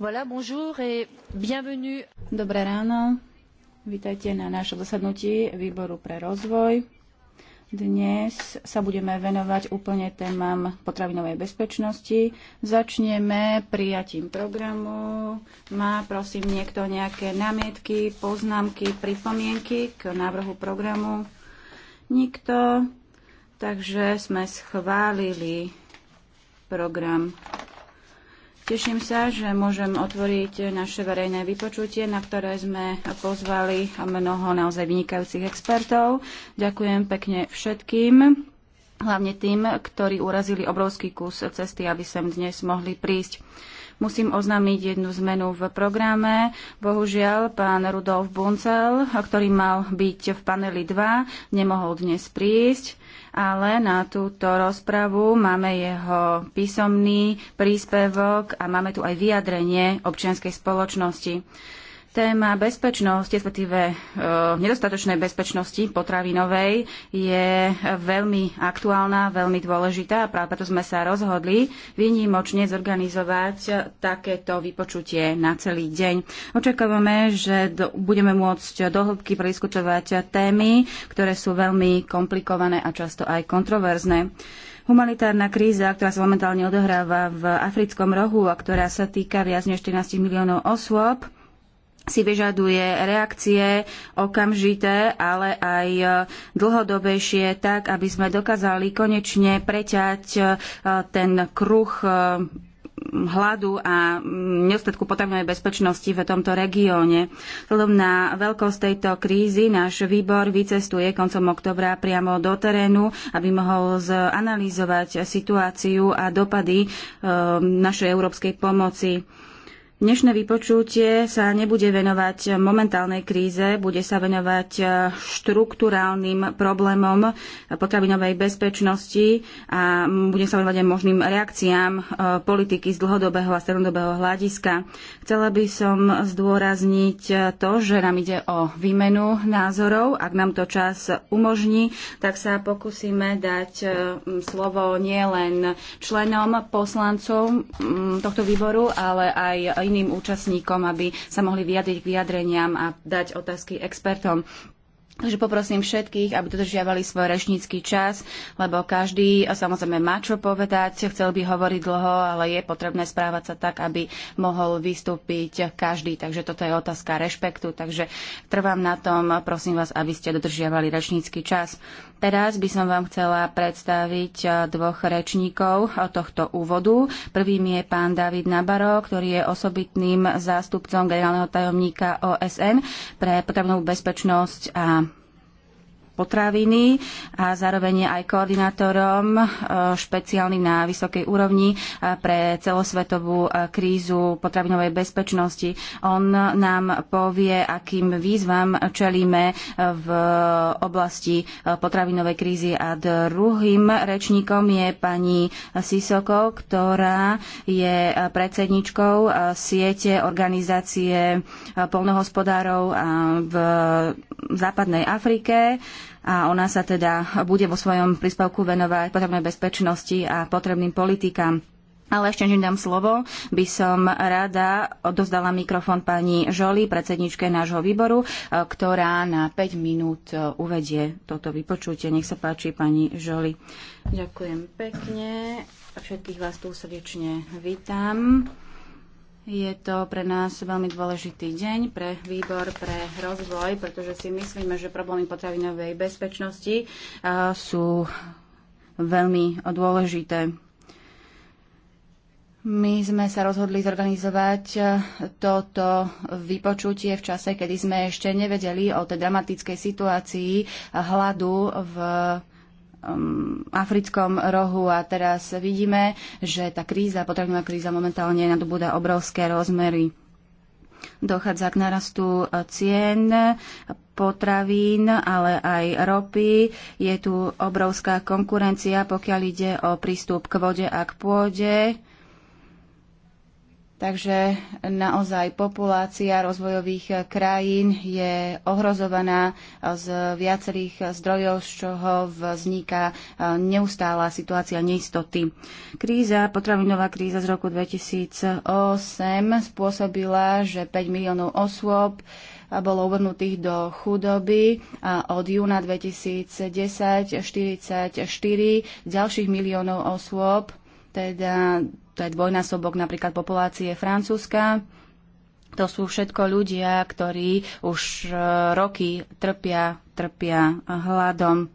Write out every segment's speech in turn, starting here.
Voilà, bonjour et bienvenue. Dobré ráno. Vítajte na našom zasadnutí výboru pre rozvoj. Dnes sa budeme venovať úplne témam potravinovej bezpečnosti. Začneme prijatím programu. Má prosím niekto nejaké námietky, poznámky, pripomienky k návrhu programu? Nikto. Takže sme schválili program Teším sa, že môžem otvoriť naše verejné vypočutie, na ktoré sme pozvali mnoho naozaj vynikajúcich expertov. Ďakujem pekne všetkým, hlavne tým, ktorí urazili obrovský kus cesty, aby sem dnes mohli prísť. Musím oznámiť jednu zmenu v programe. Bohužiaľ, pán Rudolf Buncel, ktorý mal byť v paneli 2, nemohol dnes prísť ale na túto rozpravu máme jeho písomný príspevok a máme tu aj vyjadrenie občianskej spoločnosti. Téma bezpečnosť, respektíve e, nedostatočnej bezpečnosti potravinovej je veľmi aktuálna, veľmi dôležitá a práve preto sme sa rozhodli výnimočne zorganizovať takéto vypočutie na celý deň. Očakávame, že do, budeme môcť dohlbky prediskutovať témy, ktoré sú veľmi komplikované a často aj kontroverzné. Humanitárna kríza, ktorá sa momentálne odohráva v africkom rohu a ktorá sa týka viac než 14 miliónov osôb, si vyžaduje reakcie okamžité, ale aj e, dlhodobejšie, tak aby sme dokázali konečne preťať e, ten kruh e, hladu a mm, nedostatku potravinovej bezpečnosti v tomto regióne. Vzhľadom na veľkosť tejto krízy náš výbor vycestuje koncom oktobra priamo do terénu, aby mohol zanalýzovať situáciu a dopady našej európskej pomoci. Dnešné vypočutie sa nebude venovať momentálnej kríze, bude sa venovať e, štruktúrálnym problémom e, potravinovej bezpečnosti a bude sa venovať aj možným reakciám e, politiky z dlhodobého a strednodobého hľadiska. Chcela by som zdôrazniť to, že nám ide o výmenu názorov. Ak nám to čas umožní, tak sa pokúsime dať e, slovo nielen členom, poslancov tohto výboru, ale aj iným účastníkom, aby sa mohli vyjadriť k vyjadreniam a dať otázky expertom. Takže poprosím všetkých, aby dodržiavali svoj rečnícky čas, lebo každý samozrejme má čo povedať, chcel by hovoriť dlho, ale je potrebné správať sa tak, aby mohol vystúpiť každý. Takže toto je otázka rešpektu, takže trvám na tom, prosím vás, aby ste dodržiavali rečnícky čas. Teraz by som vám chcela predstaviť eh, dvoch rečníkov eh, tohto úvodu. Prvým je pán David Nabaro, ktorý je osobitným zástupcom generálneho tajomníka OSN pre potrebnú bezpečnosť a potraviny a zároveň aj koordinátorom e, špeciálnym na vysokej úrovni e, pre celosvetovú e, krízu potravinovej bezpečnosti. On nám povie, akým výzvam čelíme v oblasti potravinovej krízy a druhým rečníkom je pani Sisoko, ktorá je predsedničkou siete organizácie polnohospodárov v západnej Afrike a ona sa teda bude vo svojom príspevku venovať potrebnej bezpečnosti a potrebným politikám. Ale ešte než dám slovo, by som rada odozdala mikrofón pani Žoli, predsedničke nášho výboru, e, ktorá na 5 minút e, uvedie toto vypočutie. Nech sa páči, pani Žoli. Ďakujem pekne. Všetkých vás tu srdečne vítam. Je to pre nás veľmi dôležitý deň pre výbor pre rozvoj, pretože si myslíme, že problémy potravinovej bezpečnosti sú veľmi dôležité. My sme sa rozhodli zorganizovať toto vypočutie v čase, kedy sme ešte nevedeli o tej dramatickej situácii hladu v Um, africkom rohu a teraz vidíme, že tá kríza, potravinová kríza momentálne nadobúda obrovské rozmery. Dochádza k narastu cien potravín, ale aj ropy. Je tu obrovská konkurencia, pokiaľ ide o prístup k vode a k pôde Takže naozaj populácia rozvojových eh, krajín je ohrozovaná eh, z viacerých zdrojov, z čoho vzniká eh, neustála situácia neistoty. Kríza, potravinová kríza z roku 2008 spôsobila, že 5 miliónov osôb bolo uvrnutých do chudoby a od júna 2010 44 ďalších miliónov osôb teda to je dvojnásobok napríklad populácie Francúzska. To sú všetko ľudia, ktorí už e, roky trpia, trpia hladom.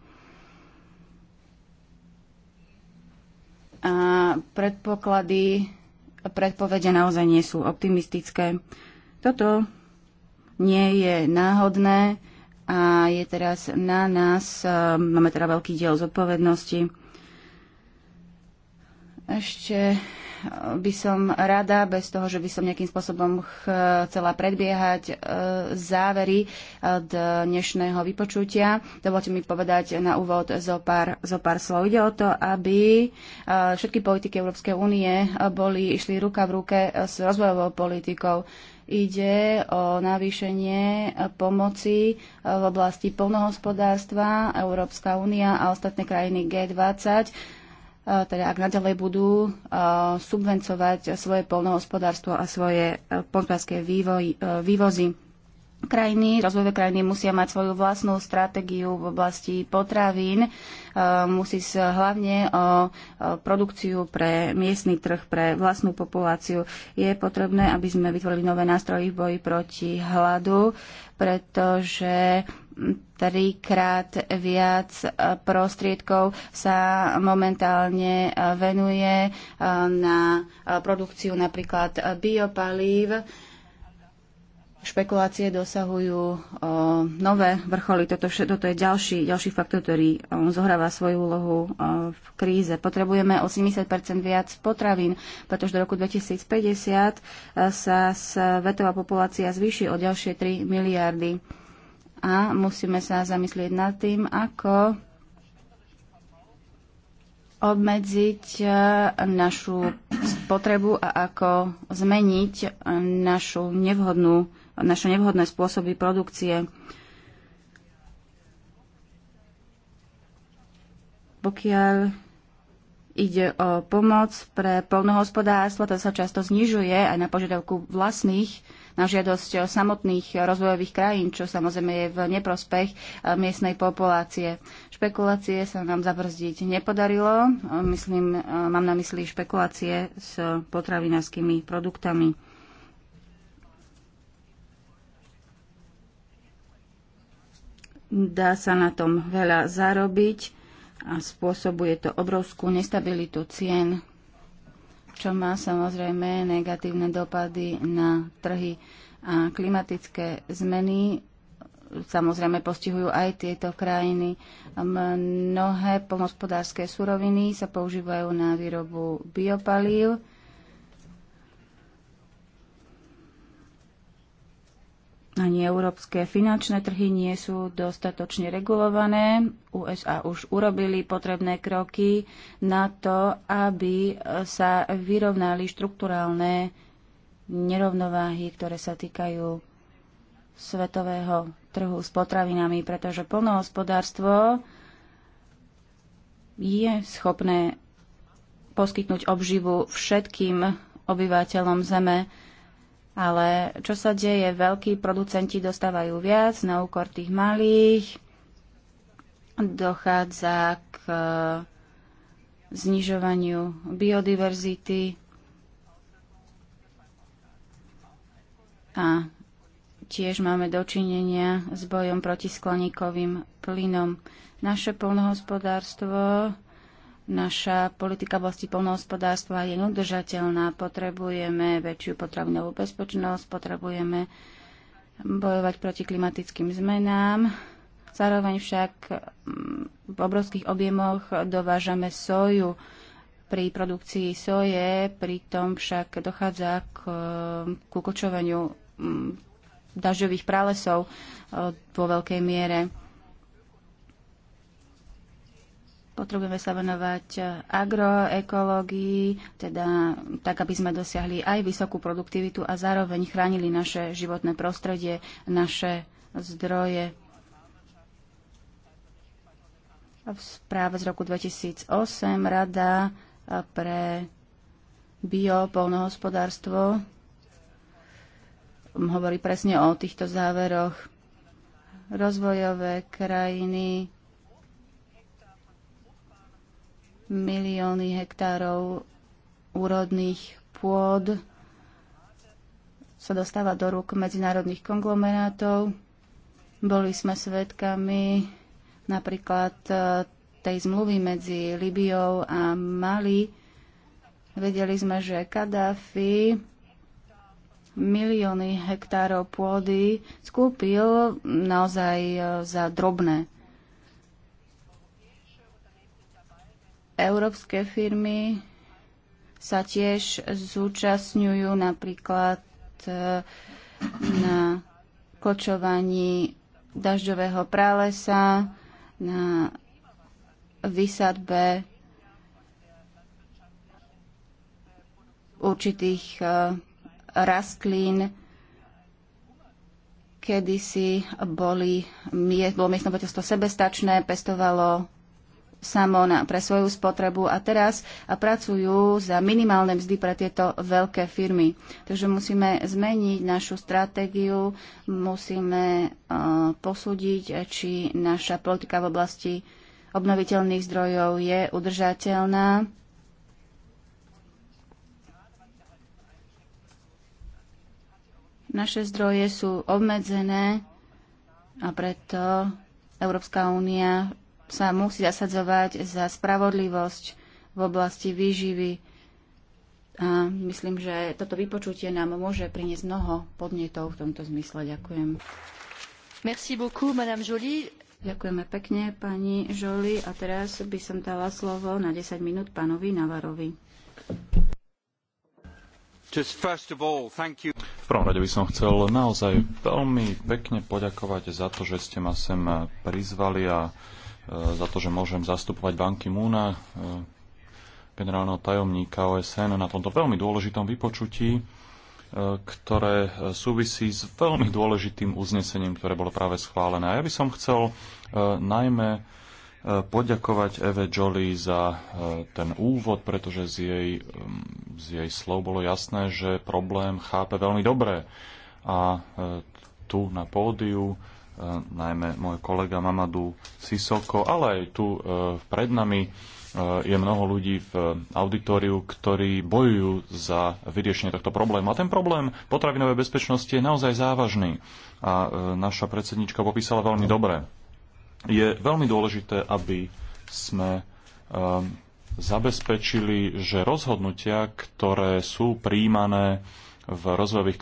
A predpoklady, predpovede naozaj nie sú optimistické. Toto nie je náhodné a je teraz na nás, e, máme teda veľký diel zodpovednosti. Ešte by som rada, bez toho, že by som nejakým spôsobom chcela predbiehať e, závery e, dnešného vypočutia, dovolte mi povedať na úvod zo pár, zo pár slov. Ide o to, aby e, všetky politiky Európskej únie boli, išli ruka v ruke s rozvojovou politikou ide o navýšenie pomoci v oblasti polnohospodárstva. Európska únia a ostatné krajiny G20 E, teda ak naďalej budú e, subvencovať svoje polnohospodárstvo a svoje polnohospodárske e, vývozy. Krajiny, rozvojové krajiny musia mať svoju vlastnú stratégiu v oblasti potravín. Musí sa hlavne o produkciu pre miestny trh, pre vlastnú populáciu. Je potrebné, aby sme vytvorili nové nástroje v boji proti hladu, pretože trikrát viac e, prostriedkov sa momentálne e, venuje e, na produkciu napríklad biopalív. Špekulácie dosahujú nové vrcholy. Toto, toto je ďalší, ďalší faktor, ktorý zohráva svoju úlohu v kríze. Potrebujeme 80 viac potravín, pretože do roku 2050 sa svetová populácia zvýši o ďalšie 3 miliardy a musíme sa zamyslieť nad tým, ako obmedziť e, našu potrebu a ako zmeniť e, našu nevhodnú, naše nevhodné spôsoby produkcie. Pokiaľ ide o pomoc pre polnohospodárstvo, to sa často znižuje aj na požiadavku vlastných na žiadosť samotných rozvojových krajín, čo samozrejme je v neprospech eh, miestnej populácie. Špekulácie sa nám zabrzdiť nepodarilo. Myslím, eh, mám na mysli špekulácie s potravinárskymi produktami. dá sa na tom veľa zarobiť a spôsobuje to obrovskú nestabilitu cien čo má samozrejme negatívne dopady na trhy a klimatické zmeny samozrejme postihujú aj tieto krajiny. Mnohé pomospodárske suroviny sa používajú na výrobu biopalív Ani európske finančné trhy nie sú dostatočne regulované. USA už urobili potrebné kroky na to, aby sa vyrovnali štrukturálne nerovnováhy, ktoré sa týkajú svetového trhu s potravinami, pretože plnohospodárstvo je schopné poskytnúť obživu všetkým obyvateľom Zeme ale čo sa deje, veľkí producenti dostávajú viac na úkor tých malých, dochádza k e, znižovaniu biodiverzity a tiež máme dočinenia s bojom proti skleníkovým plynom. Naše polnohospodárstvo Naša politika oblasti polnohospodárstva je neudržateľná. Potrebujeme väčšiu potravinovú bezpečnosť, potrebujeme bojovať proti klimatickým zmenám. Zároveň však mm, v obrovských objemoch dovážame soju. Pri produkcii soje pritom však dochádza k, k ukočovaniu mm, dažďových pralesov e, vo veľkej miere. Potrebujeme sa venovať eh, agroekológii, teda tak, aby sme dosiahli aj vysokú produktivitu a zároveň chránili naše životné prostredie, naše zdroje. V správe z roku 2008 Rada eh, pre biopolnohospodárstvo hovorí presne o týchto záveroch. Rozvojové krajiny milióny hektárov úrodných pôd sa dostáva do rúk medzinárodných konglomerátov. Boli sme svedkami napríklad e, tej zmluvy medzi Libiou a Mali. Vedeli sme, že Kadáfi milióny hektárov pôdy skúpil naozaj e, za drobné Európske firmy sa tiež zúčastňujú napríklad e, na kočovaní dažďového pralesa, na vysadbe určitých e, rastlín. Kedysi boli, bolo miestne sebestačné, pestovalo samo na, pre svoju spotrebu a teraz a pracujú za minimálne mzdy pre tieto veľké firmy. Takže musíme zmeniť našu stratégiu, musíme uh, posúdiť, e, či naša politika v oblasti obnoviteľných zdrojov je udržateľná. Naše zdroje sú obmedzené a preto Európska únia sa musí zasadzovať za spravodlivosť v oblasti výživy. A myslím, že toto vypočutie nám môže priniesť mnoho podnetov v tomto zmysle. Ďakujem. Merci beaucoup, Madame Jolie. Ďakujeme pekne, pani Žoli. A teraz by som dala slovo na 10 minút pánovi Navarovi. V prvom rade by som chcel naozaj veľmi pekne poďakovať za to, že ste ma sem prizvali a E, za to, že môžem zastupovať banky Múna, e, generálneho tajomníka OSN na tomto veľmi dôležitom vypočutí, e, ktoré súvisí s veľmi dôležitým uznesením, ktoré bolo práve schválené. A ja by som chcel najmä poďakovať Eve Jolie za ten úvod, pretože z jej, z jej slov bolo jasné, že problém chápe veľmi dobre. A tu na pódiu najmä môj kolega Mamadu Sisoko, ale aj tu e, pred nami e, je mnoho ľudí v auditoriu, ktorí bojujú za vyriešenie tohto problému. A ten problém potravinovej bezpečnosti je naozaj závažný. A e, naša predsednička popísala veľmi dobre. Je veľmi dôležité, aby sme zabezpečili, že rozhodnutia, ktoré sú príjmané v rozvojových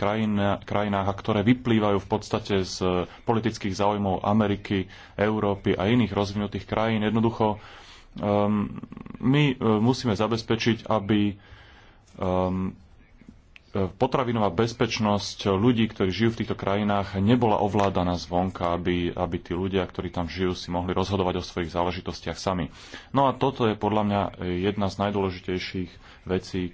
krajinách a ktoré vyplývajú v podstate z politických záujmov Ameriky, Európy a iných rozvinutých krajín. Jednoducho um, my uh, musíme zabezpečiť, aby um, potravinová bezpečnosť ľudí, ktorí žijú v týchto krajinách, nebola ovládaná zvonka, aby, aby tí ľudia, ktorí tam žijú, si mohli rozhodovať o svojich záležitostiach sami. No a toto je podľa mňa jedna z najdôležitejších vecí,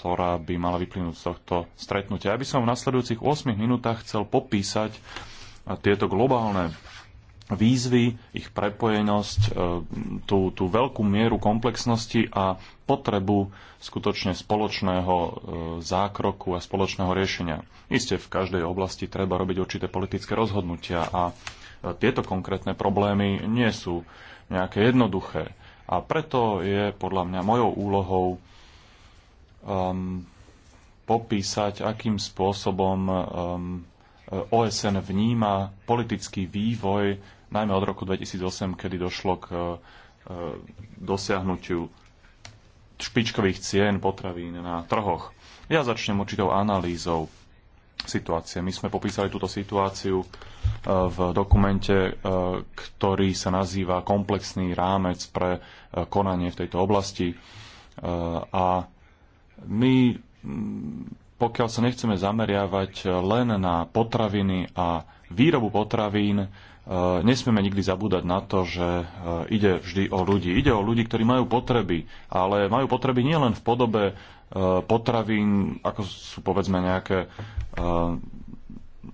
ktorá by mala vyplynúť z tohto stretnutia. Ja by som v nasledujúcich 8 minútach chcel popísať eh, tieto globálne výzvy, ich prepojenosť, eh, tú, tú veľkú mieru komplexnosti a potrebu skutočne spoločného eh, zákroku a spoločného riešenia. Isté v každej oblasti treba robiť určité politické rozhodnutia a tieto konkrétne problémy nie sú nejaké jednoduché. A preto je podľa mňa mojou úlohou um, popísať, akým spôsobom um, OSN vníma politický vývoj, najmä od roku 2008, kedy došlo k uh, dosiahnutiu špičkových cien potravín na trhoch. Ja začnem určitou analýzou situácie. My sme popísali túto situáciu uh, v dokumente, uh, ktorý sa nazýva komplexný rámec pre uh, konanie v tejto oblasti a my, mm, pokiaľ sa nechceme zameriavať eh, len na potraviny a výrobu potravín, eh, nesmieme nikdy zabúdať na to, že eh, ide vždy o ľudí. Ide o ľudí, ktorí majú potreby, ale majú potreby nielen v podobe potravín, ako sú povedzme nejaké,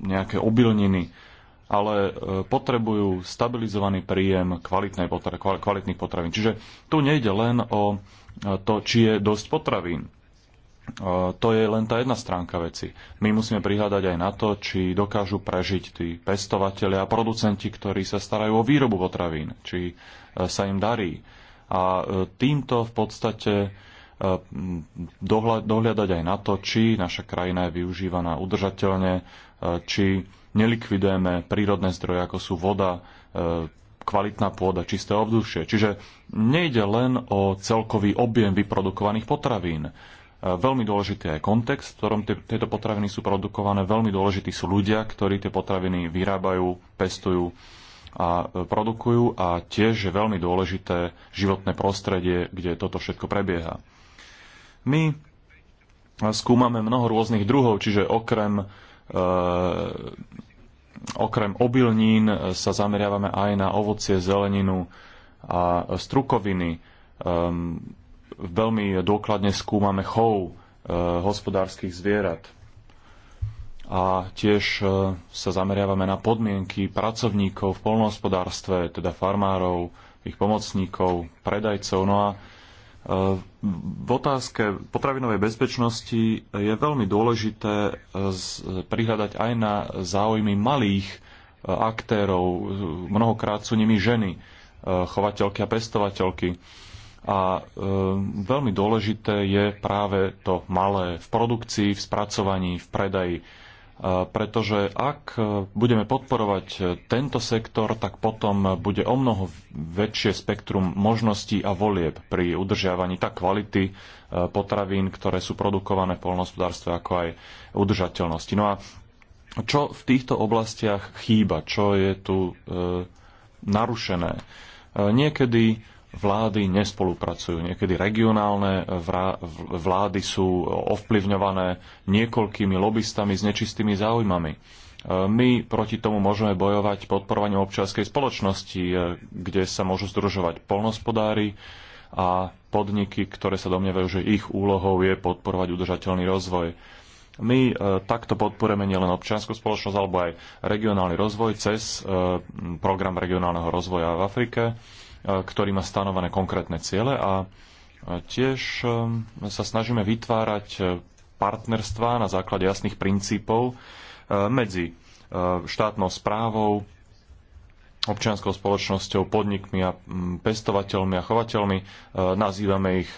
nejaké obilniny, ale potrebujú stabilizovaný príjem potra- kvalitných potravín. Čiže tu nejde len o to, či je dosť potravín to je len tá jedna stránka veci. My musíme prihľadať aj na to, či dokážu prežiť tí pestovateľi a producenti, ktorí sa starajú o výrobu potravín, či e, sa im darí. A e, týmto v podstate e, dohľadať aj na to, či naša krajina je využívaná udržateľne, či nelikvidujeme prírodné zdroje, ako sú voda, kvalitná pôda, čisté obdušie. Čiže nejde len o celkový objem vyprodukovaných potravín Veľmi dôležitý je kontext, v ktorom tieto potraviny sú produkované. Veľmi dôležití sú ľudia, ktorí tie potraviny vyrábajú, pestujú a e, produkujú a tiež je veľmi dôležité životné prostredie, kde toto všetko prebieha. My e, skúmame mnoho rôznych druhov, čiže okrem, e, okrem obilnín e, sa zameriavame aj na ovocie, zeleninu a strukoviny. E, veľmi dôkladne skúmame chov e, hospodárskych zvierat. A tiež e, sa zameriavame na podmienky pracovníkov v polnohospodárstve, teda farmárov, ich pomocníkov, predajcov. No a e, v otázke potravinovej bezpečnosti je veľmi dôležité prihľadať aj na záujmy malých aktérov. Mnohokrát sú nimi ženy, chovateľky a pestovateľky a e, veľmi dôležité je práve to malé v produkcii, v spracovaní, v predaji. E, pretože ak e, budeme podporovať e, tento sektor, tak potom bude o mnoho väčšie spektrum možností a volieb pri udržiavaní tak kvality e, potravín, ktoré sú produkované v polnospodárstve, ako aj udržateľnosti. No a čo v týchto oblastiach chýba, čo je tu e, narušené. E, niekedy vlády nespolupracujú. Niekedy regionálne vlády sú ovplyvňované niekoľkými lobbystami s nečistými záujmami. E, my proti tomu môžeme bojovať podporovaním občianskej spoločnosti, e, kde sa môžu združovať polnospodári a podniky, ktoré sa domnievajú, že ich úlohou je podporovať udržateľný rozvoj. My e, takto podporujeme nielen občianskú spoločnosť, alebo aj regionálny rozvoj cez e, program regionálneho rozvoja v Afrike E, ktorý má stanovené konkrétne ciele a e, tiež e, sa snažíme vytvárať partnerstva na základe jasných princípov medzi štátnou správou, občianskou spoločnosťou, podnikmi a pestovateľmi a chovateľmi. Nazývame ich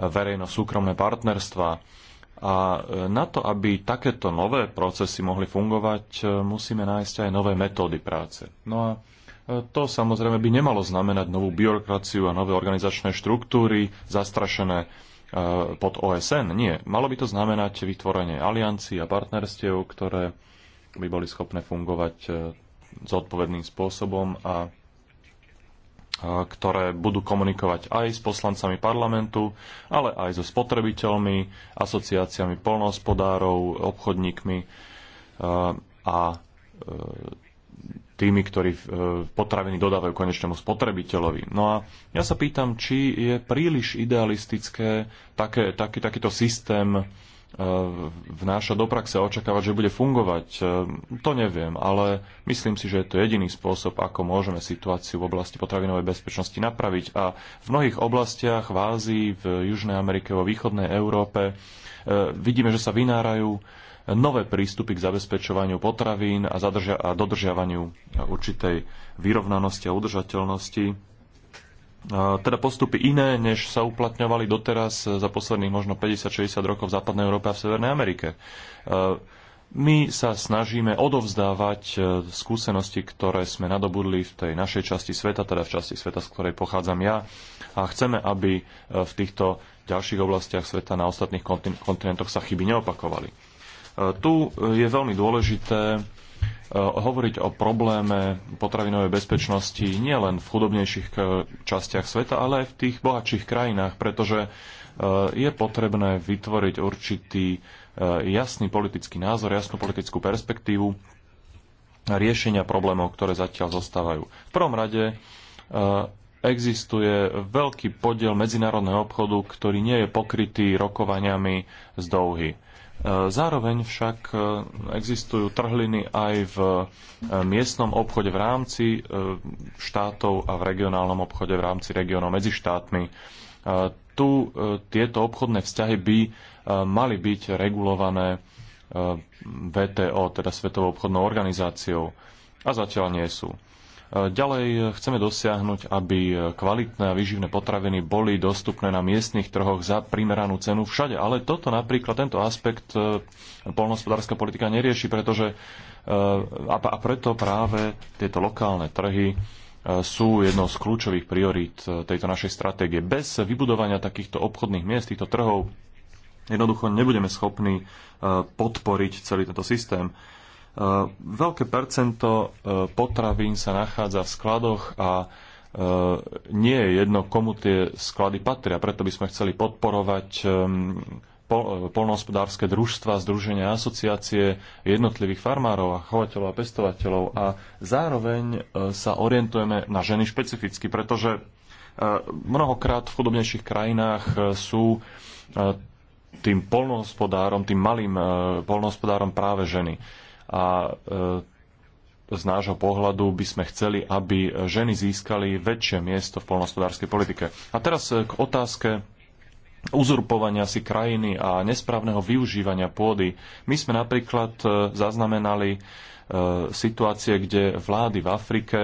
verejno-súkromné partnerstva. A na to, aby takéto nové procesy mohli fungovať, musíme nájsť aj nové metódy práce. No a to samozrejme by nemalo znamenať novú byrokraciu a nové organizačné štruktúry zastrašené e, pod OSN. Nie. Malo by to znamenať vytvorenie aliancií a partnerstiev, ktoré by boli schopné fungovať e, zodpovedným spôsobom a e, ktoré budú komunikovať aj s poslancami parlamentu, ale aj so spotrebiteľmi, asociáciami polnohospodárov, obchodníkmi a tými, ktorí e, potraviny dodávajú konečnému spotrebiteľovi. No a ja sa pýtam, či je príliš idealistické také, taký, takýto systém e, vnáša do praxe a očakávať, že bude fungovať. E, to neviem, ale myslím si, že je to jediný spôsob, ako môžeme situáciu v oblasti potravinovej bezpečnosti napraviť. A v mnohých oblastiach v Ázii, v Južnej Amerike, vo východnej Európe vidíme, že sa vynárajú nové prístupy k zabezpečovaniu potravín a, zadržia- a dodržiavaniu určitej vyrovnanosti a udržateľnosti. Teda postupy iné, než sa uplatňovali doteraz za posledných možno 50-60 rokov v západnej Európe a v Severnej Amerike. My sa snažíme odovzdávať e, skúsenosti, ktoré sme nadobudli v tej našej časti sveta, teda v časti sveta, z ktorej pochádzam ja. A chceme, aby e, v týchto ďalších oblastiach sveta na ostatných kontinentoch sa chyby neopakovali. Tu e, je veľmi dôležité e, hovoriť o probléme potravinovej bezpečnosti nielen v chudobnejších e, častiach sveta, ale aj v tých bohatších krajinách, pretože je potrebné vytvoriť určitý jasný politický názor, jasnú politickú perspektívu riešenia problémov, ktoré zatiaľ zostávajú. V prvom rade existuje veľký podiel medzinárodného obchodu, ktorý nie je pokrytý rokovaniami z Douhy Zároveň však e, existujú trhliny aj v e, miestnom obchode v rámci e, štátov a v regionálnom obchode v rámci regionov medzi štátmi. Tu tieto obchodné vzťahy by mali byť regulované VTO, teda Svetovou obchodnou organizáciou. A zatiaľ nie sú. Ďalej chceme dosiahnuť, aby kvalitné a výživné potraviny boli dostupné na miestnych trhoch za primeranú cenu všade. Ale toto napríklad, tento aspekt e, polnohospodárska politika nerieši, pretože e, a preto práve tieto lokálne trhy e, sú jednou z kľúčových priorít tejto našej stratégie. Bez vybudovania takýchto obchodných miest, týchto trhov, jednoducho nebudeme schopní podporiť celý tento systém. Veľké percento e, potravín sa nachádza v skladoch a e, nie je jedno, komu tie sklady patria. Preto by sme chceli podporovať e, polnohospodárske družstva, združenia, asociácie jednotlivých farmárov a chovateľov a pestovateľov a zároveň sa orientujeme na ženy špecificky, pretože mnohokrát v chudobnejších krajinách sú tým polnohospodárom, tým malým polnohospodárom práve ženy a e, z nášho pohľadu by sme chceli, aby ženy získali väčšie miesto v polnospodárskej politike. A teraz e, k otázke uzurpovania si krajiny a nesprávneho využívania pôdy. My sme napríklad e, zaznamenali situácie, kde vlády v Afrike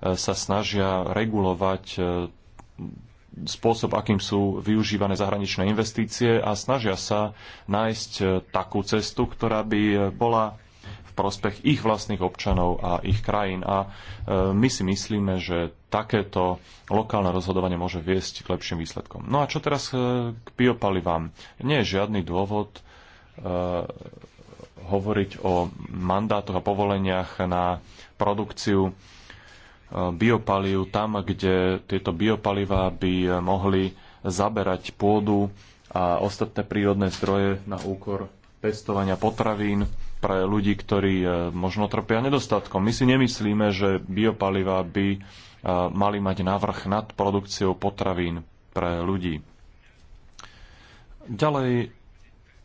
sa snažia regulovať spôsob, akým sú využívané zahraničné investície a snažia sa nájsť takú cestu, ktorá by bola prospech ich vlastných občanov a ich krajín. A e, my si myslíme, že takéto lokálne rozhodovanie môže viesť k lepším výsledkom. No a čo teraz e, k biopalivám? Nie je žiadny dôvod e, hovoriť o mandátoch a povoleniach na produkciu biopalív tam, kde tieto biopalivá by mohli zaberať pôdu a ostatné prírodné zdroje na úkor pestovania potravín pre ľudí, ktorí e, možno trpia nedostatkom. My si nemyslíme, že biopaliva by e, mali mať navrh nad produkciou potravín pre ľudí. Ďalej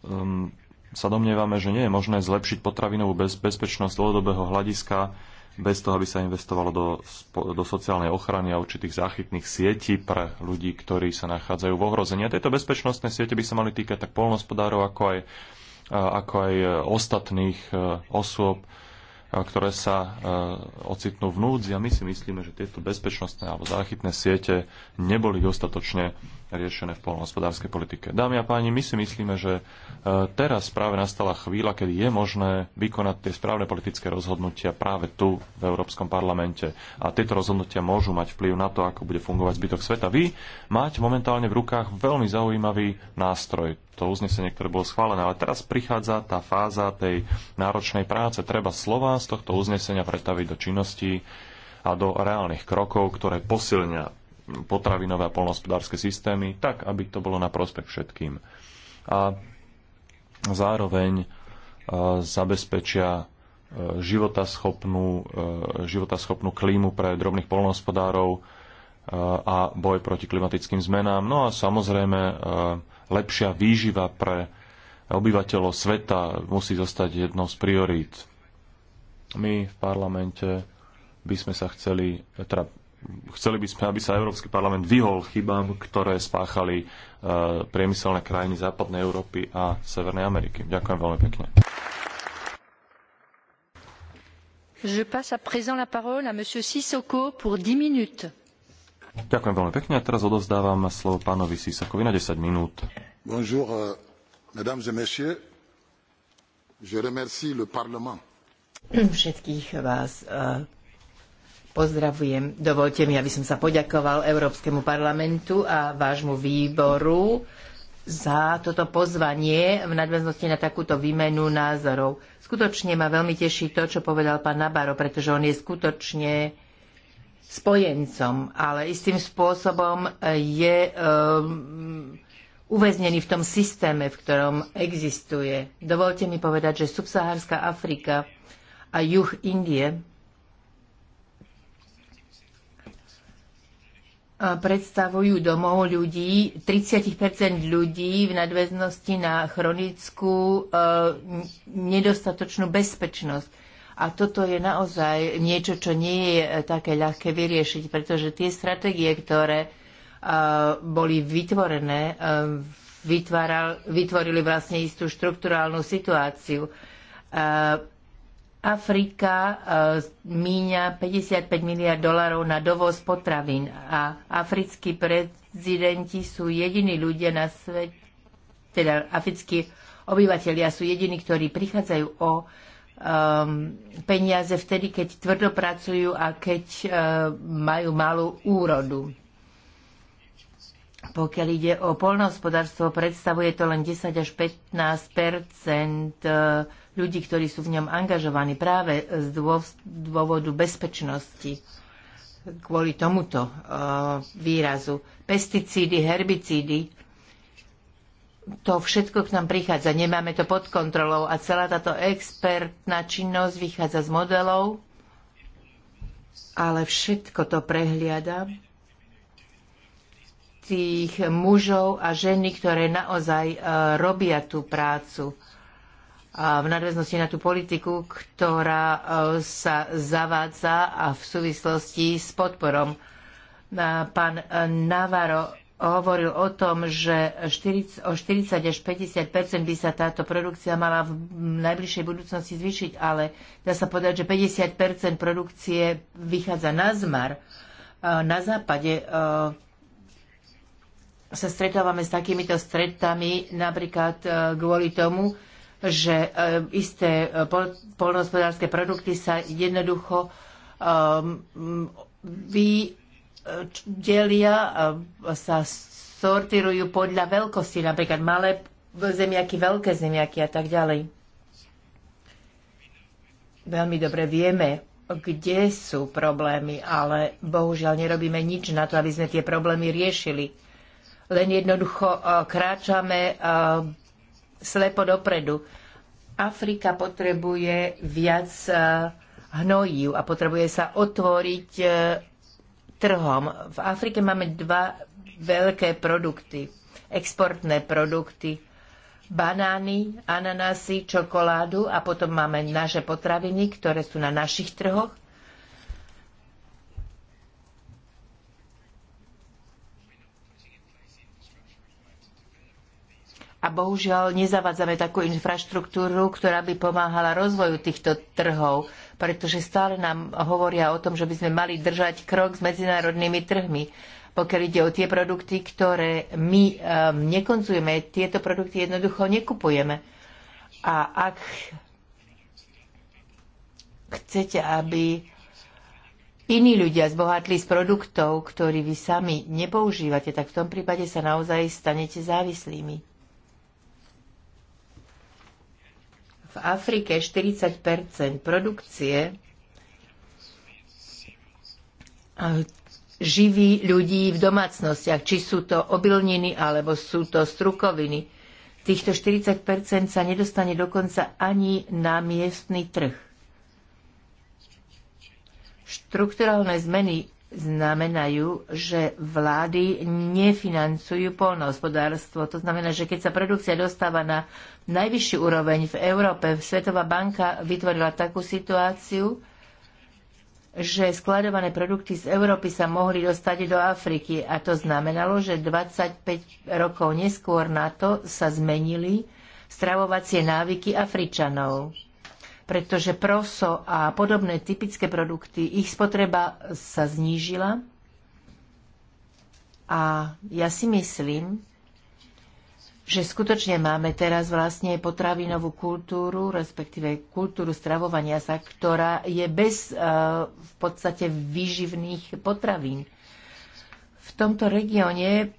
um, sa domnievame, že nie je možné zlepšiť potravinovú bez, bezpečnosť dlhodobého hľadiska bez toho, aby sa investovalo do, do sociálnej ochrany a určitých záchytných sietí pre ľudí, ktorí sa nachádzajú v ohrození. A tieto bezpečnostné siete by sa mali týkať tak polnospodárov, ako aj ako aj e, ostatných e, osôb, e, ktoré sa ocitnú v núdzi. A my si myslíme, že tieto bezpečnostné alebo záchytné siete neboli dostatočne riešené v polnohospodárskej politike. Dámy a páni, my si myslíme, že e, teraz práve nastala chvíľa, kedy je možné vykonať tie správne politické rozhodnutia práve tu v Európskom parlamente. A tieto rozhodnutia môžu mať vplyv na to, ako bude fungovať zbytok sveta. Vy máte momentálne v rukách veľmi zaujímavý nástroj. To uznesenie, ktoré bolo schválené, ale teraz prichádza tá fáza tej náročnej práce. Treba slova z tohto uznesenia pretaviť do činností a do reálnych krokov, ktoré posilnia potravinové a polnohospodárske systémy, tak, aby to bolo na prospech všetkým. A zároveň e, zabezpečia e, životaschopnú, e, životaschopnú klímu pre drobných polnohospodárov a boj proti klimatickým zmenám. No a samozrejme lepšia výživa pre obyvateľov sveta musí zostať jednou z priorít. My v parlamente by sme sa chceli, teda chceli by sme, aby sa Európsky parlament vyhol chybám, ktoré spáchali e, priemyselné krajiny západnej Európy a Severnej Ameriky. Ďakujem veľmi pekne. Je passe à présent la parole à monsieur Sissoko pour 10 minutes. Ďakujem veľmi pekne a teraz odovzdávam slovo pánovi Sisakovi na 10 minút. Bonjour, euh, mesdames et messieurs. Je remercie le Parlement. Všetkých vás uh Pozdravujem. Dovolte mi, aby som sa poďakoval Európskemu parlamentu a vášmu výboru za toto pozvanie v nadväznosti na takúto výmenu názorov. Skutočne ma veľmi teší to, čo povedal pán Nabaro, pretože on je skutočne spojencom, ale istým spôsobom je um, uväznený v tom systéme, v ktorom existuje. Dovolte mi povedať, že subsahárska Afrika a juh Indie predstavujú domov ľudí, 30 ľudí v nadväznosti na chronickú e, nedostatočnú bezpečnosť. A toto je naozaj niečo, čo nie je e, také ľahké vyriešiť, pretože tie stratégie, ktoré e, boli vytvorené, vytvorili vlastne istú štruktúrálnu situáciu Afrika e, míňa 55 miliard dolarov na dovoz potravín a africkí prezidenti sú jediní ľudia na svete, teda africkí obyvateľia sú jediní, ktorí prichádzajú o um, peniaze vtedy, keď tvrdo pracujú a keď uh, majú malú úrodu. Pokiaľ ide o polnohospodárstvo, predstavuje to len 10 až 15 e, ľudí, ktorí sú v ňom angažovaní práve z dôvodu bezpečnosti kvôli tomuto e, výrazu. Pesticídy, herbicídy, to všetko k nám prichádza, nemáme to pod kontrolou a celá táto expertná činnosť vychádza z modelov, ale všetko to prehliada tých mužov a ženy, ktoré naozaj e, robia tú prácu v nadväznosti na tú politiku, ktorá e, sa zavádza a v súvislosti s podporom. E, pán Navaro hovoril o tom, že 40, o 40 až 50 by sa táto produkcia mala v najbližšej budúcnosti zvýšiť, ale dá sa povedať, že 50 produkcie vychádza na zmar. Na západe sa stretávame s takýmito stretami napríklad e, kvôli tomu, že e, isté e, polnohospodárske produkty sa jednoducho vydelia, a sa sortirujú podľa veľkosti, napríklad malé zemiaky, veľké zemiaky a tak ďalej. Veľmi dobre vieme, kde sú problémy, ale bohužiaľ nerobíme nič na to, aby sme tie problémy riešili len jednoducho e, kráčame e, slepo dopredu. Afrika potrebuje viac e, hnojív a potrebuje sa otvoriť trhom. V Afrike máme dva veľké produkty, exportné produkty, banány, ananasy, čokoládu a potom máme naše potraviny, ktoré sú na našich trhoch a bohužiaľ nezavádzame takú infraštruktúru, ktorá by pomáhala rozvoju týchto trhov, pretože stále nám hovoria o tom, že by sme mali držať krok s medzinárodnými trhmi. Pokiaľ ide o tie produkty, ktoré my um, nekonzujeme, tieto produkty jednoducho nekupujeme. A ak chcete, aby iní ľudia zbohatli z produktov, ktorý vy sami nepoužívate, tak v tom prípade sa naozaj stanete závislými. v Afrike 40 produkcie živí ľudí v domácnostiach, či sú to obilniny alebo sú to strukoviny. Týchto 40 sa nedostane dokonca ani na miestny trh. Štrukturálne zmeny znamenajú, že vlády nefinancujú polnohospodárstvo. To znamená, že keď sa produkcia dostáva na najvyšší úroveň v Európe. Svetová banka vytvorila takú situáciu, že skladované produkty z Európy sa mohli dostať do Afriky a to znamenalo, že 25 rokov neskôr na to sa zmenili stravovacie návyky Afričanov. Pretože proso a podobné typické produkty, ich spotreba sa znížila a ja si myslím, že skutočne máme teraz vlastne potravinovú kultúru, respektíve kultúru stravovania sa, ktorá je bez e, v podstate výživných potravín. V tomto regióne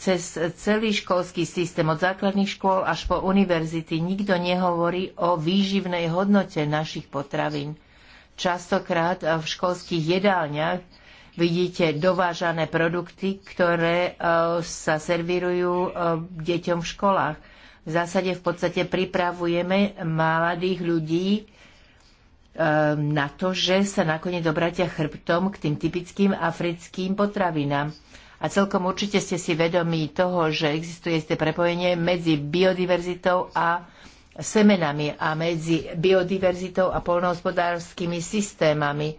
cez celý školský systém od základných škôl až po univerzity nikto nehovorí o výživnej hodnote našich potravín. Častokrát v školských jedálniach vidíte dovážané produkty, ktoré e, sa servirujú e, deťom v školách. V zásade v podstate pripravujeme mladých ľudí e, na to, že sa nakoniec obratia chrbtom k tým typickým africkým potravinám. A celkom určite ste si vedomí toho, že existuje isté prepojenie medzi biodiverzitou a semenami a medzi biodiverzitou a polnohospodárskymi systémami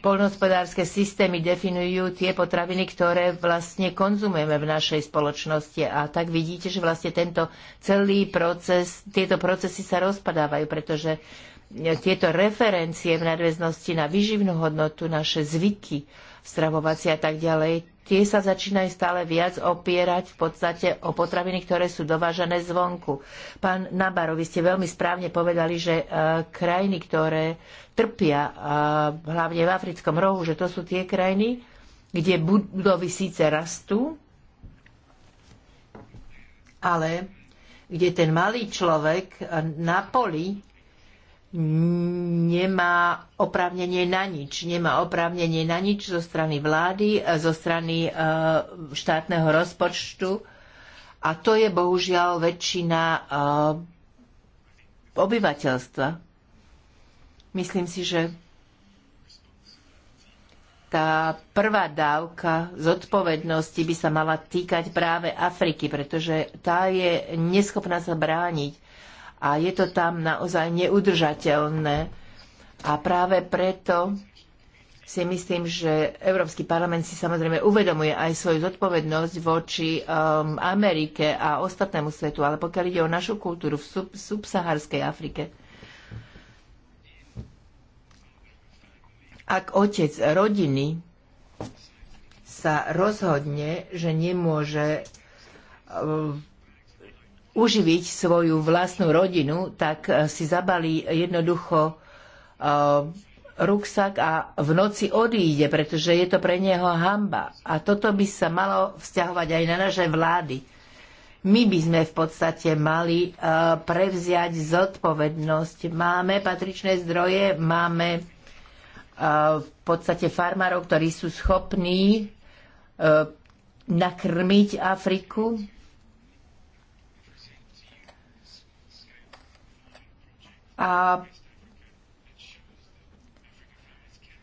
poľnohospodárske systémy definujú tie potraviny, ktoré vlastne konzumujeme v našej spoločnosti. A tak vidíte, že vlastne tento celý proces, tieto procesy sa rozpadávajú, pretože e, tieto referencie v nadväznosti na vyživnú hodnotu, naše zvyky, stravovacie a tak ďalej, tie sa začínajú stále viac opierať v podstate o potraviny, ktoré sú dovážané zvonku. Pán Nabaro, vy ste veľmi správne povedali, že e, krajiny, ktoré trpia, e, hlavne v africkom rohu, že to sú tie krajiny, kde budovy síce rastú, ale kde ten malý človek e, na poli nemá oprávnenie na nič. Nemá oprávnenie na nič zo strany vlády, zo strany e, štátneho rozpočtu. A to je bohužiaľ väčšina e, obyvateľstva. Myslím si, že tá prvá dávka zodpovednosti by sa mala týkať práve Afriky, pretože tá je neschopná sa brániť a je to tam naozaj neudržateľné. A práve preto si myslím, že Európsky parlament si samozrejme uvedomuje aj svoju zodpovednosť voči um, Amerike a ostatnému svetu, ale pokiaľ ide o našu kultúru v sub- subsaharskej Afrike, ak otec rodiny sa rozhodne, že nemôže um, uživiť svoju vlastnú rodinu, tak eh, si zabalí jednoducho eh, ruksak a v noci odíde, pretože je to pre neho hamba. A toto by sa malo vzťahovať aj na naše vlády. My by sme v podstate mali eh, prevziať zodpovednosť. Máme patričné zdroje, máme v podstate farmárov, ktorí sú schopní nakrmiť Afriku, A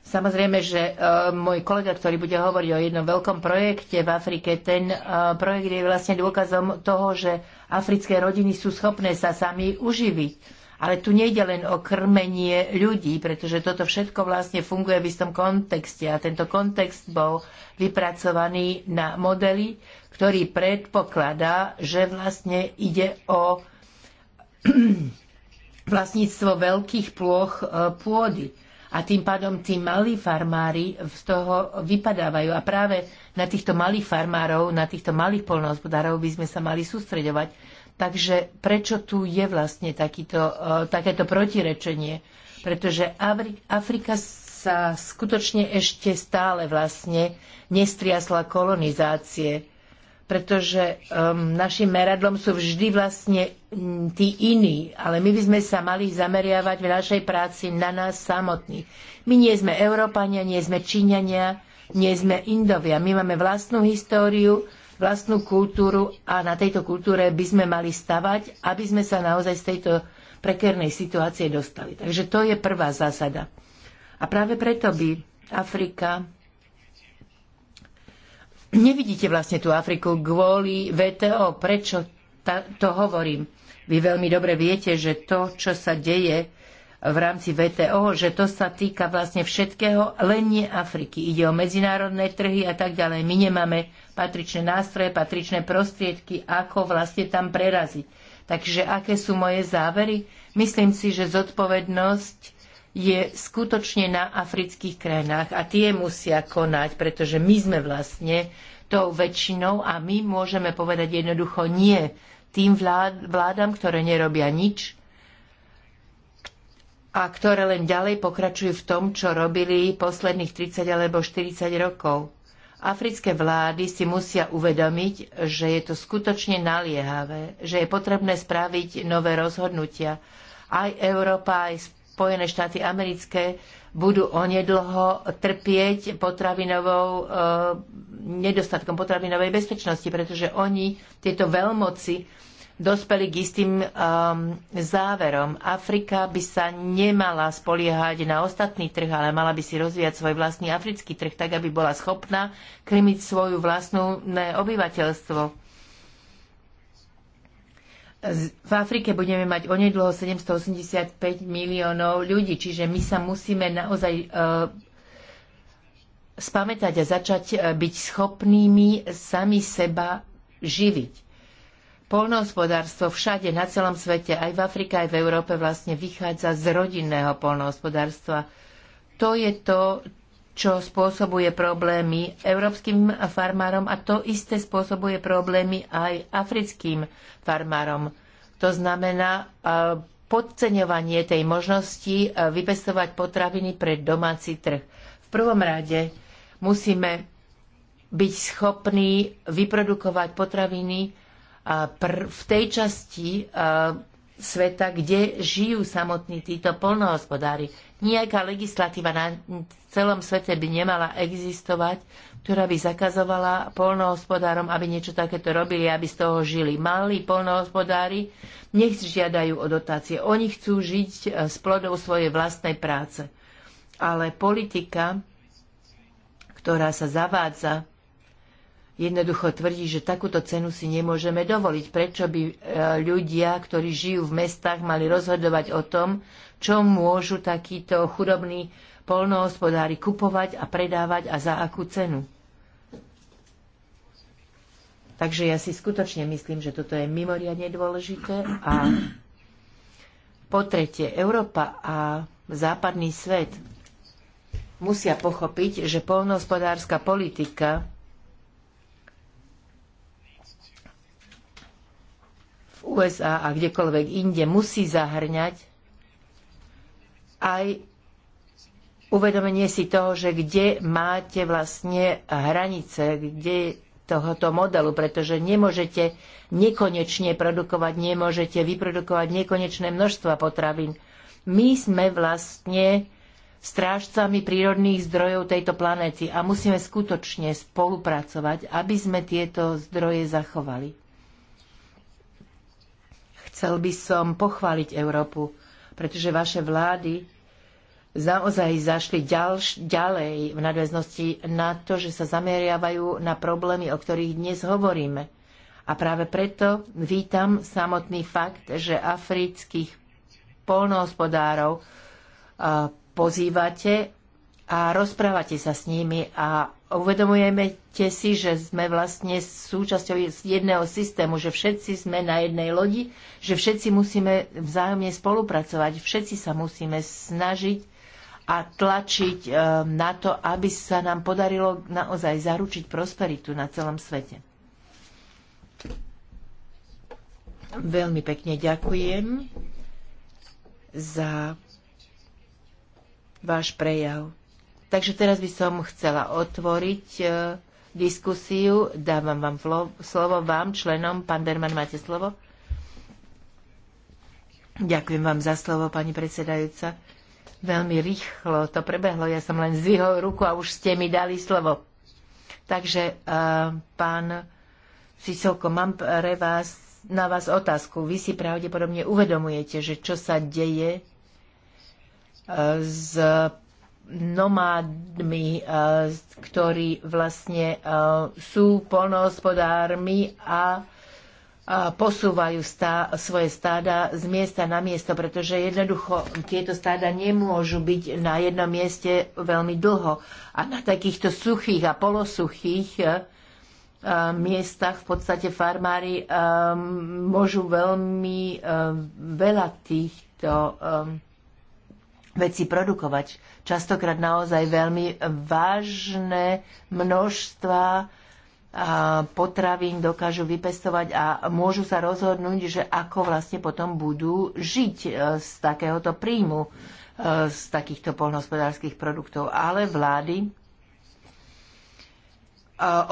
Samozrejme, že uh, môj kolega, ktorý bude hovoriť o jednom veľkom projekte v Afrike, ten uh, projekt je vlastne dôkazom toho, že africké rodiny sú schopné sa sami uživiť. Ale tu nejde len o krmenie ľudí, pretože toto všetko vlastne funguje v istom kontexte. A tento kontext bol vypracovaný na modely, ktorý predpokladá, že vlastne ide o vlastníctvo veľkých plôch e, pôdy. A tým pádom tí malí farmári z toho vypadávajú. A práve na týchto malých farmárov, na týchto malých polnohospodárov by sme sa mali sústreďovať. Takže prečo tu je vlastne takýto, e, takéto protirečenie? Pretože Afrika sa skutočne ešte stále vlastne nestriasla kolonizácie pretože um, našim meradlom sú vždy vlastne tí iní, ale my by sme sa mali zameriavať v našej práci na nás samotných. My nie sme Európania, nie sme Číňania, nie sme Indovia. My máme vlastnú históriu, vlastnú kultúru a na tejto kultúre by sme mali stavať, aby sme sa naozaj z tejto prekernej situácie dostali. Takže to je prvá zásada. A práve preto by Afrika, nevidíte vlastne tú Afriku kvôli VTO. Prečo to hovorím? Vy veľmi dobre viete, že to, čo sa deje v rámci VTO, že to sa týka vlastne všetkého, len nie Afriky. Ide o medzinárodné trhy a tak ďalej. My nemáme patričné nástroje, patričné prostriedky, ako vlastne tam preraziť. Takže aké sú moje závery? Myslím si, že zodpovednosť je skutočne na afrických krajinách a tie musia konať, pretože my sme vlastne tou väčšinou a my môžeme povedať jednoducho nie tým vládam, ktoré nerobia nič a ktoré len ďalej pokračujú v tom, čo robili posledných 30 alebo 40 rokov. Africké vlády si musia uvedomiť, že je to skutočne naliehavé, že je potrebné spraviť nové rozhodnutia. Aj Európa, aj Spojené štáty americké budú onedlho trpieť potravinovou, eh, nedostatkom potravinovej bezpečnosti, pretože oni, tieto veľmoci, dospeli k istým um, záverom. Afrika by sa nemala spoliehať na ostatný trh, ale mala by si rozvíjať svoj vlastný africký trh, tak aby bola schopná krmiť svoju vlastnú obyvateľstvo. V Afrike budeme mať onedlho 785 miliónov ľudí, čiže my sa musíme naozaj e, spamätať a začať e, byť schopnými sami seba živiť. Polnohospodárstvo všade na celom svete, aj v Afrike, aj v Európe vlastne vychádza z rodinného polnohospodárstva. To je to, čo spôsobuje problémy európskym farmárom a to isté spôsobuje problémy aj africkým farmárom. To znamená e, podceňovanie tej možnosti e, vypestovať potraviny pre domáci trh. V prvom rade musíme byť schopní vyprodukovať potraviny e, v tej časti sveta, kde žijú samotní títo polnohospodári. Nejaká legislatíva na celom svete by nemala existovať, ktorá by zakazovala polnohospodárom, aby niečo takéto robili, aby z toho žili. Malí polnohospodári nech žiadajú o dotácie. Oni chcú žiť e, s plodou svojej vlastnej práce. Ale politika, ktorá sa zavádza, jednoducho tvrdí, že takúto cenu si nemôžeme dovoliť. Prečo by e, ľudia, ktorí žijú v mestách, mali rozhodovať o tom, čo môžu takíto chudobní polnohospodári kupovať a predávať a za akú cenu. Takže ja si skutočne myslím, že toto je mimoriadne dôležité. A po tretie, Európa a západný svet musia pochopiť, že polnohospodárska politika v USA a kdekoľvek inde musí zahrňať aj uvedomenie si toho, že kde máte vlastne hranice, kde tohoto modelu, pretože nemôžete nekonečne produkovať, nemôžete vyprodukovať nekonečné množstva potravín. My sme vlastne strážcami prírodných zdrojov tejto planéty a musíme skutočne spolupracovať, aby sme tieto zdroje zachovali. Chcel by som pochváliť Európu, pretože vaše vlády naozaj zašli ďalš, ďalej v nadväznosti na to, že sa zameriavajú na problémy, o ktorých dnes hovoríme. A práve preto vítam samotný fakt, že afrických polnohospodárov pozývate a rozprávate sa s nimi a uvedomujeme si, že sme vlastne súčasťou jedného systému, že všetci sme na jednej lodi, že všetci musíme vzájomne spolupracovať, všetci sa musíme snažiť a tlačiť eh, na to, aby sa nám podarilo naozaj zaručiť prosperitu na celom svete. Veľmi pekne ďakujem za váš prejav. Takže teraz by som chcela otvoriť eh, diskusiu. Dávam vám slovo, vám, členom. Pán Berman, máte slovo? Ďakujem vám za slovo, pani predsedajúca. Veľmi rýchlo to prebehlo. Ja som len zvihol ruku a už ste mi dali slovo. Takže, eh, pán Sisoko, mám pre vás, na vás otázku. Vy si pravdepodobne uvedomujete, že čo sa deje eh, s nomádmi, eh, ktorí vlastne sú polnohospodármi a posúvajú stá, svoje stáda z miesta na miesto, pretože jednoducho tieto stáda nemôžu byť na jednom mieste veľmi dlho. A na takýchto suchých a polosuchých e, e, miestach v podstate farmári e, môžu veľmi veľa týchto veci produkovať. Častokrát naozaj veľmi vážne množstva potravín dokážu vypestovať a môžu sa rozhodnúť, že ako vlastne potom budú žiť e, z takéhoto príjmu, e, z takýchto polnohospodárských produktov. Ale vlády e,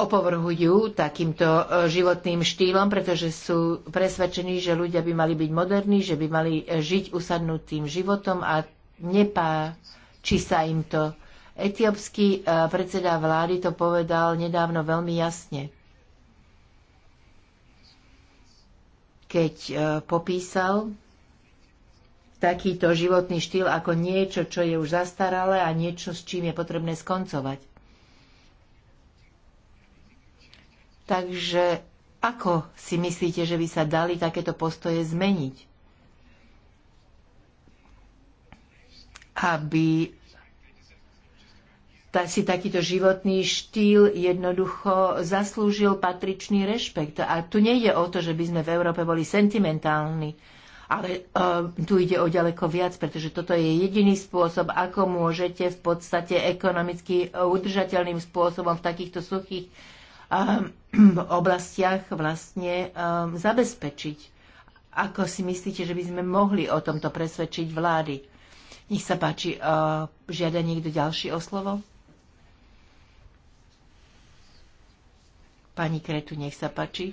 opovrhujú takýmto životným štýlom, pretože sú presvedčení, že ľudia by mali byť moderní, že by mali žiť usadnutým životom a či sa im to Etiópsky e, predseda vlády to povedal nedávno veľmi jasne. Keď e, popísal takýto životný štýl ako niečo, čo je už zastaralé a niečo, s čím je potrebné skoncovať. Takže ako si myslíte, že by sa dali takéto postoje zmeniť? Aby si takýto životný štýl jednoducho zaslúžil patričný rešpekt. A tu nejde o to, že by sme v Európe boli sentimentálni, ale uh, tu ide o ďaleko viac, pretože toto je jediný spôsob, ako môžete v podstate ekonomicky udržateľným spôsobom v takýchto suchých um, oblastiach vlastne um, zabezpečiť. Ako si myslíte, že by sme mohli o tomto presvedčiť vlády? Nech sa páči, uh, žiada niekto ďalší o slovo? Pani Kretu, nech sa páči.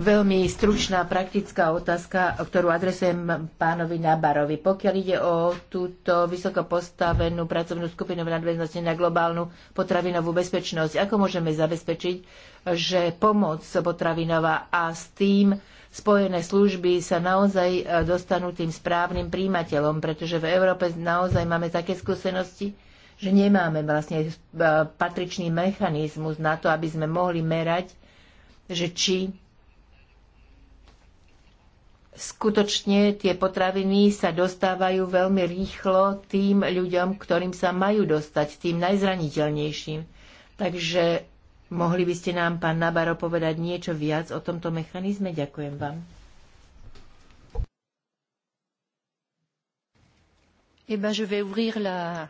Veľmi stručná praktická otázka, ktorú adresujem pánovi Nabarovi. Pokiaľ ide o túto vysoko postavenú pracovnú skupinu v nadväznosti na globálnu potravinovú bezpečnosť, ako môžeme zabezpečiť, že pomoc potravinová a s tým spojené služby sa naozaj e, dostanú tým správnym príjimateľom, pretože v Európe naozaj máme také skúsenosti, že nemáme vlastne e, patričný mechanizmus na to, aby sme mohli merať, že či skutočne tie potraviny sa dostávajú veľmi rýchlo tým ľuďom, ktorým sa majú dostať, tým najzraniteľnejším. Takže mohli by ste nám, pán Nabaro, povedať niečo viac o tomto mechanizme? Ďakujem vám. Eh ben, je vais ouvrir la,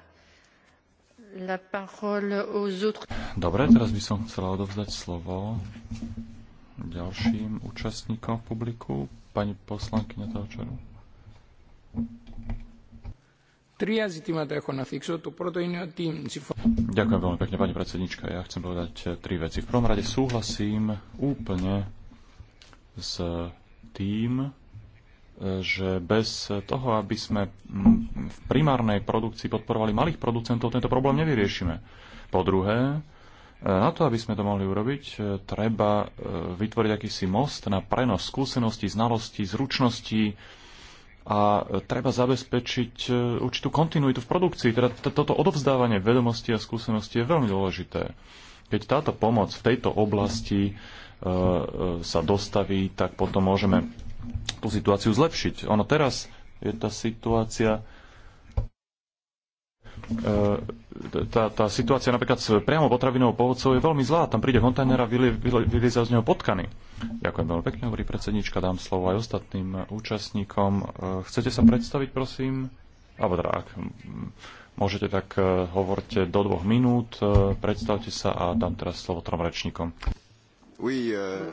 Dobre, teraz by som chcela odovzdať slovo ďalším účastníkom v publiku, pani poslankyňa Táčaru. Ďakujem veľmi pekne, pani predsednička. Ja chcem povedať eh, tri veci. V prvom rade súhlasím úplne s tým, že bez toho, aby sme v primárnej produkcii podporovali malých producentov, tento problém nevyriešime. Po druhé, na to, aby sme to mohli urobiť, treba e, vytvoriť akýsi most na prenos skúseností, znalostí, zručností a treba zabezpečiť e, určitú kontinuitu v produkcii. Teda toto odovzdávanie vedomostí a skúseností je veľmi dôležité. Keď táto pomoc v tejto oblasti E, e, sa dostaví, tak potom môžeme tú situáciu zlepšiť. Ono teraz je tá situácia e, tá, tá situácia napríklad s priamo potravinou povodcov je veľmi zlá. Tam príde kontajner a vylieza z neho potkany. Ďakujem veľmi pekne, hovorí predsednička. Dám slovo aj ostatným účastníkom. Chcete sa predstaviť, prosím? Alebo teda, ak môžete, tak hovorte do dvoch minút. Predstavte sa a dám teraz slovo trom rečníkom. Oui. Euh,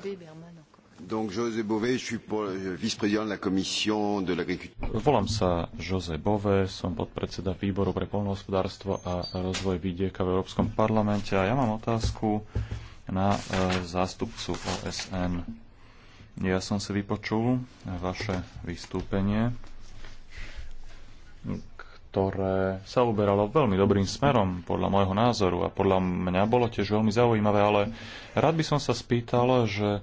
donc José Bové, je suis euh, vice-président de la commission de l'agriculture. Volám sa José Bové, som podpredseda výboru pre poľnohospodárstvo a rozvoj vidieka v Európskom parlamente a ja mám otázku na e, zástupcu OSN. Ja som si vypočul vaše vystúpenie ktoré sa uberalo veľmi dobrým smerom, podľa môjho názoru a podľa mňa bolo tiež veľmi zaujímavé, ale rád by som sa spýtal, že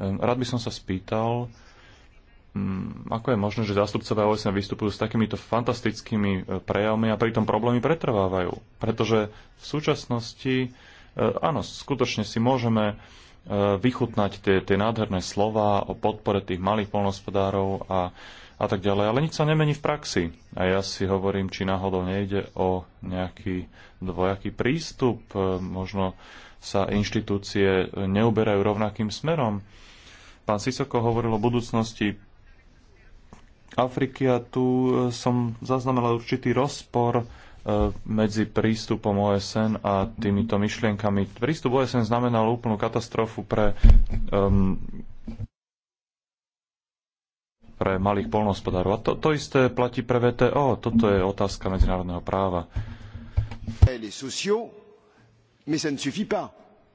rád by som sa spýtal, mm, ako je možné, že zástupcovia OSN vystupujú s takýmito fantastickými e, prejavmi a pritom problémy pretrvávajú. Pretože v súčasnosti, e, áno, skutočne si môžeme e, vychutnať tie, tie nádherné slova o podpore tých malých polnospodárov a a tak ďalej. Ale nič sa nemení v praxi. A ja si hovorím, či náhodou nejde o nejaký dvojaký prístup. E, možno sa inštitúcie neuberajú rovnakým smerom. Pán Sisoko hovoril o budúcnosti Afriky a tu e, som zaznamenal určitý rozpor e, medzi prístupom OSN a týmito myšlienkami. Prístup OSN znamenal úplnú katastrofu pre um, pre malých polnohospodárov. A to, to isté platí pre VTO. Toto je otázka medzinárodného práva.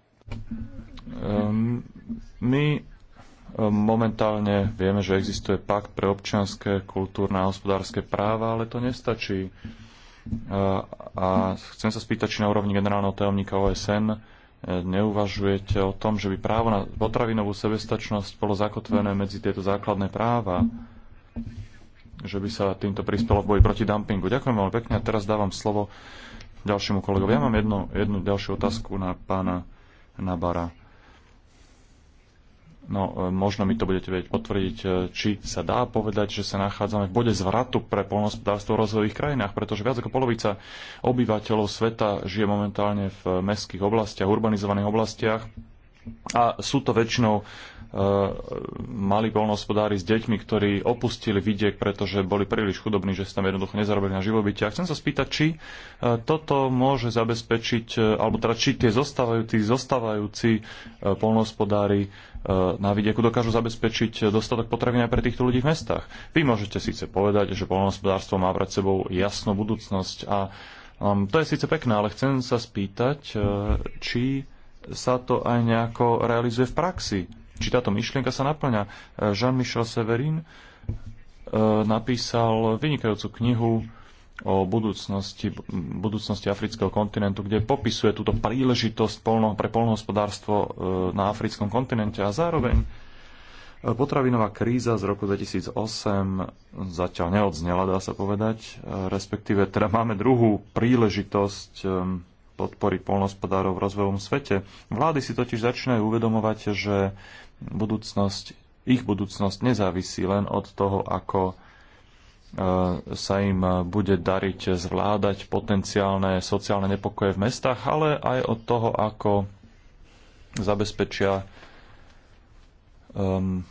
Ehm, my ehm, momentálne vieme, že existuje pakt pre občianské, kultúrne a hospodárske práva, ale to nestačí. A chcem sa spýtať, či na úrovni generálneho tajomníka OSN neuvažujete o tom, že by právo na potravinovú sebestačnosť bolo zakotvené medzi tieto základné práva, že by sa týmto prispelo v boji proti dumpingu. Ďakujem veľmi pekne a teraz dávam slovo ďalšiemu kolegovi. Ja mám jednu, jednu ďalšiu otázku na pána Nabara. No, e, možno mi to budete vedieť potvrdiť, e, či sa dá povedať, že sa nachádzame v bode zvratu pre polnospodárstvo v rozvojových krajinách, pretože viac ako polovica obyvateľov sveta žije momentálne v mestských oblastiach, urbanizovaných oblastiach a sú to väčšinou Ehm, mali polnohospodári s deťmi, ktorí opustili vidiek, pretože boli príliš chudobní, že si tam jednoducho nezarobili na živobytie. A chcem sa spýtať, či e, toto môže zabezpečiť, e, alebo teda či tie zostávajúci, zostávajúci e, polnohospodári na vidieku dokážu zabezpečiť dostatok potravín aj pre týchto ľudí v mestách. Vy môžete síce povedať, že polnohospodárstvo má pred sebou jasnú budúcnosť a Um, to je síce pekné, ale chcem sa spýtať, či sa to aj nejako realizuje v praxi či táto myšlienka sa naplňa. Jean-Michel Severin e, napísal vynikajúcu knihu o budúcnosti, budúcnosti afrického kontinentu, kde popisuje túto príležitosť polno, pre polnohospodárstvo e, na africkom kontinente a zároveň e, potravinová kríza z roku 2008 zatiaľ neodznela, dá sa povedať, respektíve teda máme druhú príležitosť podporiť polnohospodárov v rozvojovom svete. Vlády si totiž začínajú uvedomovať, že budúcnosť, ich budúcnosť nezávisí len od toho, ako e, sa im bude dariť zvládať potenciálne sociálne nepokoje v mestách, ale aj od toho, ako zabezpečia um,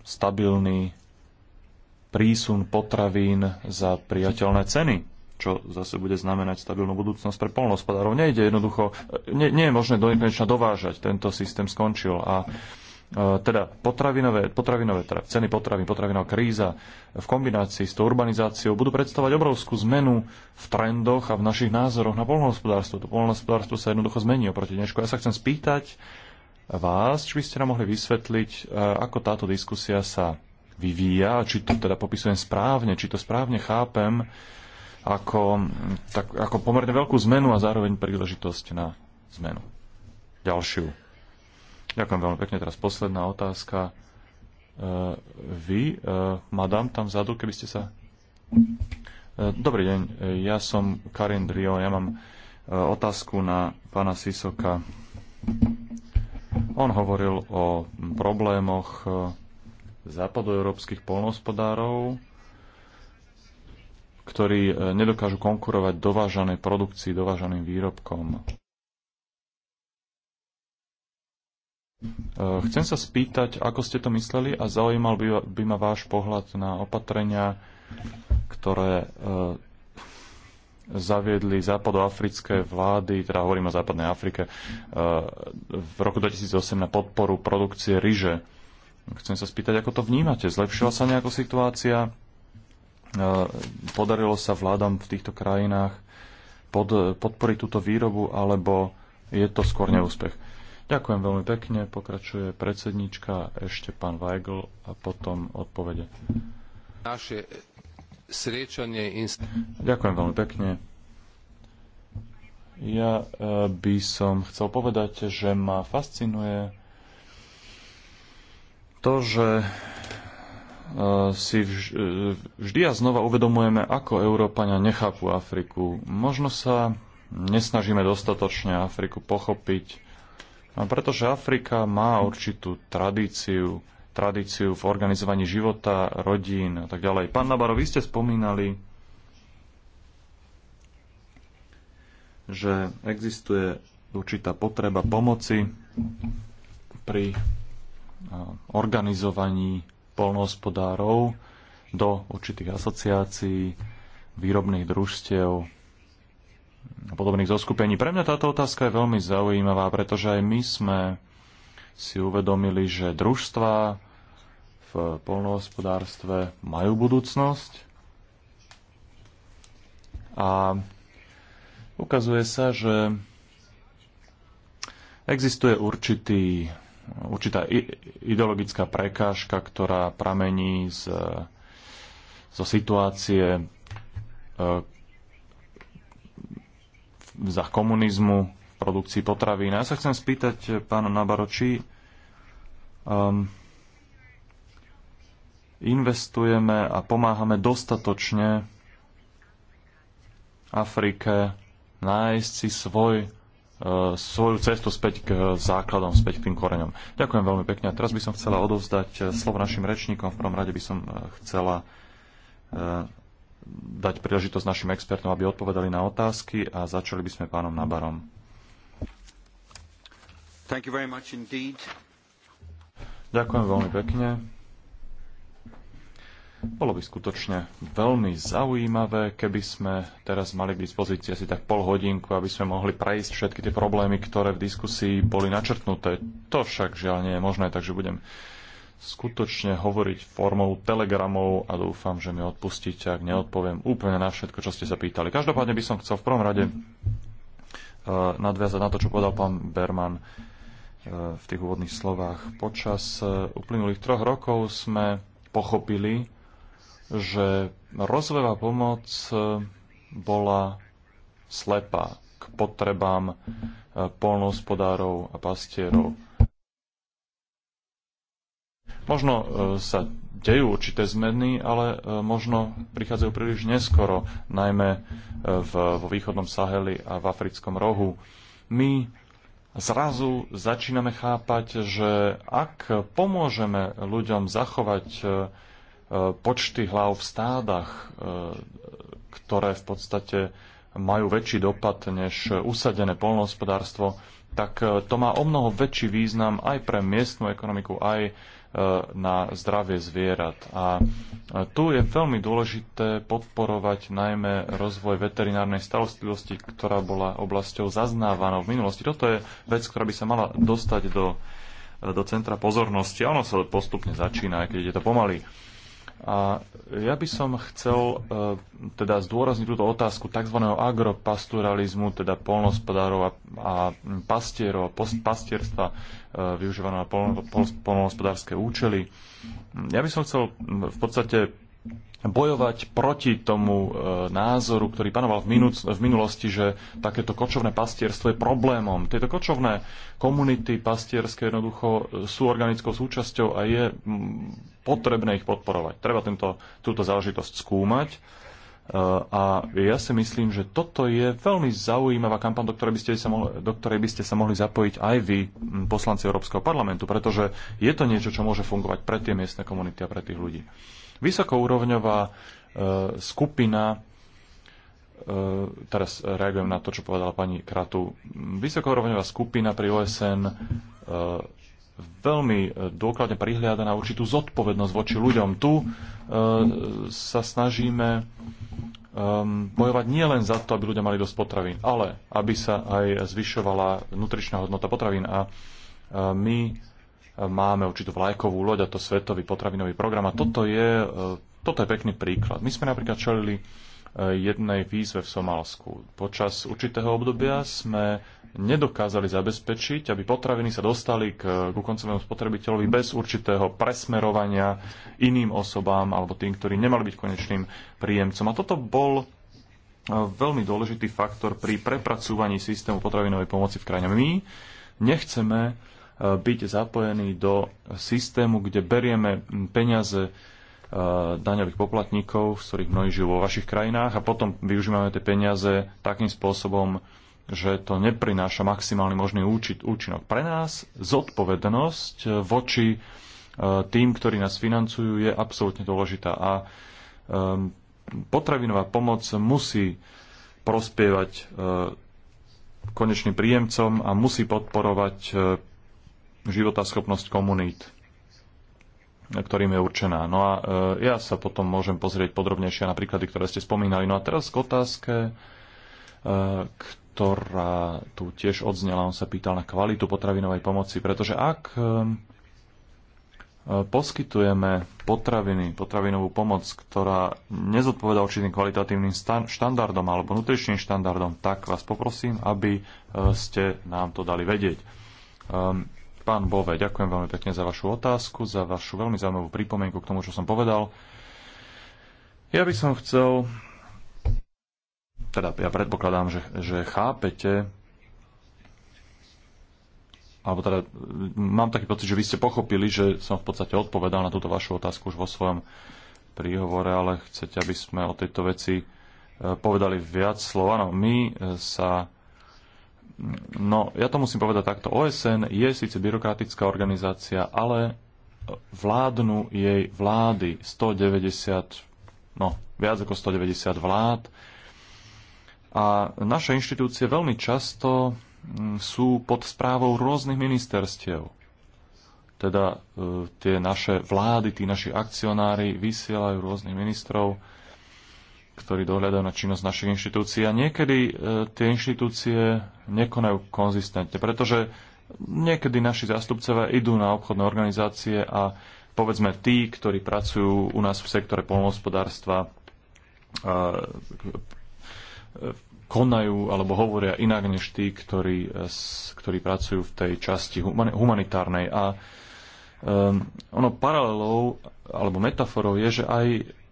stabilný prísun potravín za priateľné ceny čo zase bude znamenať stabilnú budúcnosť pre polnohospodárov. Nejde jednoducho, nie, nie je možné do nekonečna dovážať, tento systém skončil a e, teda potravinové, potravinové teda ceny potravín, potravinová kríza v kombinácii s tou urbanizáciou budú predstavovať obrovskú zmenu v trendoch a v našich názoroch na polnohospodárstvo. To polnohospodárstvo sa jednoducho zmení oproti dnešku. Ja sa chcem spýtať vás, či by ste nám mohli vysvetliť, e, ako táto diskusia sa vyvíja, či to teda popisujem správne, či to správne chápem, ako, tak, ako pomerne veľkú zmenu a zároveň príležitosť na zmenu. Ďalšiu. Ďakujem veľmi pekne. Teraz posledná otázka. Uh, vy, uh, madam, tam vzadu, keby ste sa... Uh, dobrý deň, ja som Karin Drio, ja mám uh, otázku na pána Sisoka. On hovoril o problémoch uh, západoeurópskych polnohospodárov, ktorí e, nedokážu konkurovať dovážanej produkcii, dovážaným výrobkom. E, chcem sa spýtať, ako ste to mysleli a zaujímal by, by ma váš pohľad na opatrenia, ktoré e, zaviedli západoafrické vlády, teda hovorím o západnej Afrike, v roku 2008 na podporu produkcie ryže. Chcem sa spýtať, ako to vnímate? Zlepšila sa nejako situácia? Eh, podarilo sa vládam v týchto krajinách pod, podporiť túto výrobu, alebo je to skôr neúspech. Ďakujem veľmi pekne, pokračuje predsednička, ešte pán Weigl a potom odpovede. Naše sriečanie... Ďakujem veľmi pekne. Ja eh, by som chcel povedať, že ma fascinuje to, že Eh, si eh, vždy a znova uvedomujeme, ako Európania nechápu Afriku. Možno sa nesnažíme dostatočne Afriku pochopiť, pretože Afrika má určitú tradíciu, tradíciu v organizovaní života, rodín a tak ďalej. Pán Nabaro, vy ste spomínali, že existuje určitá potreba pomoci pri eh, organizovaní polnohospodárov do určitých asociácií, výrobných družstiev a podobných zoskupení. Pre mňa táto otázka je veľmi zaujímavá, pretože aj my sme si uvedomili, že družstva v polnohospodárstve majú budúcnosť a ukazuje sa, že existuje určitý určitá ideologická prekážka, ktorá pramení z, zo situácie e, za komunizmu v produkcii potravín. Ja sa chcem spýtať pána Nabaro, či um, investujeme a pomáhame dostatočne Afrike nájsť si svoj E, svoju cestu späť k základom, späť k tým koreňom. Ďakujem veľmi pekne. A teraz by som chcela odovzdať e, slovo našim rečníkom. V prvom rade by som e, chcela dať príležitosť našim expertom, aby odpovedali na otázky a začali by sme pánom Nabarom. Thank you very much indeed. Ďakujem veľmi pekne. Bolo by skutočne veľmi zaujímavé, keby sme teraz mali k dispozícii asi tak pol hodinku, aby sme mohli prejsť všetky tie problémy, ktoré v diskusii boli načrtnuté. To však žiaľ nie je možné, takže budem skutočne hovoriť formou telegramov a dúfam, že mi odpustíte, ak neodpoviem úplne na všetko, čo ste sa pýtali. Každopádne by som chcel v prvom rade eh, nadviazať na to, čo povedal pán Berman eh, v tých úvodných slovách. Počas eh, uplynulých troch rokov sme pochopili, že rozvojová pomoc e, bola slepá k potrebám e, polnohospodárov a pastierov. Možno e, sa dejú určité zmeny, ale možno prichádzajú príliš neskoro, najmä v, vo východnom Saheli a v africkom rohu. My zrazu začíname chápať, že ak pomôžeme ľuďom zachovať E, počty hlav v stádach, e, ktoré v podstate majú väčší dopad než usadené polnohospodárstvo, tak e, to má o mnoho väčší význam aj pre miestnu ekonomiku, aj na zdravie zvierat. A tu je veľmi dôležité podporovať najmä rozvoj veterinárnej starostlivosti, ktorá bola oblasťou zaznávanou v minulosti. Toto je vec, ktorá by sa mala dostať do, do centra pozornosti. A ono sa postupne začína, aj keď je to pomaly. A ja by som chcel e, teda zdôrazniť túto otázku tzv. agropasturalizmu, teda polnospodárov a, a pastierov, post, pastierstva e, využívaného na polnospodárske účely. Ja by som chcel v podstate bojovať proti tomu e, názoru, ktorý panoval v, v minulosti, že takéto kočovné pastierstvo je problémom. Tieto kočovné komunity pastierské jednoducho e, sú organickou súčasťou a je potrebné ich podporovať. Treba tento, túto záležitosť skúmať. E, a ja si myslím, že toto je veľmi zaujímavá kampaň, do ktorej, by ste sa mohli, do ktorej by ste sa mohli zapojiť aj vy, poslanci Európskeho parlamentu, pretože je to niečo, čo môže fungovať pre tie miestne komunity a pre tých ľudí vysokourovňová e, skupina e, teraz reagujem na to, čo povedala pani Kratu. vysokourovňová skupina pri OSN e, veľmi dôkladne prihliada na určitú zodpovednosť voči ľuďom. Tu sa snažíme bojovať nie len za to, aby ľudia mali dosť potravín, ale aby sa aj zvyšovala nutričná hodnota potravín. A my máme určitú vlajkovú loď a to Svetový potravinový program. A toto je, e, toto je pekný príklad. My sme napríklad čelili e, jednej výzve v Somálsku. Počas určitého obdobia sme nedokázali zabezpečiť, aby potraviny sa dostali k, k koncovému spotrebiteľovi bez určitého presmerovania iným osobám alebo tým, ktorí nemali byť konečným príjemcom. A toto bol e, veľmi dôležitý faktor pri prepracúvaní systému potravinovej pomoci v krajine. My nechceme byť zapojený do systému, kde berieme peniaze e, daňových poplatníkov, z ktorých mnohí žijú vo vašich krajinách a potom využívame tie peniaze takým spôsobom, že to neprináša maximálny možný účinok. Pre nás zodpovednosť e, voči e, tým, ktorí nás financujú, je absolútne dôležitá a potravinová pomoc musí prospievať konečným príjemcom a musí podporovať schopnosť komunít, ktorým je určená. No a e, ja sa potom môžem pozrieť podrobnejšie na príklady, ktoré ste spomínali. No a teraz k otázke, e, ktorá tu tiež odznela. On sa pýtal na kvalitu potravinovej pomoci, pretože ak e, poskytujeme potraviny, potravinovú pomoc, ktorá nezodpoveda určitým kvalitatívnym štandardom alebo nutričným štandardom, tak vás poprosím, aby ste nám to dali vedieť. Ehm, Pán Bove, ďakujem veľmi pekne za vašu otázku, za vašu veľmi zaujímavú pripomienku k tomu, čo som povedal. Ja by som chcel, teda ja predpokladám, že, že chápete, alebo teda mám taký pocit, že vy ste pochopili, že som v podstate odpovedal na túto vašu otázku už vo svojom príhovore, ale chcete, aby sme o tejto veci eh, povedali viac slova. No, my eh, sa No, ja to musím povedať takto. OSN je síce byrokratická organizácia, ale vládnu jej vlády 190, no viac ako 190 vlád. A naše inštitúcie veľmi často mm, sú pod správou rôznych ministerstiev. Teda e, tie naše vlády, tí naši akcionári vysielajú rôznych ministrov, ktorí dohľadajú na činnosť našich inštitúcií. A niekedy e, tie inštitúcie nekonajú konzistentne, pretože niekedy naši zástupcovia idú na obchodné organizácie a povedzme tí, ktorí pracujú u nás v sektore polnohospodárstva, e, konajú alebo hovoria inak než tí, ktorí, e, ktorí pracujú v tej časti humanitárnej. A um, ono paralelou alebo metaforou je, že aj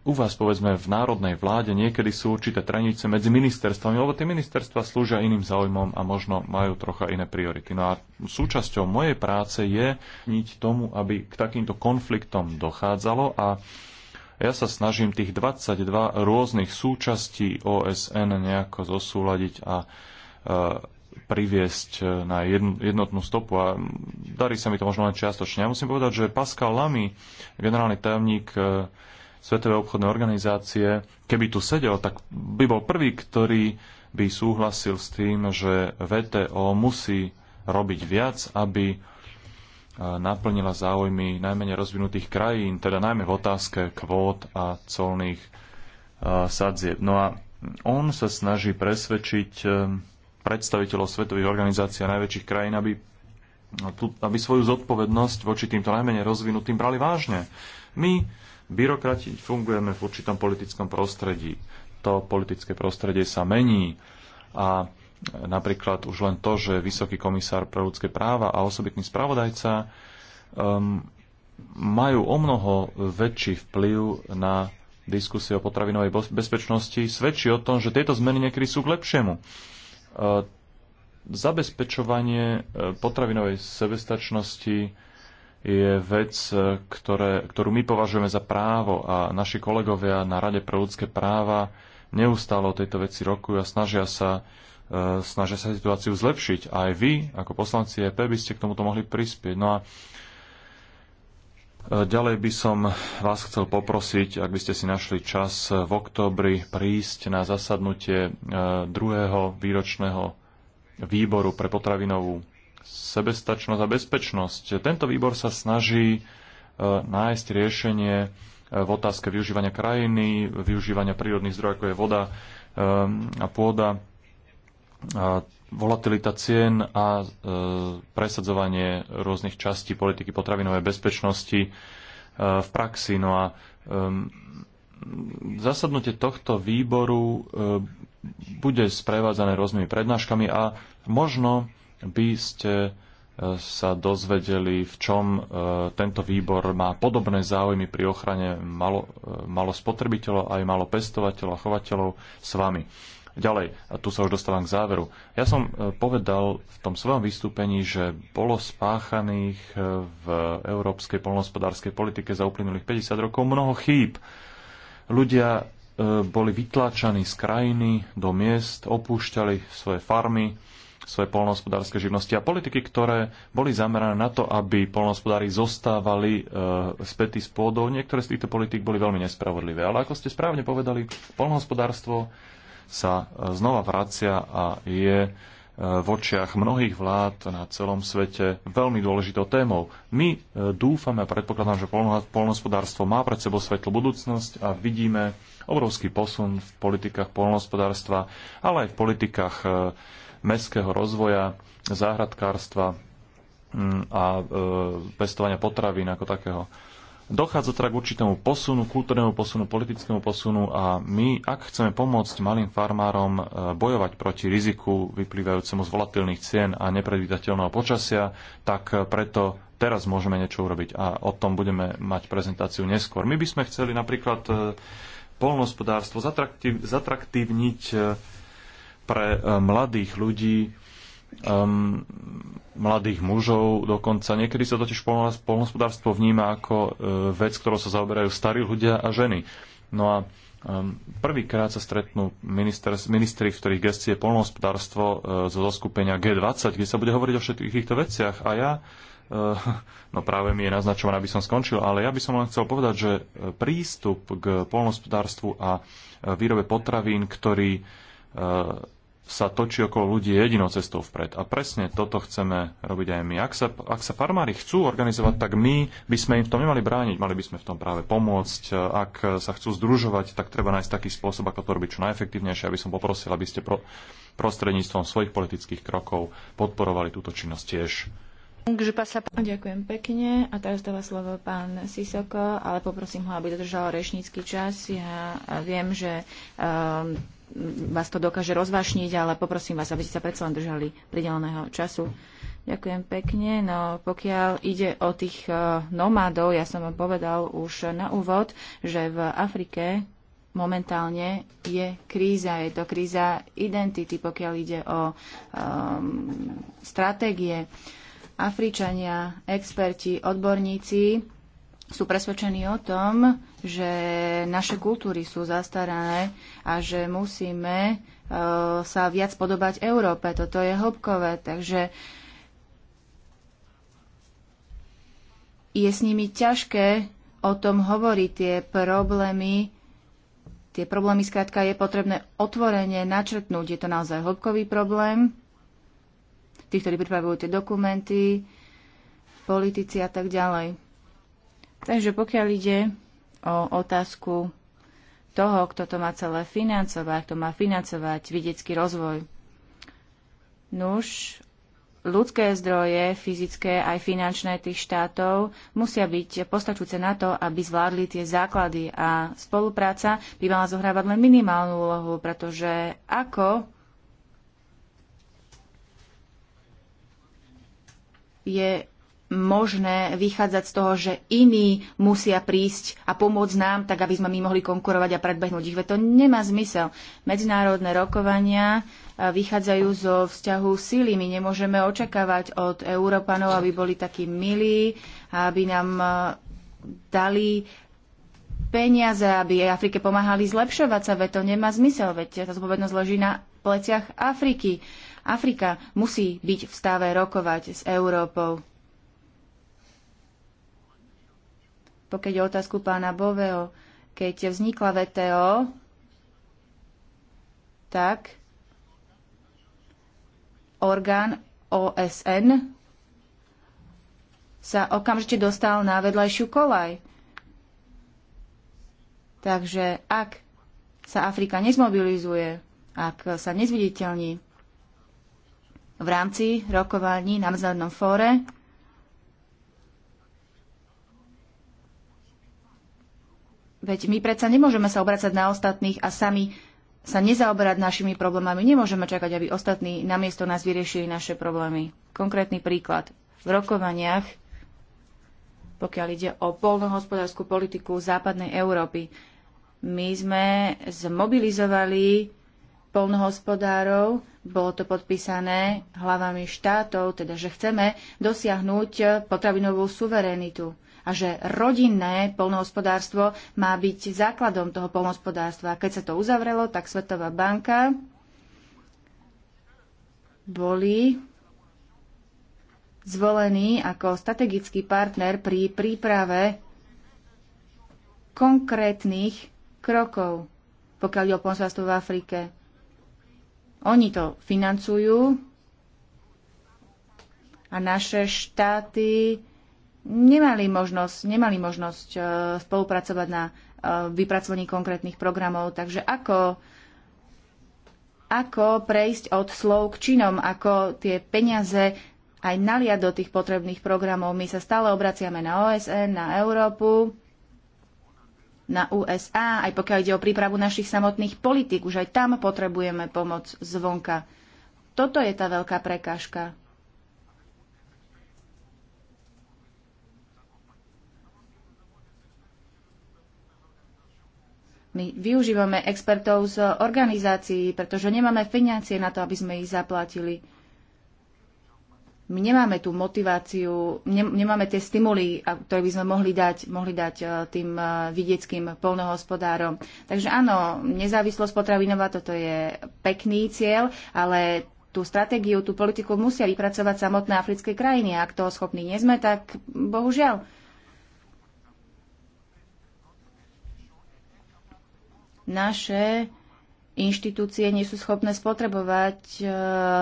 u vás, povedzme, v národnej vláde niekedy sú určité trenice medzi ministerstvami, lebo tie ministerstva slúžia iným záujmom a možno majú trocha iné priority. No a súčasťou mojej práce je niť tomu, aby k takýmto konfliktom dochádzalo a ja sa snažím tých 22 rôznych súčastí OSN nejako zosúľadiť a e, priviesť e, na jednotnú stopu a darí sa mi to možno len čiastočne. Ja musím povedať, že Pascal Lamy, generálny tajomník e, Svetovej obchodnej organizácie, keby tu sedel, tak by bol prvý, ktorý by súhlasil s tým, že VTO musí robiť viac, aby e, naplnila záujmy najmenej rozvinutých krajín, teda najmä v otázke kvót a colných e, sadzieb. No a on sa snaží presvedčiť e, predstaviteľov svetových organizácií a najväčších krajín, aby, aby svoju zodpovednosť voči týmto najmenej rozvinutým brali vážne. My byrokrati, fungujeme v určitom politickom prostredí. To politické prostredie sa mení a e, napríklad už len to, že vysoký komisár pre ľudské práva a osobitný spravodajca um, majú o mnoho väčší vplyv na diskusie o potravinovej bezpečnosti, svedčí o tom, že tieto zmeny niekedy sú k lepšiemu. E, zabezpečovanie e, potravinovej sebestačnosti je vec, e, ktoré, ktorú my považujeme za právo a naši kolegovia na Rade pre ľudské práva neustále o tejto veci rokujú a snažia sa, e, snažia sa situáciu zlepšiť. A aj vy, ako poslanci EP, by ste k tomuto mohli prispieť. No a e, Ďalej by som vás chcel poprosiť, ak by ste si našli čas v oktobri prísť na zasadnutie e, druhého výročného výboru pre potravinovú sebestačnosť a bezpečnosť. Tento výbor sa snaží e, nájsť riešenie e, v otázke využívania krajiny, využívania prírodných zdrojov, ako je voda e, a pôda, volatilita cien a presadzovanie rôznych častí politiky potravinovej bezpečnosti v praxi. No a zasadnutie tohto výboru bude sprevádzané rôznymi prednáškami a možno by ste e, sa dozvedeli, v čom e, tento výbor má podobné záujmy pri ochrane malo, e, malo spotrebiteľov, aj malo pestovateľov a chovateľov s vami. Ďalej, a tu sa už dostávam k záveru. Ja som povedal v tom svojom vystúpení, že bolo spáchaných v európskej polnospodárskej politike za uplynulých 50 rokov mnoho chýb. Ľudia boli vytláčaní z krajiny do miest, opúšťali svoje farmy, svoje polnohospodárske živnosti a politiky, ktoré boli zamerané na to, aby polnohospodári zostávali e, spätí s pôdou. Niektoré z týchto politik boli veľmi nespravodlivé. Ale ako ste správne povedali, polnohospodárstvo sa e, znova vracia a je e, v očiach mnohých vlád na celom svete veľmi dôležitou témou. My e, dúfame a predpokladám, že polnohospodárstvo má pred sebou svetlú budúcnosť a vidíme obrovský posun v politikách polnohospodárstva, ale aj v politikách mestského rozvoja, záhradkárstva mm, a e, pestovania potravín ako takého. Dochádza teda k určitému posunu, kultúrnemu posunu, politickému posunu a my, ak chceme pomôcť malým farmárom e, bojovať proti riziku vyplývajúcemu z volatilných cien a nepredvídateľného počasia, tak preto teraz môžeme niečo urobiť a o tom budeme mať prezentáciu neskôr. My by sme chceli napríklad e, polnospodárstvo zatraktívniť pre e, mladých ľudí, um, mladých mužov dokonca. Niekedy sa totiž polnospodárstvo vníma ako uh, vec, ktorou sa zaoberajú starí ľudia a ženy. No a um, prvýkrát sa stretnú minister, ministri, v ktorých gestie je uh, zo zoskupenia G20, kde sa bude hovoriť o všetkých týchto veciach. A ja no práve mi je naznačované, aby som skončil, ale ja by som len chcel povedať, že prístup k polnospodárstvu a výrobe potravín, ktorý sa točí okolo ľudí jedinou cestou vpred. A presne toto chceme robiť aj my. Ak sa, ak sa farmári chcú organizovať, tak my by sme im v tom nemali brániť, mali by sme v tom práve pomôcť. Ak sa chcú združovať, tak treba nájsť taký spôsob, ako to robiť čo najefektívnejšie. Aby som poprosil, aby ste pro, prostredníctvom svojich politických krokov podporovali túto činnosť tiež. Ďakujem pekne a teraz dáva slovo pán Sisoko, ale poprosím ho, aby dodržal rečnícky čas. Ja viem, že um, vás to dokáže rozvášniť, ale poprosím vás, aby ste sa predsa len držali prideleného času. Ďakujem pekne. No pokiaľ ide o tých e, nomádov, ja som vám povedal už na úvod, že v Afrike momentálne je kríza. Je to kríza identity, pokiaľ ide o um, stratégie. Afričania, experti, odborníci sú presvedčení o tom, že naše kultúry sú zastarané, a že musíme e, sa viac podobať Európe. Toto je hĺbkové, takže je s nimi ťažké o tom hovoriť tie problémy. Tie problémy skrátka je potrebné otvorene načrtnúť. Je to naozaj hĺbkový problém. Tí, ktorí pripravujú tie dokumenty, politici a tak ďalej. Takže pokiaľ ide o otázku toho, kto to má celé financovať, kto má financovať vidiecký rozvoj. Nuž, ľudské zdroje, fyzické aj finančné tých štátov musia byť postačujúce na to, aby zvládli tie základy a spolupráca by mala zohrávať len minimálnu úlohu, pretože ako je možné vychádzať z toho, že iní musia prísť a pomôcť nám, tak aby sme my mohli konkurovať a predbehnúť ich. Veď to nemá zmysel. Medzinárodné rokovania eh, vychádzajú zo vzťahu síly. My nemôžeme očakávať od Európanov, aby boli takí milí, aby nám eh, dali peniaze, aby Afrike pomáhali zlepšovať sa, veď to nemá zmysel, veď tá zodpovednosť leží na pleciach Afriky. Afrika musí byť v stave rokovať s Európou. Pokiaľ je otázku pána Boveho, keď vznikla VTO, tak orgán OSN sa okamžite dostal na vedľajšiu kolaj. Takže ak sa Afrika nezmobilizuje, ak sa nezviditeľní v rámci rokovaní na medzinárodnom fóre, Veď my predsa nemôžeme sa obracať na ostatných a sami sa nezaoberať našimi problémami. Nemôžeme čakať, aby ostatní namiesto nás vyriešili naše problémy. Konkrétny príklad. V rokovaniach, pokiaľ ide o polnohospodárskú politiku západnej Európy, my sme zmobilizovali polnohospodárov, bolo to podpísané hlavami štátov, teda že chceme dosiahnuť potravinovú suverenitu a že rodinné polnohospodárstvo má byť základom toho polnohospodárstva. keď sa to uzavrelo, tak Svetová banka boli zvolený ako strategický partner pri príprave konkrétnych krokov, pokiaľ je o poľnohospodárstvo v Afrike. Oni to financujú a naše štáty nemali možnosť, nemali možnosť e, spolupracovať na e, vypracovaní konkrétnych programov. Takže ako, ako prejsť od slov k činom, ako tie peniaze aj naliať do tých potrebných programov. My sa stále obraciame na OSN, na Európu, na USA, aj pokiaľ ide o prípravu našich samotných politik, už aj tam potrebujeme pomoc zvonka. Toto je tá veľká prekážka. My využívame expertov z organizácií, pretože nemáme financie na to, aby sme ich zaplatili. My nemáme tú motiváciu, nemáme tie stimuly, ktoré by sme mohli dať, mohli dať e, tým e, vidieckým polnohospodárom. Takže áno, nezávislosť potravinová, toto je pekný cieľ, ale tú stratégiu, tú politiku musia vypracovať samotné africké krajiny. Ak toho schopní nie sme, tak bohužiaľ. naše inštitúcie nie sú schopné spotrebovať eh,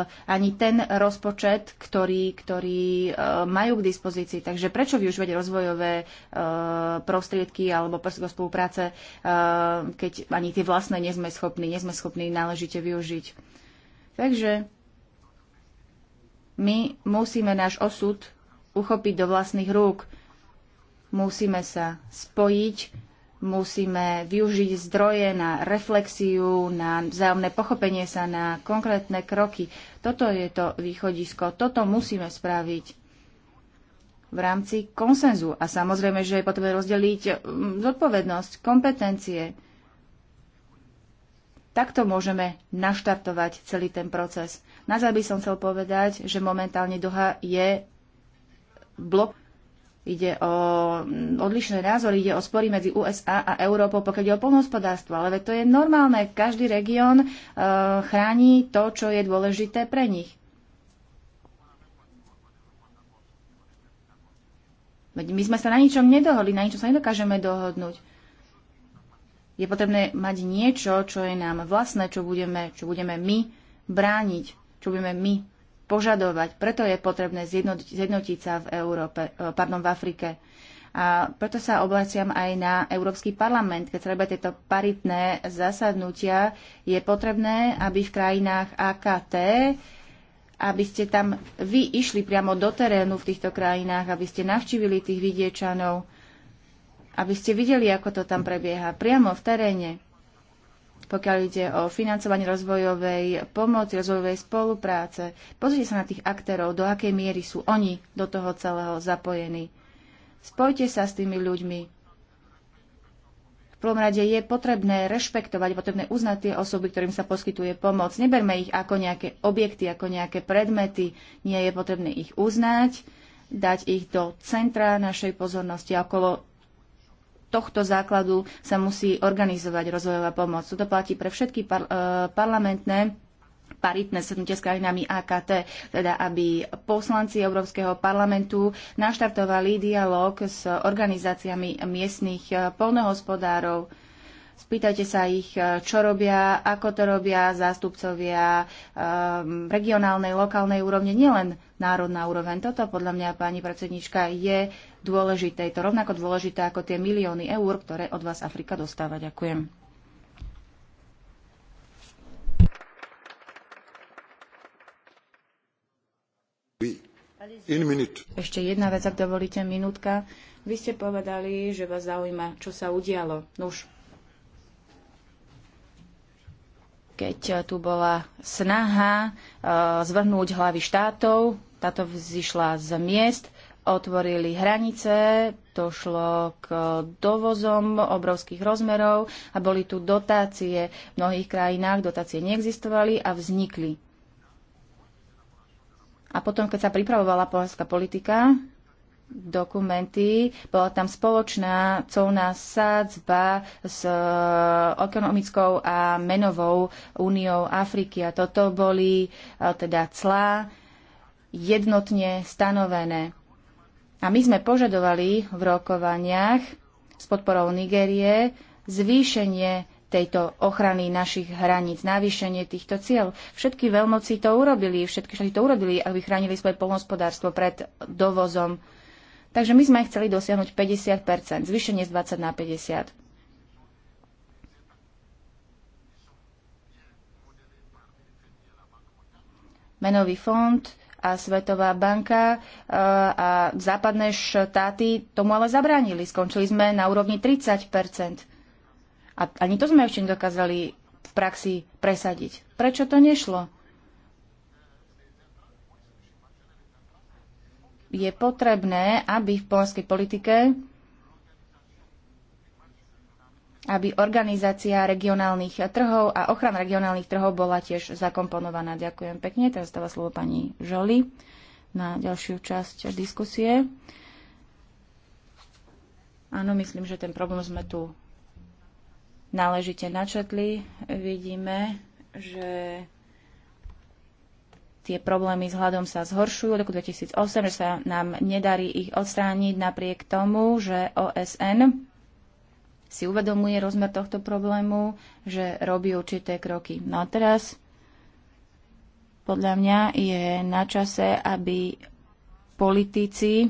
ani ten rozpočet, ktorý, ktorý eh, majú k dispozícii. Takže prečo využívať rozvojové eh, prostriedky alebo prstko spolupráce, keď ani tie vlastné nie sme schopní, nie sme schopní náležite využiť. Takže my musíme náš osud uchopiť do vlastných rúk. Musíme sa spojiť musíme využiť zdroje na reflexiu, na vzájomné pochopenie sa, na konkrétne kroky. Toto je to východisko, toto musíme spraviť v rámci konsenzu. A samozrejme, že je potrebné rozdeliť mm, zodpovednosť, kompetencie. Takto môžeme naštartovať celý ten proces. Na by som chcel povedať, že momentálne Doha je blok Ide o mm, odlišné názory, ide o spory medzi USA a Európou, pokiaľ ide o polnohospodárstvo. Ale to je normálne, každý región e, chráni to, čo je dôležité pre nich. Veď my sme sa na ničom nedohodli, na ničom sa nedokážeme dohodnúť. Je potrebné mať niečo, čo je nám vlastné, čo budeme, čo budeme my brániť, čo budeme my požadovať. Preto je potrebné zjednotiť sa v, Európe, e, pardon, v Afrike. A preto sa obláciam aj na Európsky parlament. Keď treba tieto paritné zasadnutia, je potrebné, aby v krajinách AKT aby ste tam vy išli priamo do terénu v týchto krajinách, aby ste navštívili tých vidiečanov, aby ste videli, ako to tam prebieha priamo v teréne pokiaľ ide o financovanie rozvojovej pomoci, rozvojovej spolupráce. Pozrite sa na tých aktérov, do akej miery sú oni do toho celého zapojení. Spojte sa s tými ľuďmi. V prvom rade je potrebné rešpektovať, potrebné uznať tie osoby, ktorým sa poskytuje pomoc. Neberme ich ako nejaké objekty, ako nejaké predmety. Nie je potrebné ich uznať, dať ich do centra našej pozornosti. Okolo tohto základu sa musí organizovať rozvojová pomoc. To platí pre všetky par- e, parlamentné paritné stretnutie s krajinami AKT, teda aby poslanci Európskeho parlamentu naštartovali dialog s organizáciami miestnych e, polnohospodárov. Spýtajte sa ich, e, čo robia, ako to robia zástupcovia regionálnej, lokálnej úrovne, nielen národná úroveň. Toto podľa mňa, pani predsednička, je uh, dôležité. Je to rovnako dôležité ako tie milióny eur, ktoré od vás Afrika dostáva. Ďakujem. Ešte jedna vec, ak dovolíte, minútka. Vy ste povedali, že vás zaujíma, čo sa udialo. Nuž. Keď eh, tu bola snaha eh, zvrhnúť hlavy štátov, táto vzýšla z miest, otvorili hranice, došlo k dovozom obrovských rozmerov a boli tu dotácie. V mnohých krajinách dotácie neexistovali a vznikli. A potom, keď sa pripravovala polská politika, dokumenty, bola tam spoločná colná sádzba s e, ekonomickou a menovou úniou Afriky. A toto boli e, teda clá jednotne stanovené a my sme požadovali v rokovaniach s podporou Nigérie zvýšenie tejto ochrany našich hraníc, navýšenie týchto cieľ. Všetky veľmoci to urobili, všetky štáty to urobili, aby chránili svoje polnospodárstvo pred dovozom. Takže my sme chceli dosiahnuť 50%, zvýšenie z 20 na 50. Menový fond a Svetová banka e, a západné štáty tomu ale zabránili. Skončili sme na úrovni 30 A ani to sme ešte dokázali v praxi presadiť. Prečo to nešlo? Je potrebné, aby v polskej politike aby organizácia regionálnych trhov a ochrana regionálnych trhov bola tiež zakomponovaná. Ďakujem pekne. Teraz dáva slovo pani Žoli na ďalšiu časť diskusie. Áno, myslím, že ten problém sme tu náležite načetli. Vidíme, že tie problémy s hľadom sa zhoršujú od roku 2008, že sa nám nedarí ich odstrániť napriek tomu, že OSN si uvedomuje rozmer tohto problému, že robí určité kroky. No a teraz podľa mňa je na čase, aby politici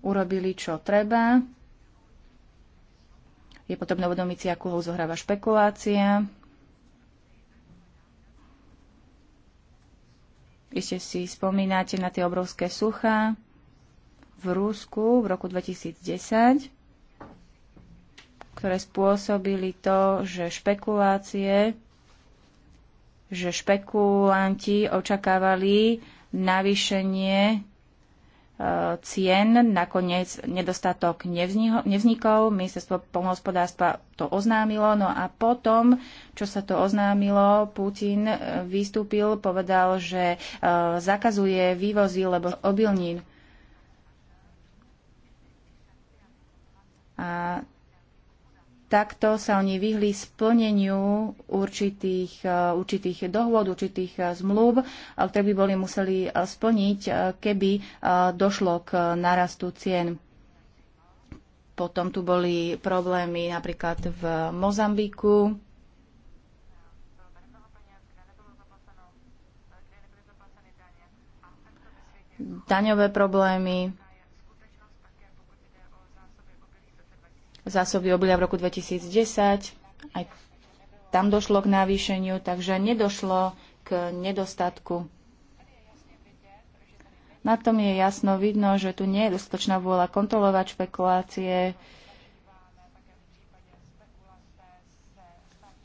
urobili, čo treba. Je potrebné uvedomiť si, akú ho zohráva špekulácia. Ešte si spomínate na tie obrovské suchá v Rusku v roku 2010 ktoré spôsobili to, že špekulácie, že špekulanti očakávali navýšenie e, cien. Nakoniec nedostatok nevznikol. Ministerstvo polnohospodárstva to oznámilo. No a potom, čo sa to oznámilo, Putin e, vystúpil, povedal, že e, zakazuje vývozy lebo obilnín. A Takto sa oni vyhli splneniu určitých, e, určitých dohôd, určitých e, zmluv, e, ktoré by boli museli splniť, keby došlo k narastu cien. Potom tu boli problémy napríklad v Mozambiku, daňové problémy, zásoby obilia v roku 2010. Aj tam došlo k navýšeniu, takže nedošlo k nedostatku. Na tom je jasno vidno, že tu nie je dostatočná vôľa kontrolovať špekulácie.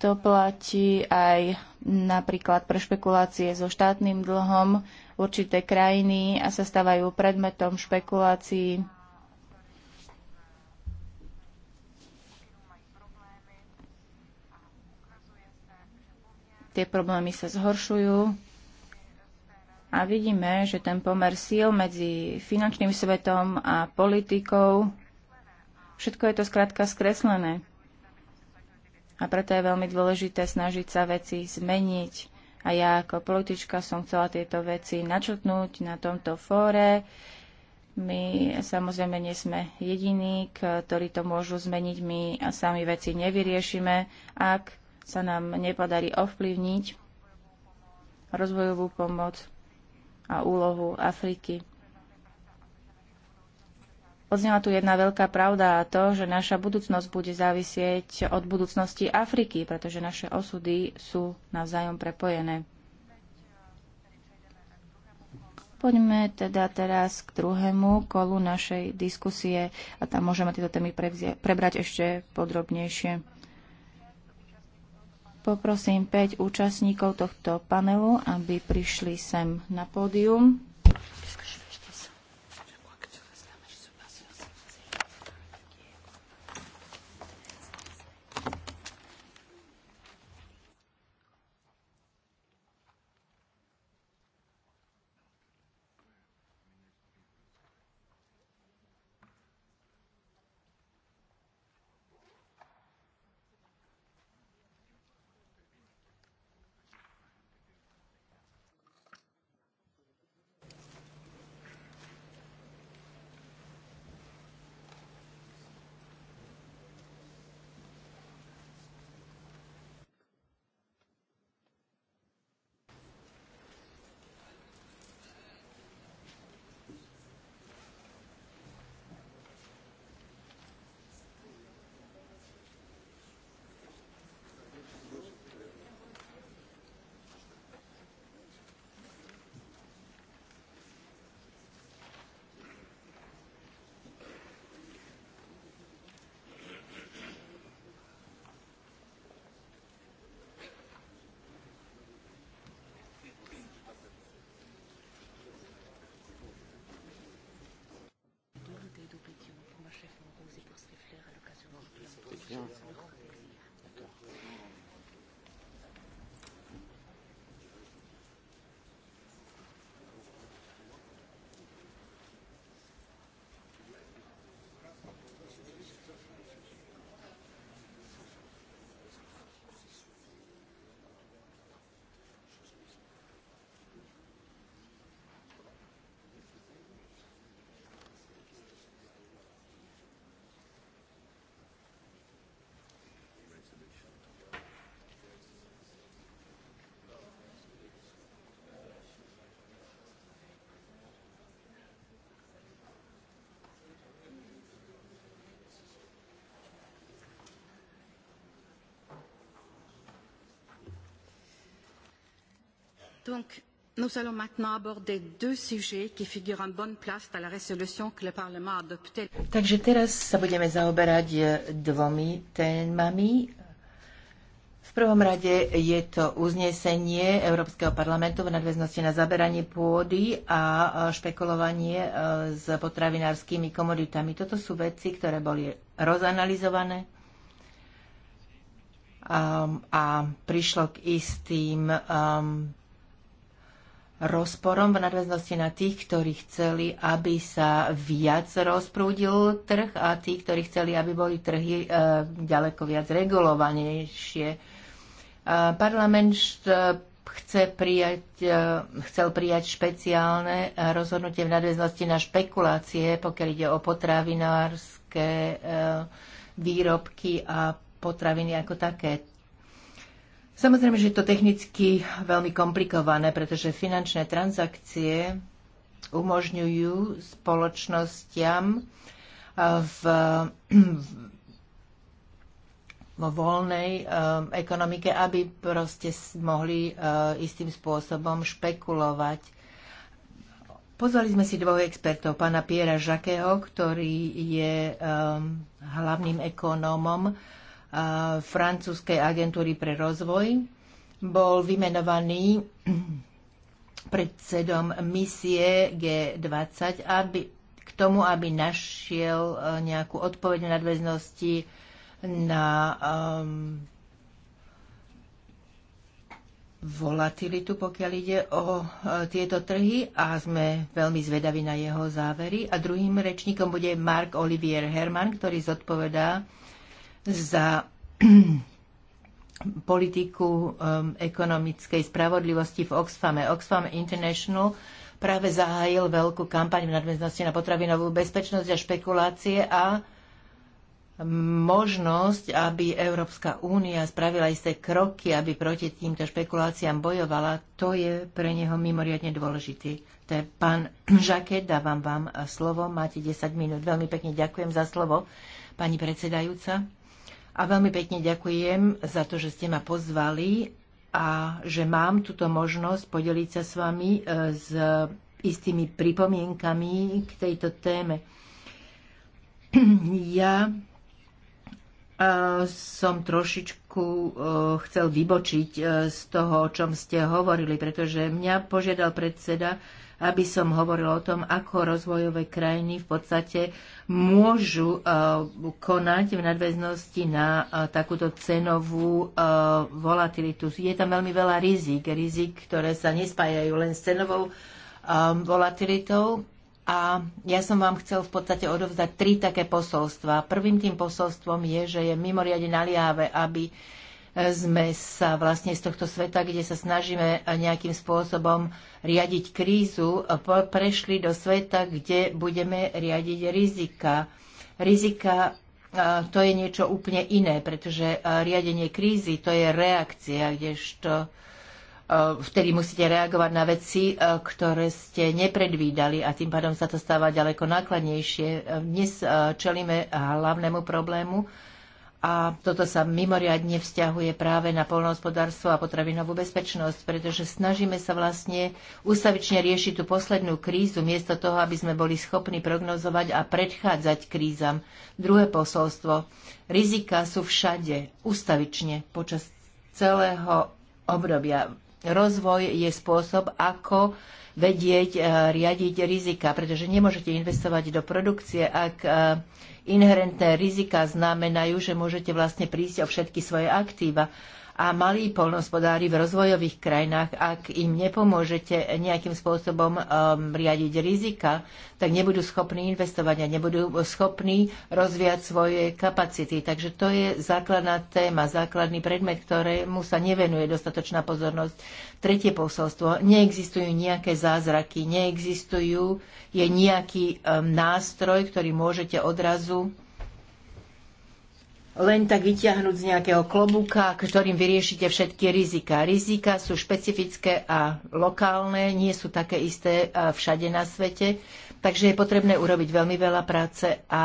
To platí aj napríklad pre špekulácie so štátnym dlhom. Určité krajiny a sa stávajú predmetom špekulácií Tie problémy sa zhoršujú a vidíme, že ten pomer síl medzi finančným svetom a politikou, všetko je to skrátka skreslené. A preto je veľmi dôležité snažiť sa veci zmeniť. A ja ako politička som chcela tieto veci načrtnúť na tomto fóre. My samozrejme nie sme jediní, ktorí to môžu zmeniť. My sami veci nevyriešime, ak sa nám nepodarí ovplyvniť rozvojovú pomoc a úlohu Afriky. Odznela tu jedna veľká pravda a to, že naša budúcnosť bude závisieť od budúcnosti Afriky, pretože naše osudy sú navzájom prepojené. Poďme teda teraz k druhému kolu našej diskusie a tam môžeme tieto témy prebrať ešte podrobnejšie. Poprosím 5 účastníkov tohto panelu, aby prišli sem na pódium. Donc, nous allons maintenant aborder deux sujets qui figurent en bonne place dans la résolution que le Parlement a adoptée. Takže teraz sa budeme zaoberať eh, dvomi témami. V prvom rade je to uznesenie Európskeho parlamentu v nadväznosti na zaberanie pôdy a eh, špekulovanie eh, s potravinárskymi komoditami. Toto sú veci, ktoré boli rozanalizované um, a, prišlo k istým um, rozporom v nadväznosti na tých, ktorí chceli, aby sa viac rozprúdil trh a tí, ktorí chceli, aby boli trhy e, ďaleko viac regulovanejšie. E, parlament e, chce prijať, e, chcel prijať špeciálne rozhodnutie v nadväznosti na špekulácie, pokiaľ ide o potravinárske e, výrobky a potraviny ako také Samozrejme, že je to technicky veľmi komplikované, pretože finančné transakcie umožňujú spoločnostiam eh, v, vo voľnej eh, ekonomike, aby proste mohli eh, istým spôsobom špekulovať. Pozvali sme si dvoch expertov, pána Piera Žakého, ktorý je hlavným ekonómom francúzskej agentúry pre rozvoj. Bol vymenovaný predsedom misie G20 aby, k tomu, aby našiel e, nejakú odpoveď na nadväznosti na um, volatilitu, pokiaľ ide o e, tieto trhy a sme veľmi zvedaví na jeho závery. A druhým rečníkom bude Mark Olivier Herman, ktorý zodpovedá za politiku um, ekonomickej spravodlivosti v Oxfame. Oxfam International práve zahájil veľkú kampaň v nadväznosti na potravinovú bezpečnosť a špekulácie a možnosť, aby Európska únia spravila isté kroky, aby proti týmto špekuláciám bojovala, to je pre neho mimoriadne dôležitý. To je pán Žaket, dávam vám slovo, máte 10 minút. Veľmi pekne ďakujem za slovo, pani predsedajúca a veľmi pekne ďakujem za to, že ste ma pozvali a že mám túto možnosť podeliť sa s vami e, s istými pripomienkami k tejto téme. Ja e, som trošičku e, chcel vybočiť z toho, o čom ste hovorili, pretože mňa požiadal predseda aby som hovoril o tom, ako rozvojové krajiny v podstate môžu e, konať v nadväznosti na e, takúto cenovú e, volatilitu. Je tam veľmi veľa rizik, rizik, ktoré sa nespájajú len s cenovou volatilitou. A ja som vám chcel v podstate odovzdať tri také posolstva. Prvým tým posolstvom je, že je mimoriadne naliave, aby sme sa vlastne z tohto sveta, kde sa snažíme nejakým spôsobom riadiť krízu, prešli do sveta, kde budeme riadiť rizika. Rizika to je niečo úplne iné, pretože riadenie krízy to je reakcia, kdežto vtedy musíte reagovať na veci, ktoré ste nepredvídali a tým pádom sa to stáva ďaleko nákladnejšie. Dnes čelíme hlavnému problému, a toto sa mimoriadne vzťahuje práve na polnohospodárstvo a potravinovú bezpečnosť, pretože snažíme sa vlastne ústavične riešiť tú poslednú krízu, miesto toho, aby sme boli schopní prognozovať a predchádzať krízam. Druhé posolstvo. Rizika sú všade, ústavične, počas celého obdobia. Rozvoj je spôsob, ako vedieť e, riadiť rizika, pretože nemôžete investovať do produkcie, ak e, inherentné rizika znamenajú, že môžete vlastne prísť o všetky svoje aktíva a malí polnospodári v rozvojových krajinách, ak im nepomôžete nejakým spôsobom um, riadiť rizika, tak nebudú schopní investovať a nebudú schopní rozviať svoje kapacity. Takže to je základná téma, základný predmet, ktorému sa nevenuje dostatočná pozornosť. Tretie posolstvo. Neexistujú nejaké zázraky, neexistujú, je nejaký um, nástroj, ktorý môžete odrazu len tak vyťahnuť z nejakého klobúka, ktorým vyriešite všetky rizika. Rizika sú špecifické a lokálne, nie sú také isté všade na svete, takže je potrebné urobiť veľmi veľa práce a,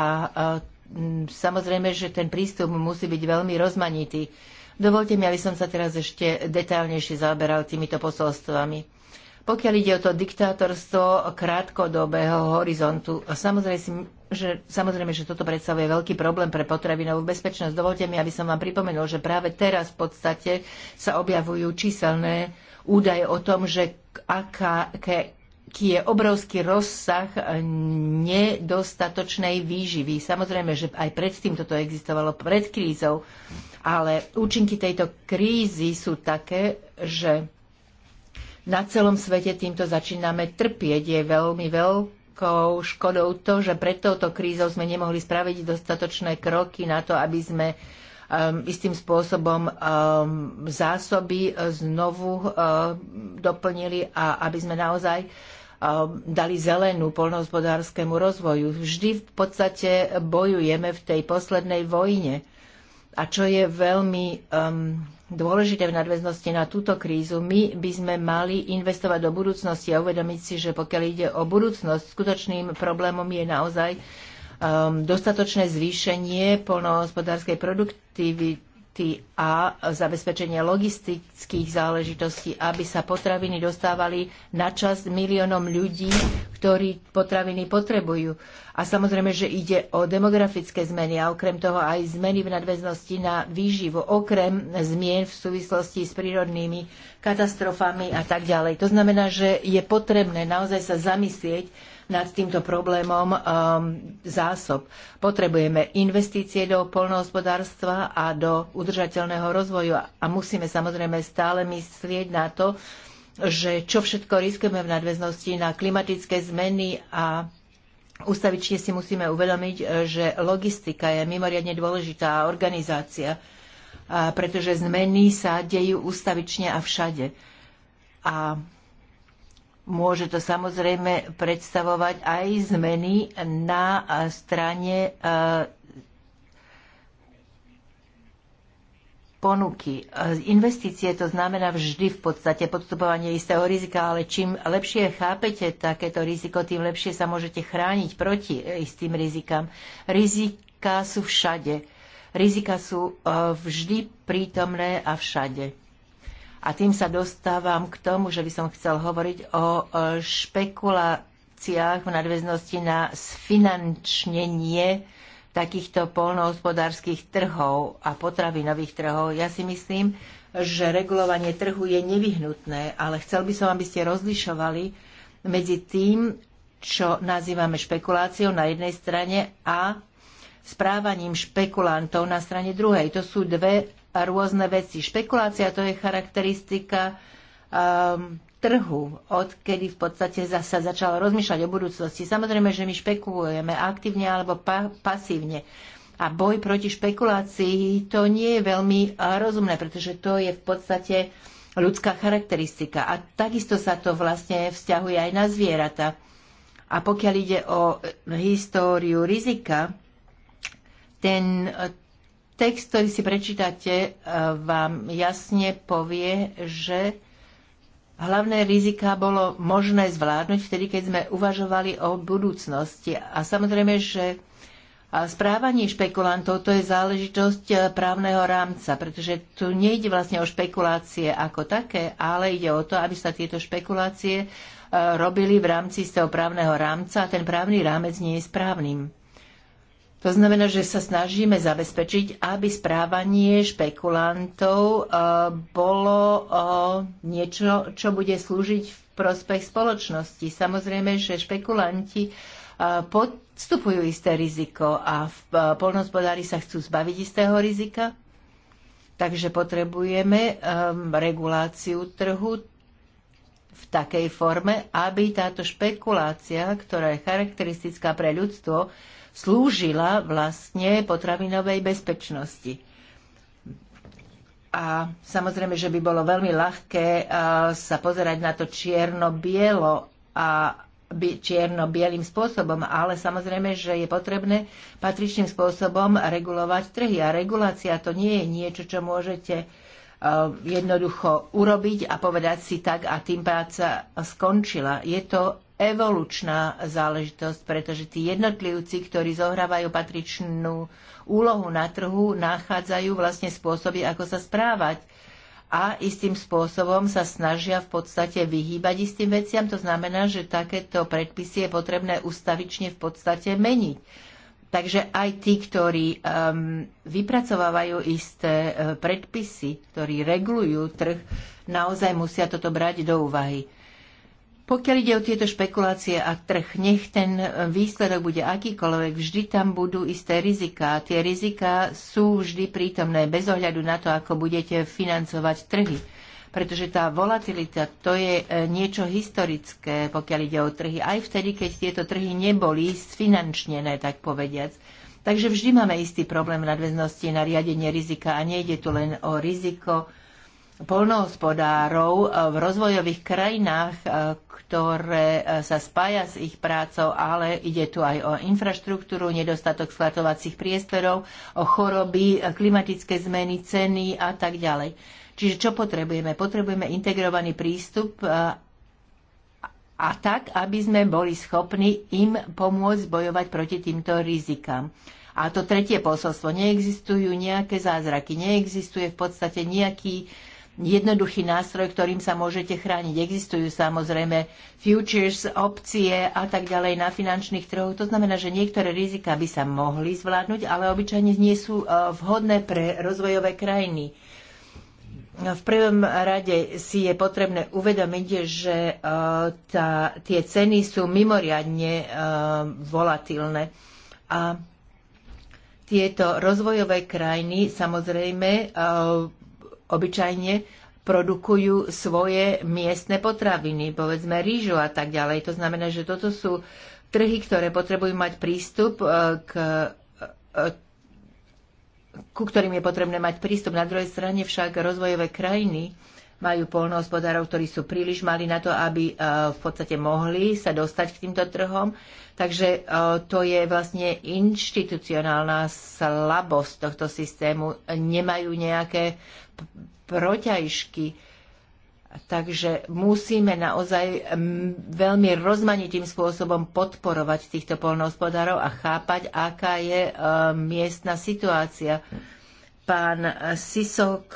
samozrejme, že ten prístup musí byť veľmi rozmanitý. Dovolte mi, aby som sa teraz ešte detailnejšie zaoberal týmito posolstvami pokiaľ ide o to diktátorstvo krátkodobého horizontu. Samozrejme, že, samozrejme, že toto predstavuje veľký problém pre potravinovú bezpečnosť. Dovolte mi, aby som vám pripomenul, že práve teraz v podstate sa objavujú číselné údaje o tom, že aká, ke, aký je obrovský rozsah eh, nedostatočnej výživy. Samozrejme, že aj predtým toto existovalo, pred krízou, ale účinky tejto krízy sú také, že na celom svete týmto začíname trpieť. Je veľmi veľkou škodou to, že pred touto krízou sme nemohli spraviť dostatočné kroky na to, aby sme um, istým spôsobom um, zásoby uh, znovu uh, doplnili a aby sme naozaj um, dali zelenú polnohospodárskému rozvoju. Vždy v podstate bojujeme v tej poslednej vojne. A čo je veľmi um, dôležité v nadväznosti na túto krízu. My by sme mali investovať do budúcnosti a uvedomiť si, že pokiaľ ide o budúcnosť, skutočným problémom je naozaj um, dostatočné zvýšenie polnohospodárskej produktivity produkty a zabezpečenie logistických záležitostí, aby sa potraviny dostávali na čas miliónom ľudí, ktorí potraviny potrebujú. A samozrejme, že ide o demografické zmeny a okrem toho aj zmeny v nadväznosti na výživu, okrem zmien v súvislosti s prírodnými katastrofami a tak ďalej. To znamená, že je potrebné naozaj sa zamyslieť nad týmto problémom um, zásob. Potrebujeme investície do polnohospodárstva a do udržateľného rozvoju a musíme samozrejme stále myslieť na to, že čo všetko riskujeme v nadväznosti na klimatické zmeny a ustavične si musíme uvedomiť, že logistika je mimoriadne dôležitá organizácia, pretože zmeny sa dejú ustavične a všade. A môže to samozrejme predstavovať aj zmeny na strane e, ponuky. Investície to znamená vždy v podstate podstupovanie istého rizika, ale čím lepšie chápete takéto riziko, tým lepšie sa môžete chrániť proti e, istým rizikám. Rizika sú všade. Rizika sú e, vždy prítomné a všade. A tým sa dostávam k tomu, že by som chcel hovoriť o e, špekuláciách v nadväznosti na sfinančnenie takýchto polnohospodárských trhov a potravinových trhov. Ja si myslím, že regulovanie trhu je nevyhnutné, ale chcel by som, aby ste rozlišovali medzi tým, čo nazývame špekuláciou na jednej strane a správaním špekulantov na strane druhej. To sú dve rôzne veci. Špekulácia to je charakteristika um, trhu, odkedy v podstate sa začalo rozmýšľať o budúcnosti. Samozrejme, že my špekulujeme aktívne alebo pa- pasívne. A boj proti špekulácii to nie je veľmi rozumné, pretože to je v podstate ľudská charakteristika. A takisto sa to vlastne vzťahuje aj na zvieratá. A pokiaľ ide o e, históriu rizika, ten, e, text, ktorý si prečítate, e, vám jasne povie, že hlavné rizika bolo možné zvládnuť vtedy, keď sme uvažovali o budúcnosti. A samozrejme, že správanie špekulantov to je záležitosť e, právneho rámca, pretože tu nejde vlastne o špekulácie ako také, ale ide o to, aby sa tieto špekulácie e, robili v rámci z toho právneho rámca a ten právny rámec nie je správnym. To znamená, že sa snažíme zabezpečiť, aby správanie špekulantov eh, bolo eh, niečo, čo bude slúžiť v prospech spoločnosti. Samozrejme, že špekulanti eh, podstupujú isté riziko a v polnospodári sa chcú zbaviť istého rizika. Takže potrebujeme reguláciu trhu v takej forme, aby táto špekulácia, ktorá je charakteristická pre ľudstvo, slúžila vlastne potravinovej bezpečnosti. A samozrejme, že by bolo veľmi ľahké eh, sa pozerať na to čierno-bielo a čierno-bielým spôsobom, ale samozrejme, že je potrebné patričným spôsobom regulovať trhy. A regulácia to nie je niečo, čo môžete eh, jednoducho urobiť a povedať si tak a tým práca skončila. Je to evolučná záležitosť, pretože tí jednotlivci, ktorí zohrávajú patričnú úlohu na trhu, nachádzajú vlastne spôsoby, ako sa správať a istým spôsobom sa snažia v podstate vyhýbať istým veciam. To znamená, že takéto predpisy je potrebné ustavične v podstate meniť. Takže aj tí, ktorí um, vypracovávajú isté uh, predpisy, ktorí regulujú trh, naozaj musia toto brať do úvahy. Pokiaľ ide o tieto špekulácie a trh, nech ten e, výsledok bude akýkoľvek, vždy tam budú isté A Tie rizika sú vždy prítomné, bez ohľadu na to, ako budete financovať trhy. Pretože tá volatilita, to je e, niečo historické, pokiaľ ide o trhy. Aj vtedy, keď tieto trhy neboli sfinančnené, tak povediac. Takže vždy máme istý problém nadväznosti na riadenie rizika a nejde tu len o riziko, polnohospodárov eh, v rozvojových krajinách, eh, ktoré eh, sa spája s ich prácou, ale ide tu aj o infraštruktúru, nedostatok skladovacích priestorov, o choroby, klimatické zmeny, ceny a tak ďalej. Čiže čo potrebujeme? Potrebujeme integrovaný prístup a tak, aby sme boli schopní im pomôcť bojovať proti týmto rizikám. A to tretie posolstvo. Neexistujú nejaké zázraky, neexistuje v podstate nejaký uh, jednoduchý nástroj, ktorým sa môžete chrániť. Existujú samozrejme futures, opcie a tak ďalej na finančných trhoch. To znamená, že niektoré rizika by sa mohli zvládnuť, ale obyčajne nie sú e, vhodné pre rozvojové krajiny. V prvom rade si je potrebné uvedomiť, že e, tá, tie ceny sú mimoriadne e, volatilné. A tieto rozvojové krajiny samozrejme obyčajne produkujú svoje miestne potraviny, povedzme rýžu a tak ďalej. To znamená, že toto sú trhy, ktoré potrebujú mať prístup e, k e, ku ktorým je potrebné mať prístup. Na druhej strane však rozvojové krajiny majú polnohospodárov, ktorí sú príliš mali na to, aby e, v podstate mohli sa dostať k týmto trhom. Takže e, to je vlastne inštitucionálna slabosť tohto systému. Nemajú nejaké proťažky. Takže musíme naozaj veľmi rozmanitým spôsobom podporovať týchto polnohospodárov a chápať, aká je e, miestna situácia. Pán Sisok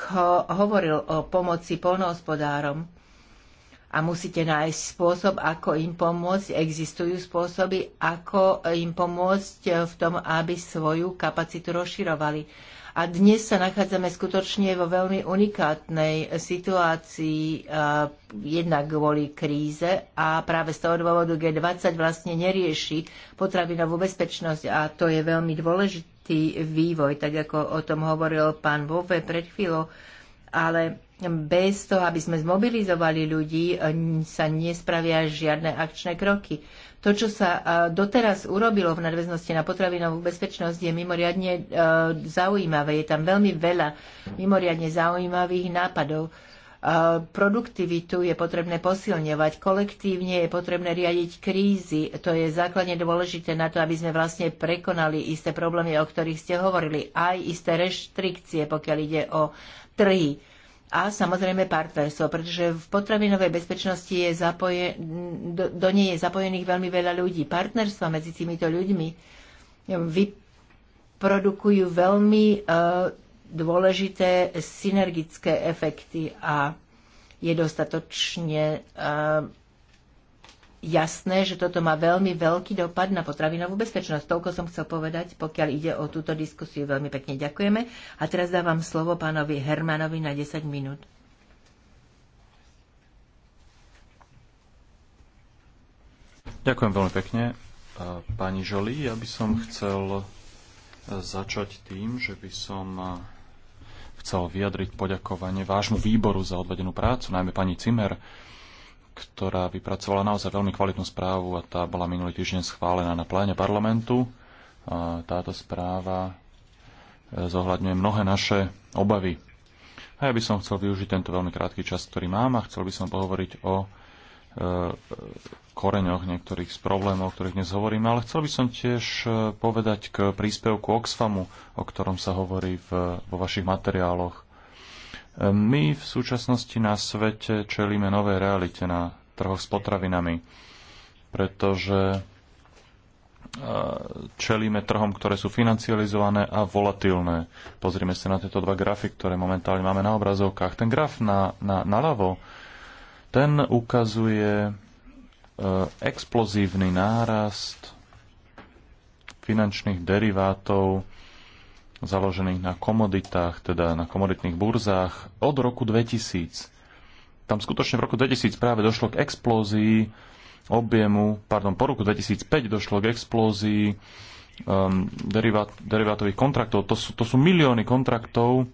hovoril o pomoci polnohospodárom a musíte nájsť spôsob, ako im pomôcť. Existujú spôsoby, ako im pomôcť v tom, aby svoju kapacitu rozširovali. A dnes sa nachádzame skutočne vo veľmi unikátnej situácii, jednak kvôli kríze a práve z toho dôvodu G20 vlastne nerieši potravinovú bezpečnosť a to je veľmi dôležité určitý vývoj, tak ako o tom hovoril pán Vove pred chvíľou, ale bez toho, aby sme zmobilizovali ľudí, sa nespravia žiadne akčné kroky. To, čo sa e, doteraz urobilo v nadväznosti na potravinovú bezpečnosť, je mimoriadne e, zaujímavé. Je tam veľmi veľa mimoriadne zaujímavých nápadov E, produktivitu je potrebné posilňovať, kolektívne je potrebné riadiť krízy. To je základne dôležité na to, aby sme vlastne prekonali isté problémy, o ktorých ste hovorili, aj isté reštrikcie, pokiaľ ide o trhy a samozrejme partnerstvo, pretože v potravinovej bezpečnosti je zapoje, do, do nej je zapojených veľmi veľa ľudí. Partnerstva medzi týmito ľuďmi vyprodukujú veľmi uh, dôležité synergické efekty a je dostatočne eh, jasné, že toto má veľmi veľký dopad na potravinovú bezpečnosť. Toľko som chcel povedať, pokiaľ ide o túto diskusiu. Veľmi pekne ďakujeme. A teraz dávam slovo pánovi Hermanovi na 10 minút. Ďakujem veľmi pekne. Eh, pani Žoli, ja by som chcel eh, začať tým, že by som chcel vyjadriť poďakovanie vášmu výboru za odvedenú prácu, najmä pani Cimer, ktorá vypracovala naozaj veľmi kvalitnú správu a tá bola minulý týždeň schválená na pláne parlamentu. Táto správa e, zohľadňuje mnohé naše obavy. A ja by som chcel využiť tento veľmi krátky čas, ktorý mám a chcel by som pohovoriť o E, koreňoch niektorých z problémov, o ktorých dnes hovoríme, ale chcel by som tiež e, povedať k príspevku Oxfamu, o ktorom sa hovorí v, vo vašich materiáloch. E, my v súčasnosti na svete čelíme nové realite na trhoch s potravinami, pretože čelíme trhom, ktoré sú financializované a volatilné. Pozrime sa na tieto dva grafy, ktoré momentálne máme na obrazovkách. Ten graf na, na, naľavo ten ukazuje e, explozívny nárast finančných derivátov založených na komoditách, teda na komoditných burzách od roku 2000. Tam skutočne v roku 2000 práve došlo k explózii objemu, pardon, po roku 2005 došlo k explózii um, derivát, derivátových kontraktov. To sú, to sú milióny kontraktov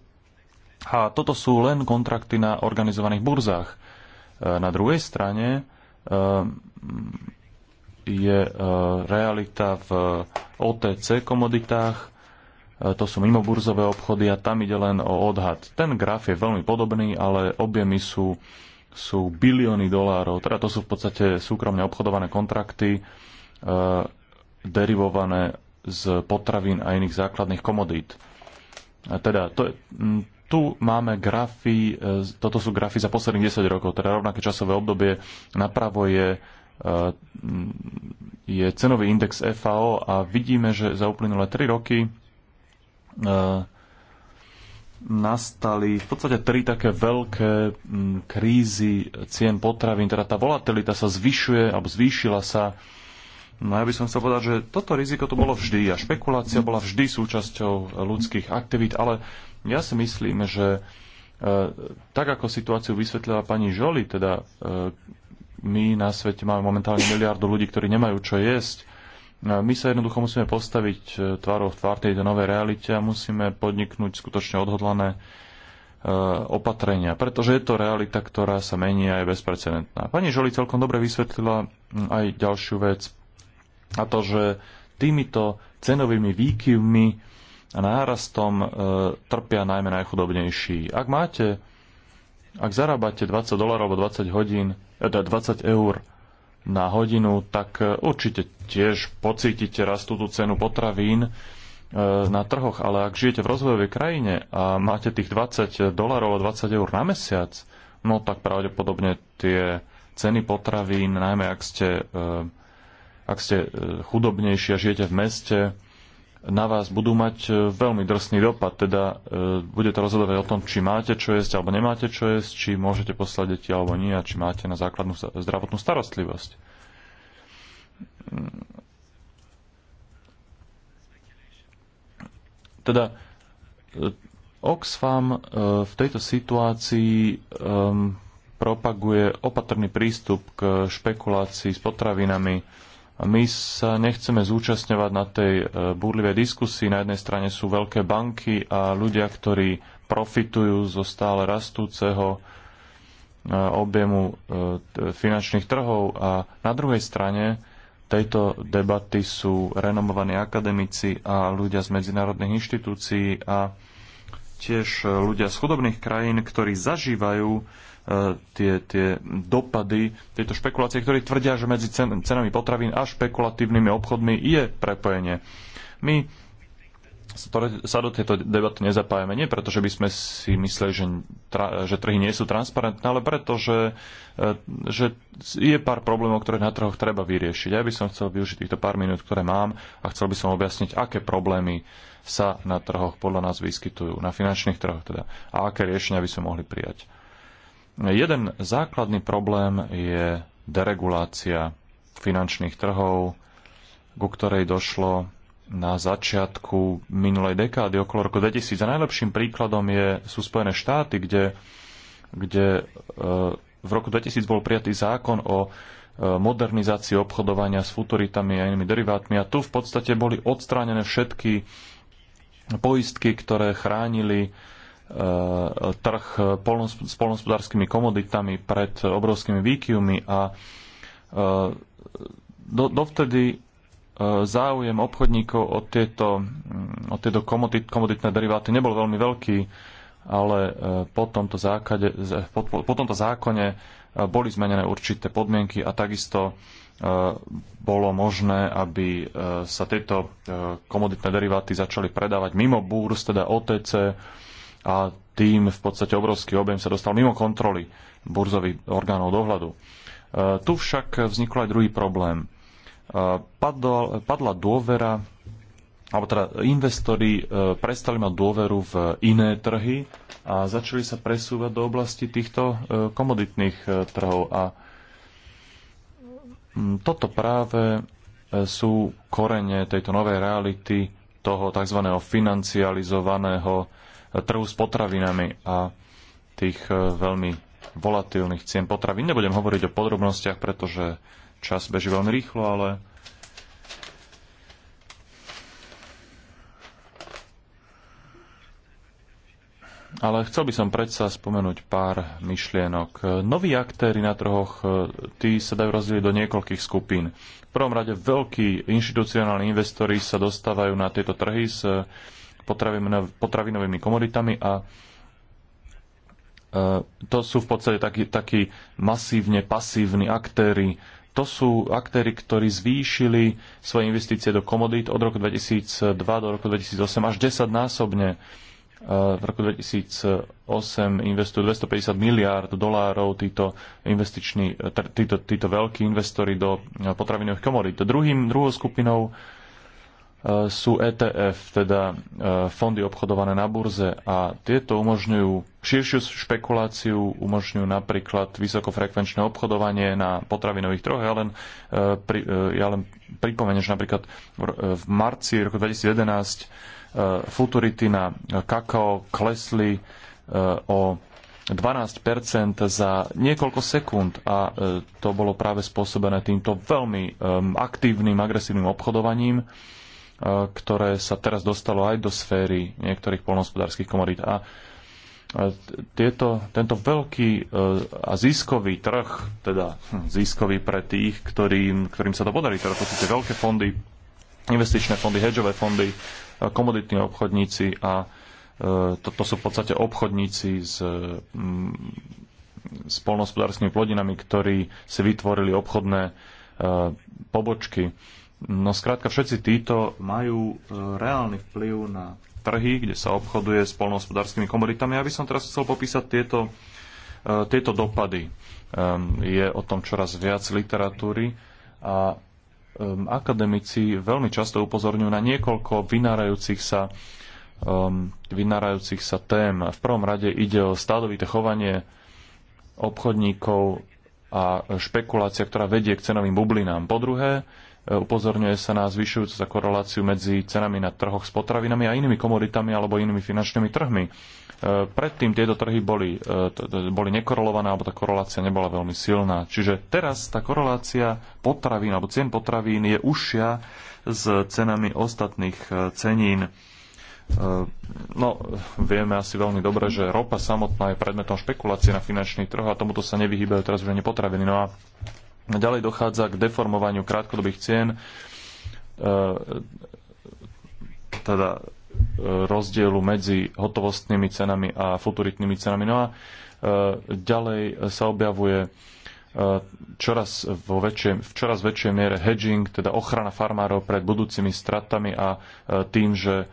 a toto sú len kontrakty na organizovaných burzách. Na druhej strane eh, je eh, realita v OTC komoditách, eh, to sú mimoburzové obchody a tam ide len o odhad. Ten graf je veľmi podobný, ale objemy sú, sú bilióny dolárov. Teda to sú v podstate súkromne obchodované kontrakty, derivované z potravín a iných základných komodít. teda to, hm, tu máme grafy, e, toto sú grafy za posledných 10 rokov, teda rovnaké časové obdobie. Napravo je, e, je cenový index FAO a vidíme, že za uplynulé 3 roky e, nastali v podstate tri také veľké krízy cien potravín, teda tá volatilita sa zvyšuje alebo zvýšila sa. No ja by som chcel povedať, že toto riziko to bolo vždy a špekulácia bola vždy súčasťou ľudských aktivít, ale ja si myslím, že e, tak ako situáciu vysvetlila pani Žoli, teda e, my na svete máme momentálne miliardu ľudí, ktorí nemajú čo jesť. E, my sa jednoducho musíme postaviť tvárou v tvár tejto novej realite a musíme podniknúť skutočne odhodlané opatrenia, pretože je to realita, ktorá sa mení a je bezprecedentná. Pani Žoli celkom dobre vysvetlila aj ďalšiu vec, a to, že týmito cenovými výkyvmi nárastom e, trpia najmä najchudobnejší. Ak máte, ak zarábate 20 dolarov alebo 20 hodín, 20 e, teda eur na hodinu, tak e, určite tiež pocítite rastúcu cenu potravín na trhoch, ale ak žijete v rozvojovej krajine a máte tých 20 dolarov a 20 eur na mesiac, no tak pravdepodobne tie ceny potravín, najmä ak ste, ak ste chudobnejší a žijete v meste, na vás budú mať e, veľmi drsný dopad. Teda e, bude to rozhodovať o tom, či máte čo jesť alebo nemáte čo jesť, či môžete poslať deti alebo nie a či máte na základnú zdravotnú starostlivosť. Mm. Teda e, Oxfam e, v tejto situácii e, propaguje opatrný prístup k špekulácii s potravinami, my sa nechceme zúčastňovať na tej e, búrlivej diskusii. Na jednej strane sú veľké banky a ľudia, ktorí profitujú zo stále rastúceho e, objemu e, finančných trhov a na druhej strane tejto debaty sú renomovaní akademici a ľudia z medzinárodných inštitúcií a tiež ľudia z chudobných krajín, ktorí zažívajú E, tie, tie dopady, tieto špekulácie, ktorí tvrdia, že medzi cenami potravín a špekulatívnymi obchodmi je prepojenie. My sa do tejto debaty nezapájame nie preto, že by sme si mysleli, že, tra, že trhy nie sú transparentné, ale preto, že, e, že je pár problémov, ktoré na trhoch treba vyriešiť. Ja by som chcel využiť týchto pár minút, ktoré mám a chcel by som objasniť, aké problémy sa na trhoch podľa nás vyskytujú, na finančných trhoch teda, a aké riešenia by sme mohli prijať. Jeden základný problém je deregulácia finančných trhov, ku ktorej došlo na začiatku minulej dekády, okolo roku 2000. A najlepším príkladom je, sú Spojené štáty, kde, kde e, v roku 2000 bol prijatý zákon o e, modernizácii obchodovania s futuritami a inými derivátmi. A tu v podstate boli odstránené všetky poistky, ktoré chránili E, trh s polnospodárskymi komoditami pred obrovskými výkyvmi a e, do, dovtedy e, záujem obchodníkov o tieto, mm, o tieto komodit, komoditné deriváty nebol veľmi veľký, ale po tomto, zákade, po, po tomto zákone boli zmenené určité podmienky a takisto bolo možné, aby sa tieto komoditné deriváty začali predávať mimo búrs, teda OTC, a tým v podstate obrovský objem sa dostal mimo kontroly burzových orgánov dohľadu. E, tu však vznikol aj druhý problém. E, padol, padla dôvera, alebo teda investori e, prestali mať dôveru v iné trhy a začali sa presúvať do oblasti týchto komoditných trhov. A toto práve sú korene tejto novej reality toho tzv. financializovaného trhu s potravinami a tých e, veľmi volatilných cien potravín. Nebudem hovoriť o podrobnostiach, pretože čas beží veľmi rýchlo, ale Ale chcel by som predsa spomenúť pár myšlienok. Noví aktéry na trhoch, e, tí sa dajú rozdeliť do niekoľkých skupín. V prvom rade veľkí inštitucionálni investori sa dostávajú na tieto trhy s potravinovými komoditami a e, to sú v podstate takí, takí masívne pasívni aktéry. To sú aktéry, ktorí zvýšili svoje investície do komodít od roku 2002 do roku 2008 až 10 násobne. E, v roku 2008 investujú 250 miliárd dolárov títo, investiční, e, títo, títo veľkí investori do potravinových komodít. Druhým, druhou skupinou Eh, sú ETF, teda eh, fondy obchodované na burze a tieto umožňujú širšiu špekuláciu, umožňujú napríklad vysokofrekvenčné obchodovanie na potravinových troch. Ja len, eh, ja len pripomeniem, že napríklad v marci roku 2011 futurity na kakao klesli o 12 za niekoľko sekúnd a to bolo práve spôsobené týmto veľmi aktívnym, agresívnym obchodovaním ktoré sa teraz dostalo aj do sféry niektorých polnohospodárských komodít. A tieto, tento veľký e, a ziskový trh, teda hm, ziskový pre tých, ktorým, ktorým sa to podarí, teda to sú tie veľké fondy, investičné fondy, hedžové fondy, e, komoditní obchodníci a toto e, sú v podstate obchodníci s, mm, s polnospodárskymi plodinami, ktorí si vytvorili obchodné pobočky. No skrátka, všetci títo majú e, reálny vplyv na trhy, kde sa obchoduje s polnohospodárskymi komoditami. Ja by som teraz chcel popísať tieto, e, tieto dopady. E, je o tom čoraz viac literatúry a akademici veľmi často upozorňujú na niekoľko vynárajúcich sa vynárajúcich sa tém. V prvom rade ide o stádovité chovanie obchodníkov a špekulácia, ktorá vedie k cenovým bublinám. Po druhé, upozorňuje sa na zvyšujúcu sa koreláciu medzi cenami na trhoch s potravinami a inými komoditami alebo inými finančnými trhmi. E, predtým tieto trhy boli, e, boli nekorelované, alebo tá korelácia nebola veľmi silná. Čiže teraz tá korelácia potravín alebo cien potravín je užšia s cenami ostatných e, cenín. No, vieme asi veľmi dobre, že ropa samotná je predmetom špekulácie na finančných trh a tomuto sa nevyhýbajú teraz už ani potraviny. No a Ďalej dochádza k deformovaniu krátkodobých cien, e, teda e, rozdielu medzi hotovostnými cenami a futuritnými cenami. No a e, ďalej sa objavuje čoraz vo väčšej, v čoraz väčšej miere hedging, teda ochrana farmárov pred budúcimi stratami a tým, že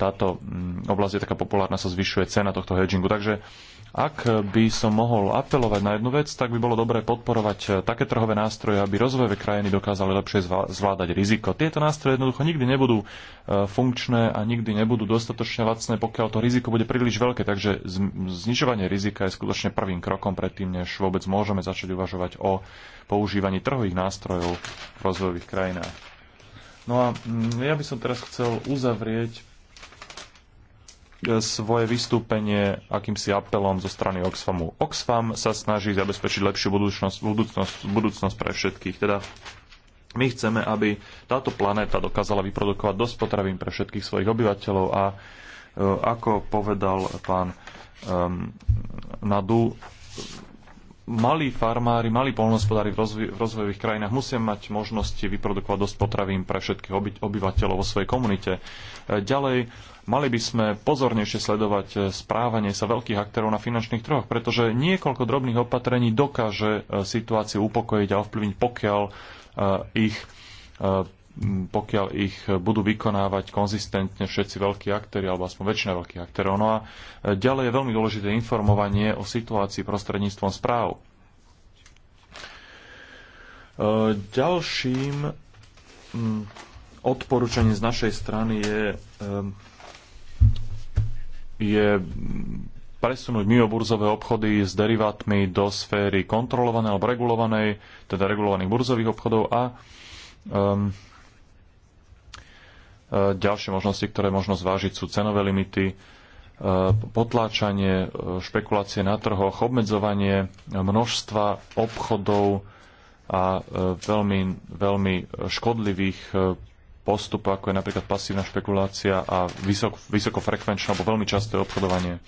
táto oblasť je taká populárna, sa zvyšuje cena tohto hedgingu. Takže ak by som mohol apelovať na jednu vec, tak by bolo dobré podporovať eh, také trhové nástroje, aby rozvojové krajiny dokázali lepšie zvládať riziko. Tieto nástroje jednoducho nikdy nebudú eh, funkčné a nikdy nebudú dostatočne lacné, pokiaľ to riziko bude príliš veľké. Takže znižovanie rizika je skutočne prvým krokom predtým, než vôbec môžeme začať uvažovať o používaní trhových nástrojov v rozvojových krajinách. No a mm, ja by som teraz chcel uzavrieť E, svoje vystúpenie akýmsi apelom zo strany Oxfamu. Oxfam sa snaží zabezpečiť lepšiu budúcnosť, budúcnosť, budúcnosť pre všetkých. Teda my chceme, aby táto planéta dokázala vyprodukovať dosť potravín pre všetkých svojich obyvateľov a e, ako povedal pán um, Nadu, malí farmári, malí polnospodári v, rozvoj, v rozvojových krajinách musia mať možnosti vyprodukovať dosť potravín pre všetkých obyvateľov vo svojej komunite. E, ďalej, Mali by sme pozornejšie sledovať e, správanie sa veľkých aktérov na finančných trhoch, pretože niekoľko drobných opatrení dokáže e, situáciu upokojiť a ovplyvniť, pokiaľ e, ich pokiaľ ich budú vykonávať konzistentne všetci veľkí aktéry, alebo aspoň väčšina veľkých aktérov. No a ďalej je veľmi dôležité informovanie o situácii prostredníctvom správ. Ďalším odporúčaním z našej strany je je presunúť mimoburzové obchody s derivátmi do sféry kontrolovanej alebo regulovanej, teda regulovaných burzových obchodov a um, ďalšie možnosti, ktoré možno zvážiť, sú cenové limity, e, potláčanie e, špekulácie na trhoch, obmedzovanie množstva obchodov a veľmi, veľmi škodlivých postup, ako je napríklad pasívna špekulácia a vysok, vysokofrekvenčné alebo veľmi časté obchodovanie.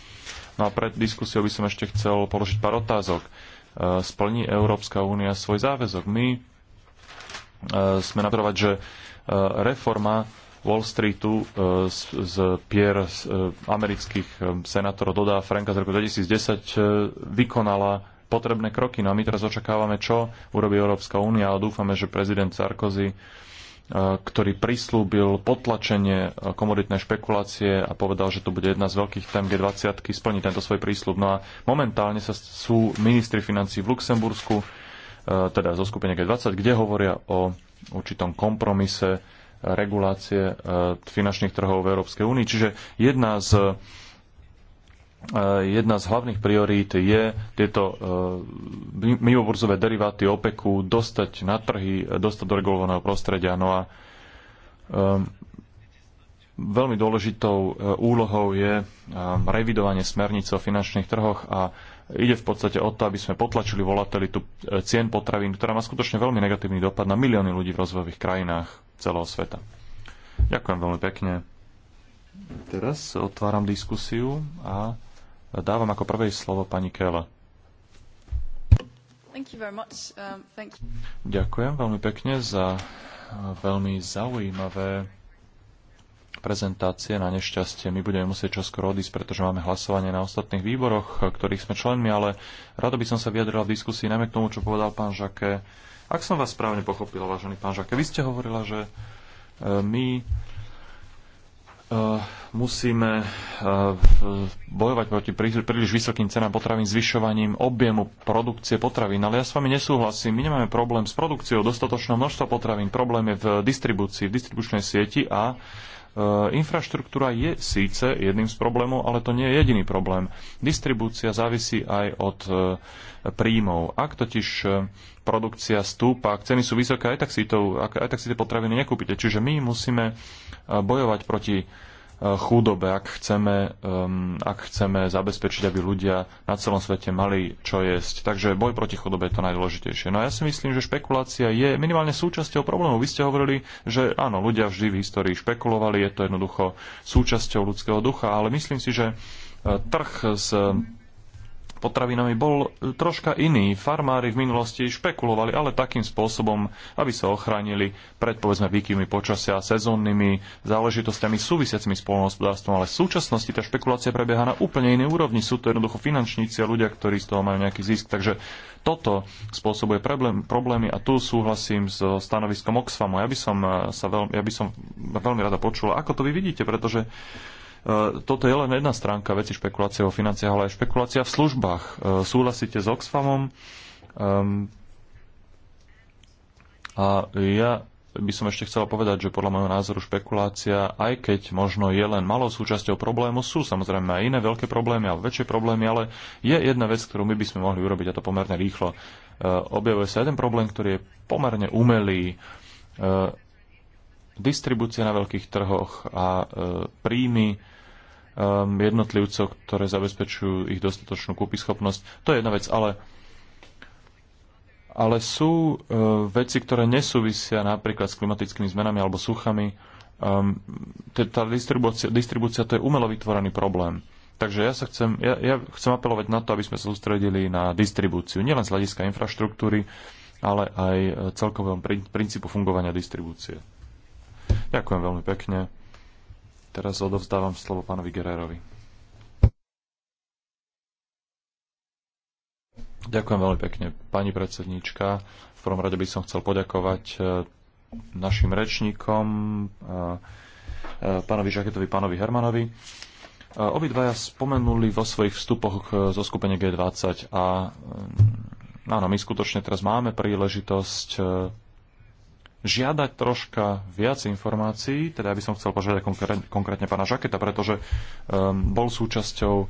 No a pred diskusiou by som ešte chcel položiť pár otázok. E, splní Európska únia svoj záväzok? My e, sme napravať, že e, reforma Wall Streetu z, z pier z amerických senátorov Dodá Franka z roku 2010 vykonala potrebné kroky. No a my teraz očakávame, čo urobí Európska únia a dúfame, že prezident Sarkozy E, ktorý prislúbil potlačenie e, komoditnej špekulácie a povedal, že to bude jedna z veľkých tém G20, splní tento svoj prísľub. No a momentálne sa sú ministri financí v Luxembursku, e, teda zo skupiny G20, kde hovoria o určitom kompromise regulácie finančných trhov v Európskej únii. Čiže jedna z E, jedna z hlavných priorít je tieto e, mimoburzové deriváty OPEKu dostať na trhy, e, dostať do regulovaného prostredia. No a veľmi dôležitou úlohou je revidovanie smernice o finančných trhoch a ide v podstate o to, aby sme potlačili volatilitu cien potravín, ktorá má skutočne veľmi negatívny dopad na milióny ľudí v rozvojových krajinách celého sveta. Ďakujem veľmi pekne. Teraz otváram diskusiu a Dávam ako prvej slovo pani Kela. Um, Ďakujem veľmi pekne za uh, veľmi zaujímavé prezentácie. Na nešťastie my budeme musieť čoskoro odísť, pretože máme hlasovanie na ostatných výboroch, uh, ktorých sme členmi, ale rado by som sa vyjadrila v diskusii najmä k tomu, čo povedal pán Žake. Ak som vás správne pochopila, vážený pán Žake, vy ste hovorila, že uh, my Eh, musíme eh, bojovať proti príliš vysokým cenám potravín zvyšovaním objemu produkcie potravín. Ale ja s vami nesúhlasím. My nemáme problém s produkciou dostatočného množstva potravín. Problém je v distribúcii, v distribučnej sieti a eh, infraštruktúra je síce jedným z problémov, ale to nie je jediný problém. Distribúcia závisí aj od príjmov. Ak totiž produkcia stúpa, ak ceny sú vysoké, aj tak si, to, aj tak si tie potraviny nekúpite. Čiže my musíme e, bojovať proti e, chudobe, ak chceme, um, ak chceme zabezpečiť, aby ľudia na celom svete mali čo jesť. Takže boj proti chudobe je to najdôležitejšie. No a ja si myslím, že špekulácia je minimálne súčasťou problému. Vy ste hovorili, že áno, ľudia vždy v histórii špekulovali, je to jednoducho súčasťou ľudského ducha, ale myslím si, že e, trh s potravinami bol e, troška iný. Farmári v minulosti špekulovali, ale takým spôsobom, aby sa ochránili pred povedzme výkyvmi počasia a sezónnymi záležitostiami súvisiacimi s polnohospodárstvom, ale v súčasnosti tá špekulácia prebieha na úplne inej úrovni. Sú to jednoducho finančníci a ľudia, ktorí z toho majú nejaký zisk. Takže toto spôsobuje problém, problémy a tu súhlasím s stanoviskom Oxfamu. Ja by som, e, sa veľmi, ja by som veľmi rada počula, ako to vy vidíte, pretože E, toto je len jedna stránka veci špekulácie o financiách, ale aj špekulácia v službách. E, súhlasíte s Oxfamom? Ehm, a ja by som ešte chcela povedať, že podľa môjho názoru špekulácia, aj keď možno je len malou súčasťou problému, sú samozrejme aj iné veľké problémy alebo väčšie problémy, ale je jedna vec, ktorú my by sme mohli urobiť a to pomerne rýchlo. E, objavuje sa jeden problém, ktorý je pomerne umelý. E, distribúcia na veľkých trhoch a e, príjmy Um, jednotlivcov, ktoré zabezpečujú ich dostatočnú kúpyschopnosť. To je jedna vec, ale, ale sú uh, veci, ktoré nesúvisia napríklad s klimatickými zmenami alebo suchami. Um, tá distribúcia, distribúcia to je umelo vytvorený problém. Takže ja sa chcem, ja, ja chcem apelovať na to, aby sme sa sústredili na distribúciu, nielen z hľadiska infraštruktúry, ale aj eh, celkovom princípu fungovania distribúcie. Ďakujem veľmi pekne. Teraz odovzdávam slovo pánovi Gererovi. Ďakujem veľmi pekne, pani predsedníčka. V prvom rade by som chcel poďakovať e, našim rečníkom, e, e, pánovi Žaketovi, pánovi Hermanovi. Obidvaja spomenuli vo svojich vstupoch zo skupenia G20 a áno, my skutočne teraz máme príležitosť žiadať troška viac informácií, teda ja by som chcel požiadať konkrétne pána Žaketa, pretože um, bol súčasťou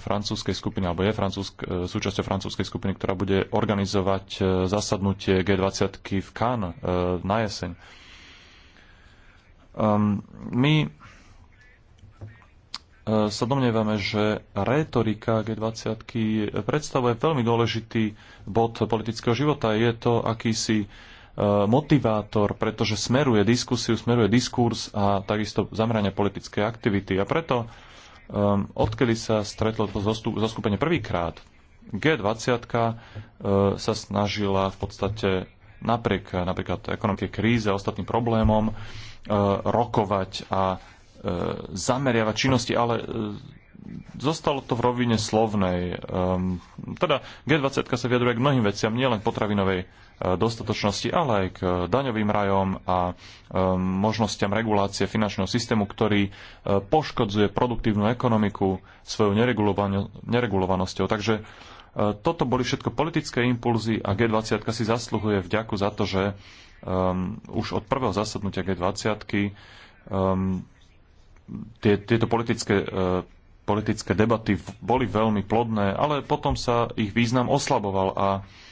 francúzskej skupiny, alebo je francúzsk, e, súčasťou francúzskej skupiny, ktorá bude organizovať e, zasadnutie G20 v Cannes e, na jeseň. Um, my sa domnievame, že rétorika G20 predstavuje veľmi dôležitý bod politického života. Je to akýsi E, motivátor, pretože smeruje diskusiu, smeruje diskurs a takisto zamrania politické aktivity. A preto, e, odkedy sa stretlo to zoskupenie prvýkrát, G20 e, sa snažila v podstate napriek napríklad ekonomické kríze a ostatným problémom rokovať a zameriavať činnosti, ale zostalo to v rovine slovnej. Ehm, teda G20 sa vyjadruje k mnohým veciam, nielen potravinovej dostatočnosti, ale aj k daňovým rajom a e, možnosťam regulácie finančného systému, ktorý e, poškodzuje produktívnu ekonomiku svojou neregulovanosťou. Takže e, toto boli všetko politické impulzy a G20 si zasluhuje vďaku za to, že um, už od prvého zasadnutia G20 um, tie, tieto politické, uh, politické debaty boli veľmi plodné, ale potom sa ich význam oslaboval a uh,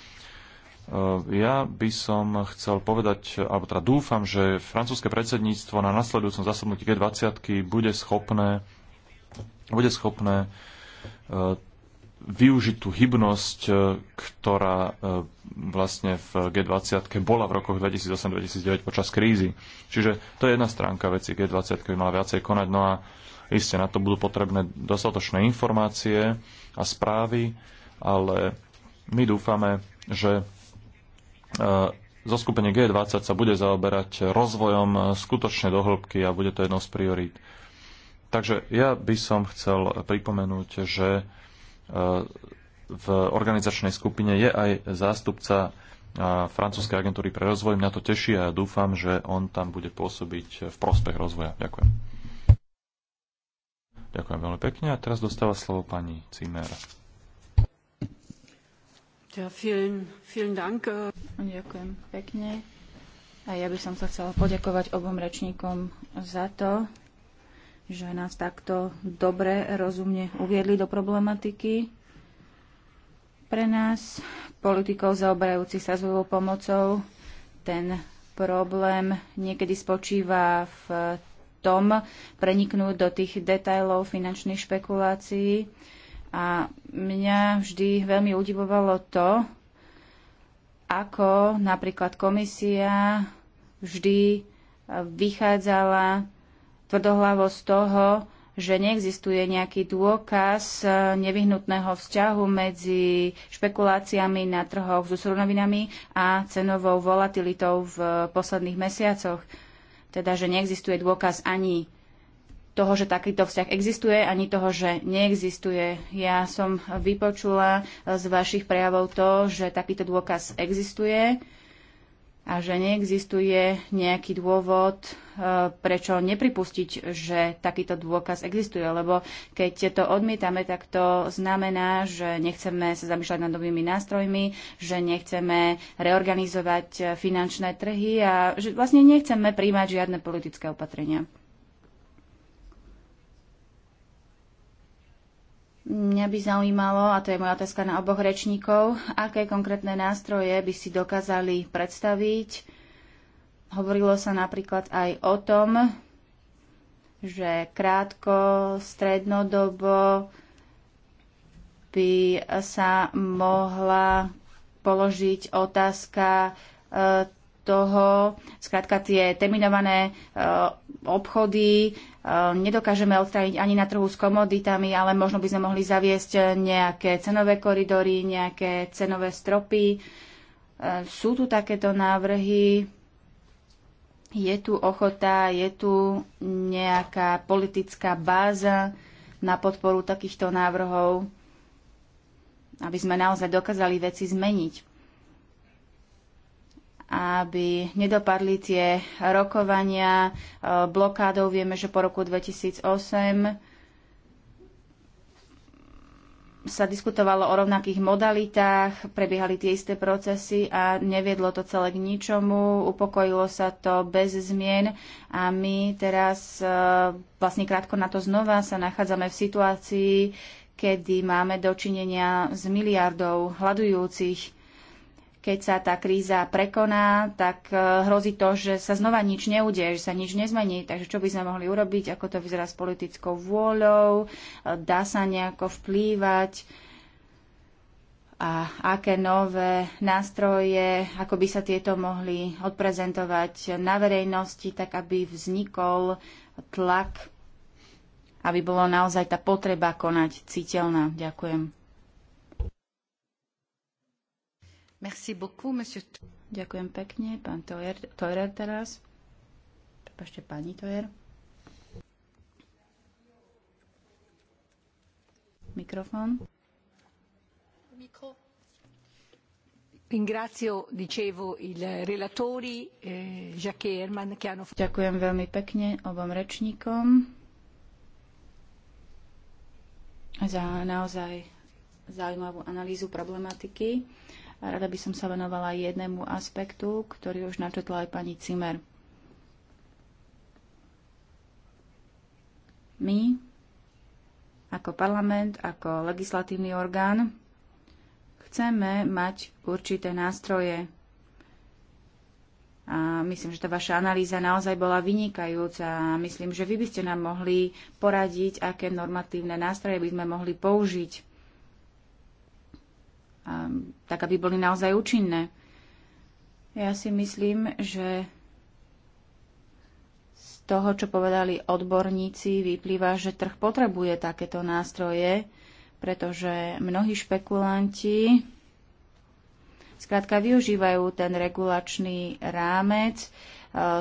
Eh, ja by som chcel povedať, alebo teda dúfam, že francúzske predsedníctvo na nasledujúcom zasadnutí G20 bude schopné, bude schopné eh, využiť tú hybnosť, eh, ktorá vlastne v G20 bola v rokoch 2008-2009 počas krízy. Čiže to je jedna stránka veci. G20 by mala viacej konať. No a iste na to budú potrebné dostatočné informácie a správy, ale my dúfame, že zoskupenie G20 sa bude zaoberať rozvojom skutočne do hĺbky a bude to jednou z priorít. Takže ja by som chcel pripomenúť, že e, v organizačnej skupine je aj zástupca e, francúzskej agentúry pre rozvoj. Mňa to teší a ja dúfam, že on tam bude pôsobiť v prospech rozvoja. Ďakujem. Ďakujem veľmi pekne a teraz dostáva slovo pani Cimer vielen, vielen Dank. Äh. Ďakujem pekne. A ja by som sa chcela poďakovať obom rečníkom za to, že nás takto dobre, rozumne uviedli do problematiky. Pre nás, politikov zaoberajúcich sa zvojou pomocou, ten problém niekedy spočíva v tom preniknúť do tých detajlov finančných špekulácií, a mňa vždy veľmi udivovalo to, ako napríklad komisia vždy e, vychádzala tvrdohlavo z toho, že neexistuje nejaký dôkaz e, nevyhnutného vzťahu medzi špekuláciami na trhoch s surovinami a cenovou volatilitou v posledných mesiacoch. Teda, že neexistuje dôkaz ani toho, že takýto vzťah existuje, ani toho, že neexistuje. Ja som vypočula eh, z vašich prejavov to, že takýto dôkaz existuje a že neexistuje nejaký dôvod, eh, prečo nepripustiť, že takýto dôkaz existuje, lebo keď to odmietame, tak to znamená, že nechceme sa zamýšľať nad novými nástrojmi, že nechceme reorganizovať eh, finančné trhy a že vlastne nechceme príjmať žiadne politické opatrenia. Mňa by zaujímalo, a to je moja otázka na oboch rečníkov, aké konkrétne nástroje by si dokázali predstaviť. Hovorilo sa napríklad aj o tom, že krátko, strednodobo by sa mohla položiť otázka e, toho, skrátka tie terminované e, obchody Ehm, nedokážeme odstrániť ani na trhu s komoditami, ale možno by sme mohli zaviesť eh, nejaké cenové koridory, nejaké cenové stropy. Ehm, sú tu takéto návrhy? Je tu ochota, je tu nejaká politická báza na podporu takýchto návrhov, aby sme naozaj dokázali veci zmeniť? aby nedopadli tie rokovania e, blokádov. Vieme, že po roku 2008 sa diskutovalo o rovnakých modalitách, prebiehali tie isté procesy a neviedlo to celé k ničomu, upokojilo sa to bez zmien a my teraz e, vlastne krátko na to znova sa nachádzame v situácii, kedy máme dočinenia s miliardou hľadujúcich keď sa tá kríza prekoná, tak e, hrozí to, že sa znova nič neudeje, že sa nič nezmení. Takže čo by sme mohli urobiť, ako to vyzerá s politickou vôľou, e, dá sa nejako vplývať a aké nové nástroje, ako by sa tieto mohli odprezentovať na verejnosti, tak aby vznikol tlak, aby bolo naozaj tá potreba konať citeľná. Ďakujem. Merci beaucoup, monsieur... Ďakujem pekne, pán Toer, teraz. Prepašte, pani Mikrofón. Mikro. Ringrazio, dicevo, relatori eh, Jacques Herman che hanno... Ďakujem veľmi pekne obom rečníkom za naozaj zaujímavú analýzu problematiky. Rada by som sa venovala jednému aspektu, ktorý už načetla aj pani Cimer. My, ako parlament, ako legislatívny orgán, chceme mať určité nástroje. A myslím, že tá vaša analýza naozaj bola vynikajúca. Myslím, že vy by ste nám mohli poradiť, aké normatívne nástroje by sme mohli použiť Ehm, tak aby boli naozaj účinné. Ja si myslím, že z toho, čo povedali odborníci, vyplýva, že trh potrebuje takéto nástroje, pretože mnohí špekulanti skrátka využívajú ten regulačný rámec, e,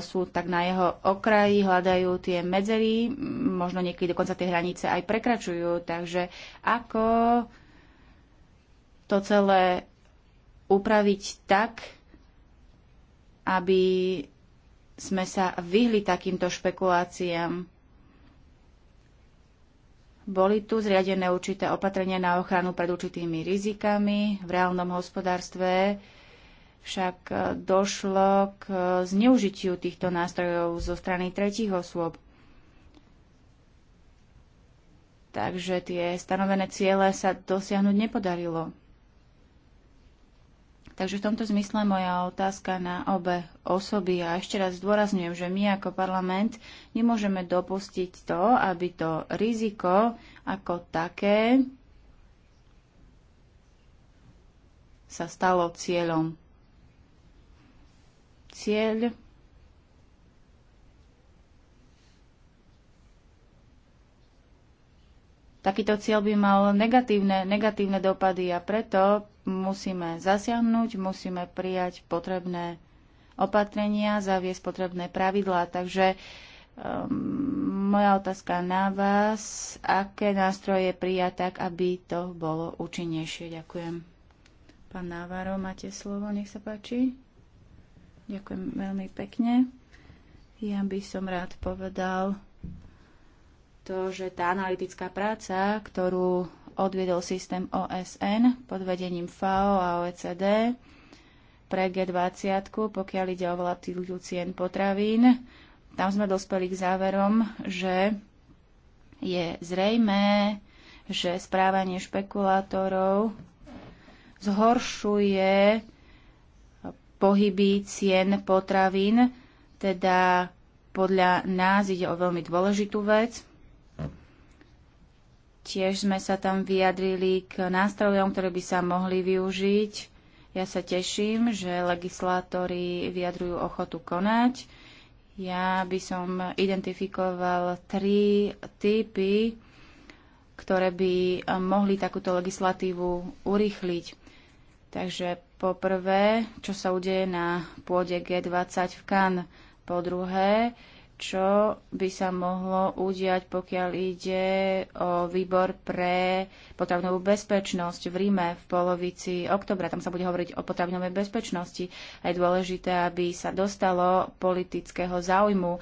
sú tak na jeho okraji, hľadajú tie medzery, možno niekedy dokonca tie hranice aj prekračujú. Takže ako to celé upraviť tak, aby sme sa vyhli takýmto špekuláciám. Boli tu zriadené určité opatrenia na ochranu pred určitými rizikami v reálnom hospodárstve, však došlo k zneužitiu týchto nástrojov zo strany tretích osôb. Takže tie stanovené ciele sa dosiahnuť nepodarilo. Takže v tomto zmysle moja otázka na obe osoby. A ešte raz zdôrazňujem, že my ako parlament nemôžeme dopustiť to, aby to riziko ako také sa stalo cieľom. Cieľ takýto cieľ by mal negatívne, negatívne dopady a preto musíme zasiahnuť, musíme prijať potrebné opatrenia, zaviesť potrebné pravidlá. Takže um, moja otázka na vás, aké nástroje prijať tak, aby to bolo účinnejšie. Ďakujem. Pán Návaro, máte slovo, nech sa páči. Ďakujem veľmi pekne. Ja by som rád povedal to, že tá analytická práca, ktorú odviedol systém OSN pod vedením FAO a OECD pre G20, pokiaľ ide o volatilitu cien potravín. Tam sme dospeli k záverom, že je zrejmé, že správanie špekulátorov zhoršuje pohyby cien potravín, teda podľa nás ide o veľmi dôležitú vec. Tiež sme sa tam vyjadrili k nástrojom, ktoré by sa mohli využiť. Ja sa teším, že legislátori vyjadrujú ochotu konať. Ja by som identifikoval tri typy, ktoré by mohli takúto legislatívu urýchliť. Takže po prvé, čo sa udeje na pôde G20 v Cannes. Po druhé, čo by sa mohlo udiať, pokiaľ ide o výbor pre potravinovú bezpečnosť v Ríme v polovici oktobra. Tam sa bude hovoriť o potravinovej bezpečnosti. A je dôležité, aby sa dostalo politického záujmu e,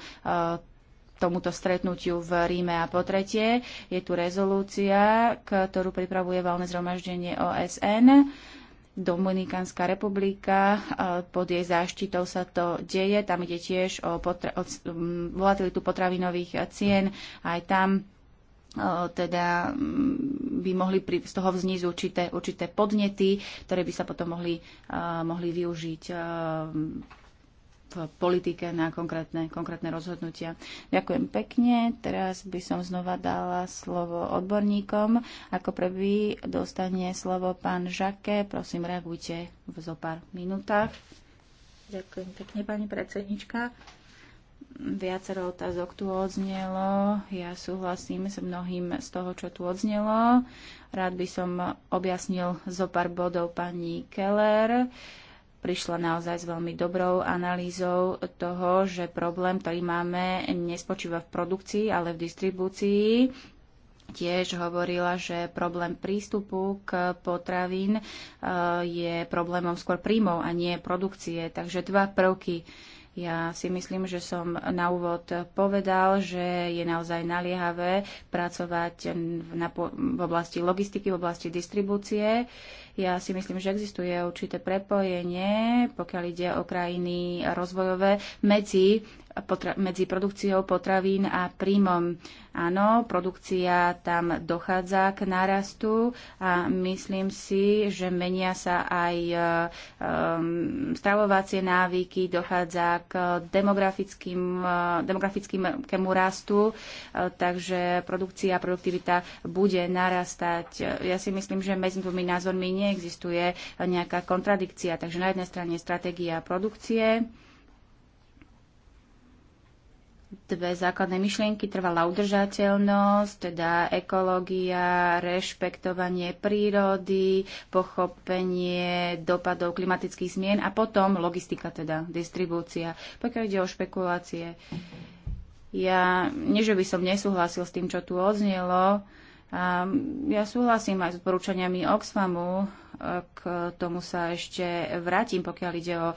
tomuto stretnutiu v Ríme. A po tretie, je tu rezolúcia, ktorú pripravuje valné zhromaždenie OSN Dominikánska republika, e, pod jej záštitou sa to deje, tam ide tiež o, potra- o volatilitu potravinových cien, aj tam e, teda by mohli pri, z toho vzniť určité, určité podnety, ktoré by sa potom mohli, e, mohli využiť politike na konkrétne, konkrétne rozhodnutia. Ďakujem pekne. Teraz by som znova dala slovo odborníkom. Ako prvý dostane slovo pán Žake. Prosím, reagujte v zo pár minútach. Ďakujem pekne, pani predsednička. Viacero otázok tu odznelo. Ja súhlasím s mnohým z toho, čo tu odznelo. Rád by som objasnil zo pár bodov pani Keller. Uh, prišla naozaj s veľmi dobrou analýzou toho, že problém, ktorý máme, nespočíva v produkcii, ale v distribúcii. Tiež hovorila, že problém prístupu k potravín eh, je problémom skôr príjmov a nie produkcie. Takže dva prvky. Ja si myslím, že som na úvod povedal, že je naozaj naliehavé pracovať v, oblasti logistiky, v oblasti distribúcie. Uh, ja si myslím, že existuje určité prepojenie, pokiaľ ide o krajiny rozvojové, medzi, potra- medzi produkciou potravín a príjmom. Áno, produkcia tam dochádza k nárastu a myslím si, že menia sa aj um, stravovacie návyky, dochádza k demografickým, e, demografickému rastu, e, takže produkcia a produktivita bude narastať. Ja si myslím, že medzi dvomi názormi nie neexistuje nejaká kontradikcia. Takže na jednej strane stratégia produkcie, dve základné myšlienky, trvalá udržateľnosť, teda ekológia, rešpektovanie prírody, pochopenie dopadov klimatických zmien a potom logistika, teda distribúcia. Pokiaľ ide o špekulácie, ja nie, že by som nesúhlasil s tým, čo tu odznelo, a ja súhlasím aj s odporúčaniami Oxfamu, e, k tomu sa ešte vrátim, pokiaľ ide o e,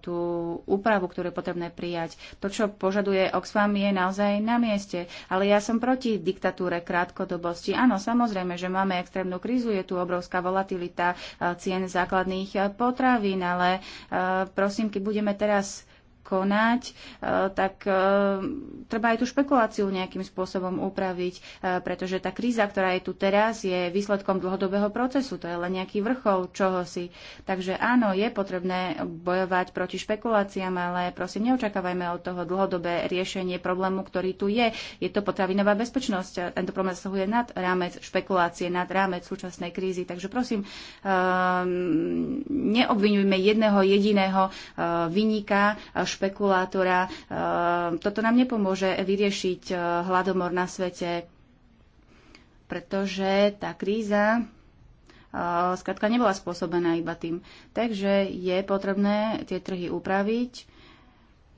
tú úpravu, ktorú je potrebné prijať. To, čo požaduje Oxfam, je naozaj na mieste. Ale ja som proti diktatúre krátkodobosti. Áno, samozrejme, že máme extrémnu krízu, je tu obrovská volatilita e, cien základných potravín, ale prosím, keď budeme teraz konať, e, tak e, treba aj tú špekuláciu nejakým spôsobom upraviť, e, pretože tá kríza, ktorá je tu teraz, je výsledkom dlhodobého procesu. To je len nejaký vrchol čohosi. Takže áno, je potrebné bojovať proti špekuláciám, ale prosím, neočakávajme od toho dlhodobé riešenie problému, ktorý tu je. Je to potravinová bezpečnosť. Tento problém zasahuje nad rámec špekulácie, nad rámec súčasnej krízy. Takže prosím, neobvinujme jedného jediného vyníka špekulátora. E, toto nám nepomôže vyriešiť e, hladomor na svete, pretože tá kríza e, skrátka nebola spôsobená iba tým. Takže je potrebné tie trhy upraviť.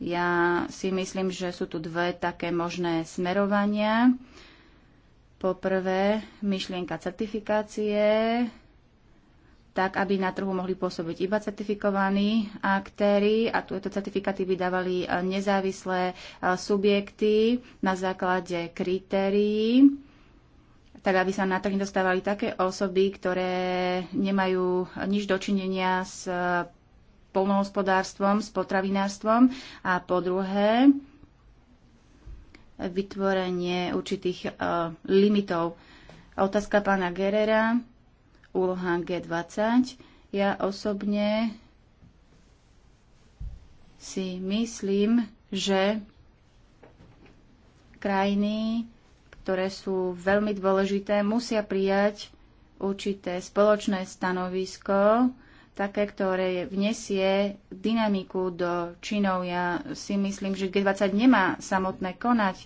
Ja si myslím, že sú tu dve také možné smerovania. Poprvé, myšlienka certifikácie, tak aby na trhu mohli pôsobiť iba certifikovaní aktéry a tieto certifikáty by dávali e, nezávislé e, subjekty na základe kritérií tak aby sa na trh dostávali také osoby, ktoré nemajú nič dočinenia s e, polnohospodárstvom, s potravinárstvom a po druhé vytvorenie určitých limitov. Otázka pána Gerera úlohám G20. Ja osobne si myslím, že krajiny, ktoré sú veľmi dôležité, musia prijať určité spoločné stanovisko, také, ktoré vniesie dynamiku do činov. Ja si myslím, že G20 nemá samotné konať.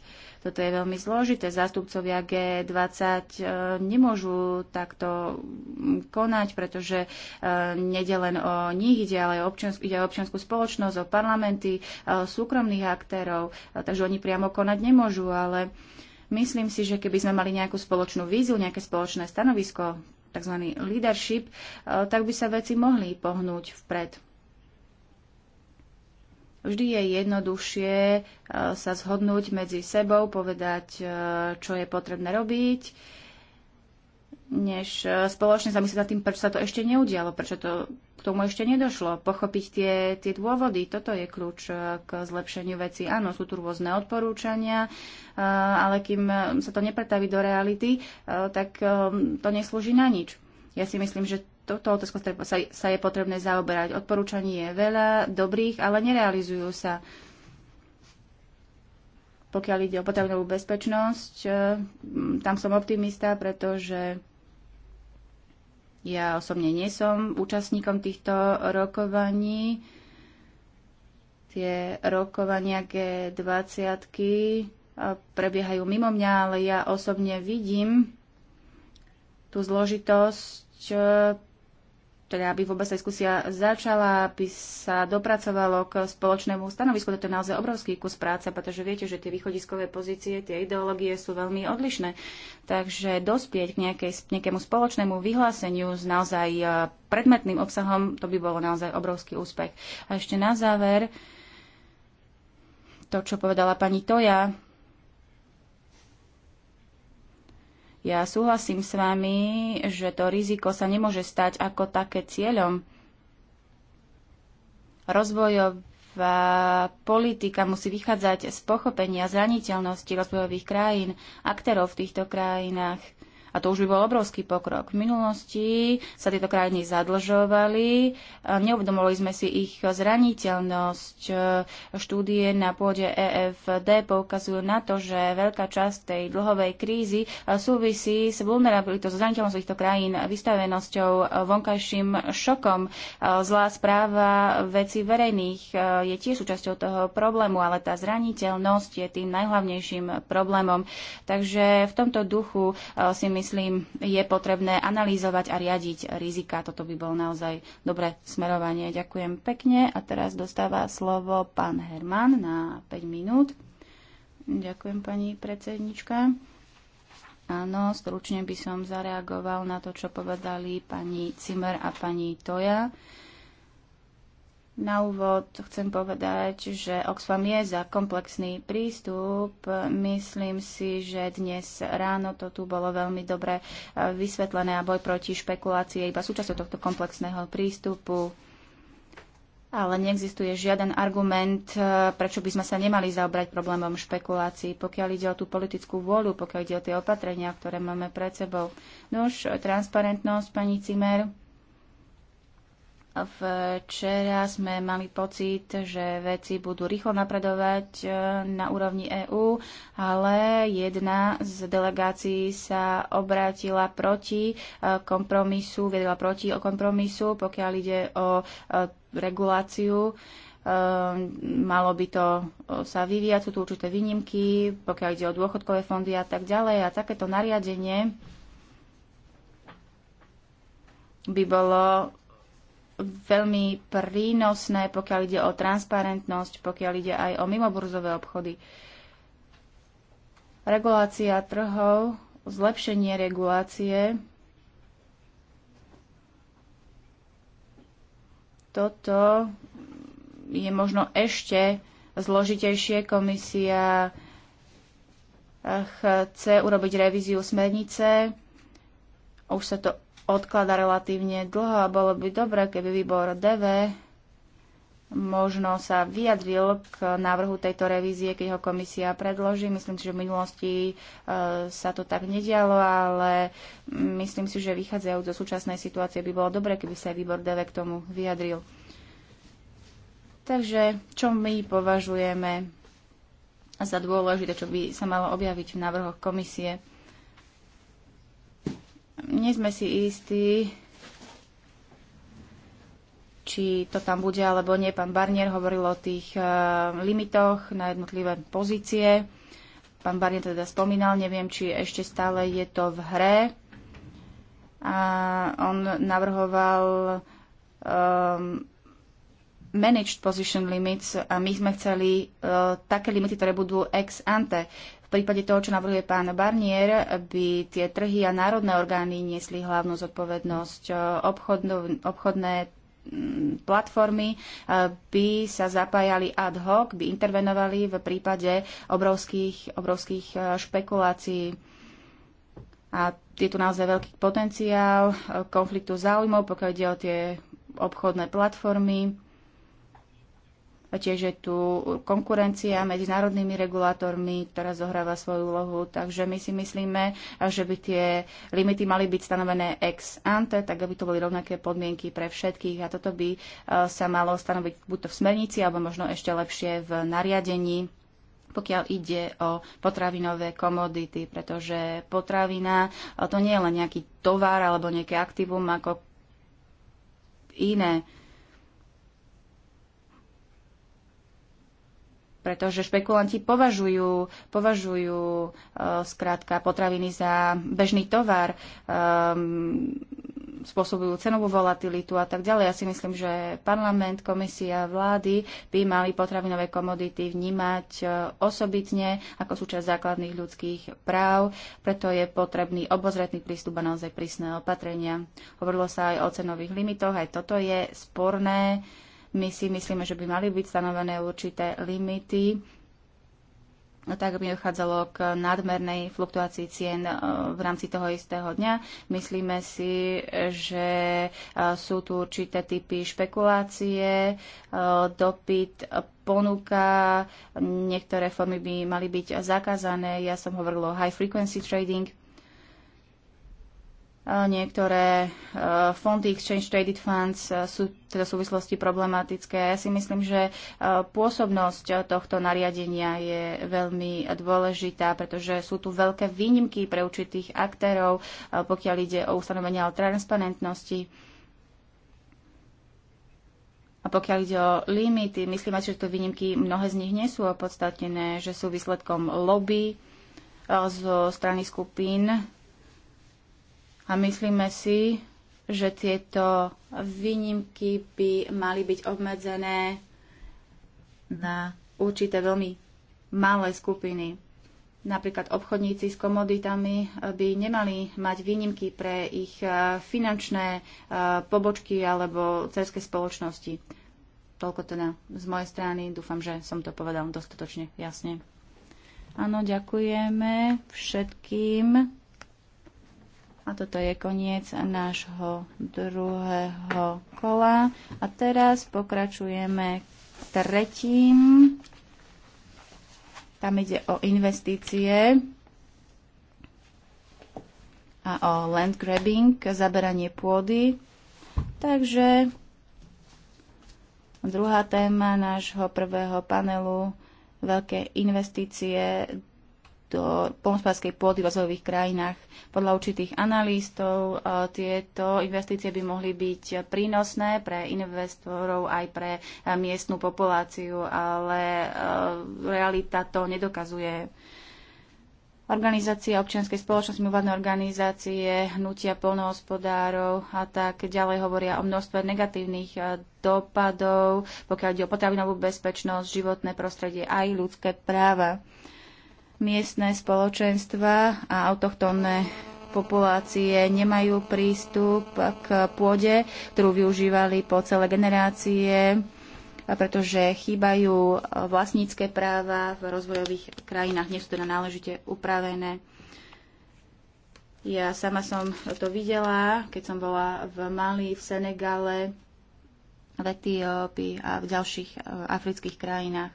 Toto je veľmi zložité. Zástupcovia G20 e, nemôžu takto konať, pretože e, nede len o nich ide, ale občiansk- ide o občianskú spoločnosť, o parlamenty, o e, súkromných aktérov, takže oni priamo konať nemôžu, ale myslím si, že keby sme mali nejakú spoločnú víziu, nejaké spoločné stanovisko, tzv. leadership, tak by sa veci mohli pohnúť vpred. Vždy je jednoduchšie e, sa zhodnúť medzi sebou, povedať, e, čo je potrebné robiť, než e, spoločne zamyslieť nad tým, prečo sa to ešte neudialo, prečo to k tomu ešte nedošlo. Pochopiť tie, tie dôvody, toto je kľúč k zlepšeniu veci. Áno, sú tu rôzne odporúčania, ale kým sa to nepretaví do reality, tak to neslúži na nič. Ja si myslím, že to otázkou sa, sa je potrebné zaoberať. Odporúčaní je veľa dobrých, ale nerealizujú sa. Pokiaľ ide o potravinovú bezpečnosť, e, tam som optimista, pretože ja osobne nie som účastníkom týchto rokovaní. Tie rokovania G20 e, prebiehajú mimo mňa, ale ja osobne vidím tú zložitosť e, teda aby vôbec diskusia začala, aby sa dopracovalo k spoločnému stanovisku. to je naozaj obrovský kus práce, pretože viete, že tie východiskové pozície, tie ideológie sú veľmi odlišné. Takže dospieť k nejakej, nejakému spoločnému vyhláseniu s naozaj e, predmetným obsahom, to by bolo naozaj obrovský úspech. A ešte na záver, to, čo povedala pani Toja, Ja súhlasím s vami, že to riziko sa nemôže stať ako také cieľom. Rozvojová politika musí vychádzať z pochopenia zraniteľnosti rozvojových krajín, aktérov v týchto krajinách a to už by bol obrovský pokrok. V minulosti sa tieto krajiny zadlžovali, neuvedomovali sme si ich zraniteľnosť. Štúdie na pôde EFD poukazujú na to, že veľká časť tej dlhovej krízy súvisí s vulnerabilitou, zraniteľnosť zraniteľnosťou týchto krajín, vystavenosťou vonkajším šokom. Zlá správa veci verejných je tiež súčasťou toho problému, ale tá zraniteľnosť je tým najhlavnejším problémom. Takže v tomto duchu si myslím, myslím, je potrebné analýzovať a riadiť rizika. Toto by bol naozaj dobré smerovanie. Ďakujem pekne. A teraz dostáva slovo pán Herman na 5 minút. Ďakujem, pani predsednička. Áno, stručne by som zareagoval na to, čo povedali pani Cimer a pani Toja. Uh, na úvod chcem povedať, že Oxfam je za komplexný prístup. Myslím si, že dnes ráno to tu bolo veľmi dobre e, vysvetlené a boj proti špekulácii je iba súčasťou tohto komplexného prístupu. Ale neexistuje žiaden argument, e, prečo by sme sa nemali zaobrať problémom špekulácií, pokiaľ ide o tú politickú vôľu, pokiaľ ide o tie opatrenia, ktoré máme pred sebou. Nož, transparentnosť, pani Cimer Včera sme mali pocit, že veci budú rýchlo napredovať e, na úrovni EÚ, ale jedna z delegácií sa obrátila proti e, kompromisu, vedela proti o kompromisu, pokiaľ ide o e, reguláciu malo by to sa vyvíjať, sú tu určité výnimky, pokiaľ ide o dôchodkové fondy a tak ďalej. A takéto nariadenie by bolo veľmi prínosné, pokiaľ ide o transparentnosť, pokiaľ ide aj o mimoburzové obchody. Regulácia trhov, zlepšenie regulácie, toto je možno ešte zložitejšie. Komisia chce urobiť revíziu smernice. Už sa to odklada relatívne dlho a bolo by dobré, keby výbor DV možno sa vyjadril k návrhu tejto revízie, keď ho komisia predloží. Myslím si, že v minulosti e, sa to tak nedialo, ale myslím si, že vychádzajúc zo súčasnej situácie by bolo dobre, keby sa aj výbor DV k tomu vyjadril. Takže čo my považujeme za dôležité, čo by sa malo objaviť v návrhoch komisie? nie sme si istí, či to tam bude alebo nie. Pán Barnier hovoril o tých eh, limitoch na jednotlivé pozície. Pán Barnier teda spomínal, neviem, či ešte stále je to v hre. A on navrhoval um, managed position limits a my sme chceli uh, také limity, ktoré budú ex ante. V prípade toho, čo navrhuje pán Barnier, by tie trhy a národné orgány niesli hlavnú zodpovednosť. E, obchodnú, obchodné mm, platformy e, by sa zapájali ad hoc, by intervenovali v prípade obrovských, obrovských e, špekulácií. A je tu naozaj veľký potenciál konfliktu záujmov, pokiaľ ide o tie obchodné platformy. Tiež je tu konkurencia medzi národnými regulátormi, ktorá zohráva svoju úlohu. Takže my si myslíme, že by tie limity mali byť stanovené ex ante, tak aby to boli rovnaké podmienky pre všetkých. A toto by e, sa malo stanoviť buď to v smernici, alebo možno ešte lepšie v nariadení pokiaľ ide o potravinové komodity, pretože potravina e, to nie je len nejaký tovar alebo nejaké aktívum ako iné pretože špekulanti považujú, považujú eh, skrátka potraviny za bežný tovar, um, spôsobujú cenovú volatilitu a tak ďalej. Ja si myslím, že parlament, komisia, vlády by mali potravinové komodity vnímať eh, osobitne ako súčasť základných ľudských práv, preto je potrebný obozretný prístup a naozaj prísne opatrenia. Hovorilo sa aj o cenových limitoch, aj toto je sporné. Uh, my si myslíme, že by mali byť stanovené určité limity, tak by dochádzalo k nadmernej fluktuácii cien e, v rámci toho istého dňa. Myslíme si, že e, sú tu určité typy špekulácie, e, dopyt, ponuka, niektoré formy by mali byť zakázané. Ja som hovorila o high frequency trading, Niektoré e, fondy Exchange Traded Funds e, sú teda v súvislosti problematické. Ja si myslím, že e, pôsobnosť tohto nariadenia je veľmi dôležitá, pretože sú tu veľké výnimky pre určitých aktérov, pokiaľ ide o ustanovenia o transparentnosti. A pokiaľ ide o limity, myslím, že to výnimky mnohé z nich nie sú opodstatnené, že sú výsledkom lobby zo strany skupín, a myslíme si, že tieto výnimky by mali byť obmedzené na určité veľmi malé skupiny. Napríklad obchodníci s komoditami by nemali mať výnimky pre ich e, finančné e, pobočky alebo cerské spoločnosti. Toľko teda z mojej strany. Dúfam, že som to povedal dostatočne jasne. Áno, ďakujeme všetkým. A toto je koniec nášho druhého kola. A teraz pokračujeme tretím. Tam ide o investície a o land grabbing, zaberanie pôdy. Takže druhá téma nášho prvého panelu veľké investície do polnospodárskej pôdy v rozvojových krajinách. Podľa určitých analýstov e, tieto investície by mohli byť prínosné pre investorov aj pre e, miestnú populáciu, ale e, realita to nedokazuje. Organizácia občianskej spoločnosti, mimovládne organizácie, hnutia polnohospodárov a tak ďalej hovoria o množstve negatívnych dopadov, pokiaľ ide o potravinovú bezpečnosť, životné prostredie aj ľudské práva. Miestne spoločenstva a autochtónne populácie nemajú prístup k pôde, ktorú využívali po celé generácie, pretože chýbajú vlastnícke práva v rozvojových krajinách, nie sú teda náležite upravené. Ja sama som to videla, keď som bola v Mali, v Senegale, v Etiópii a v ďalších eh, afrických krajinách.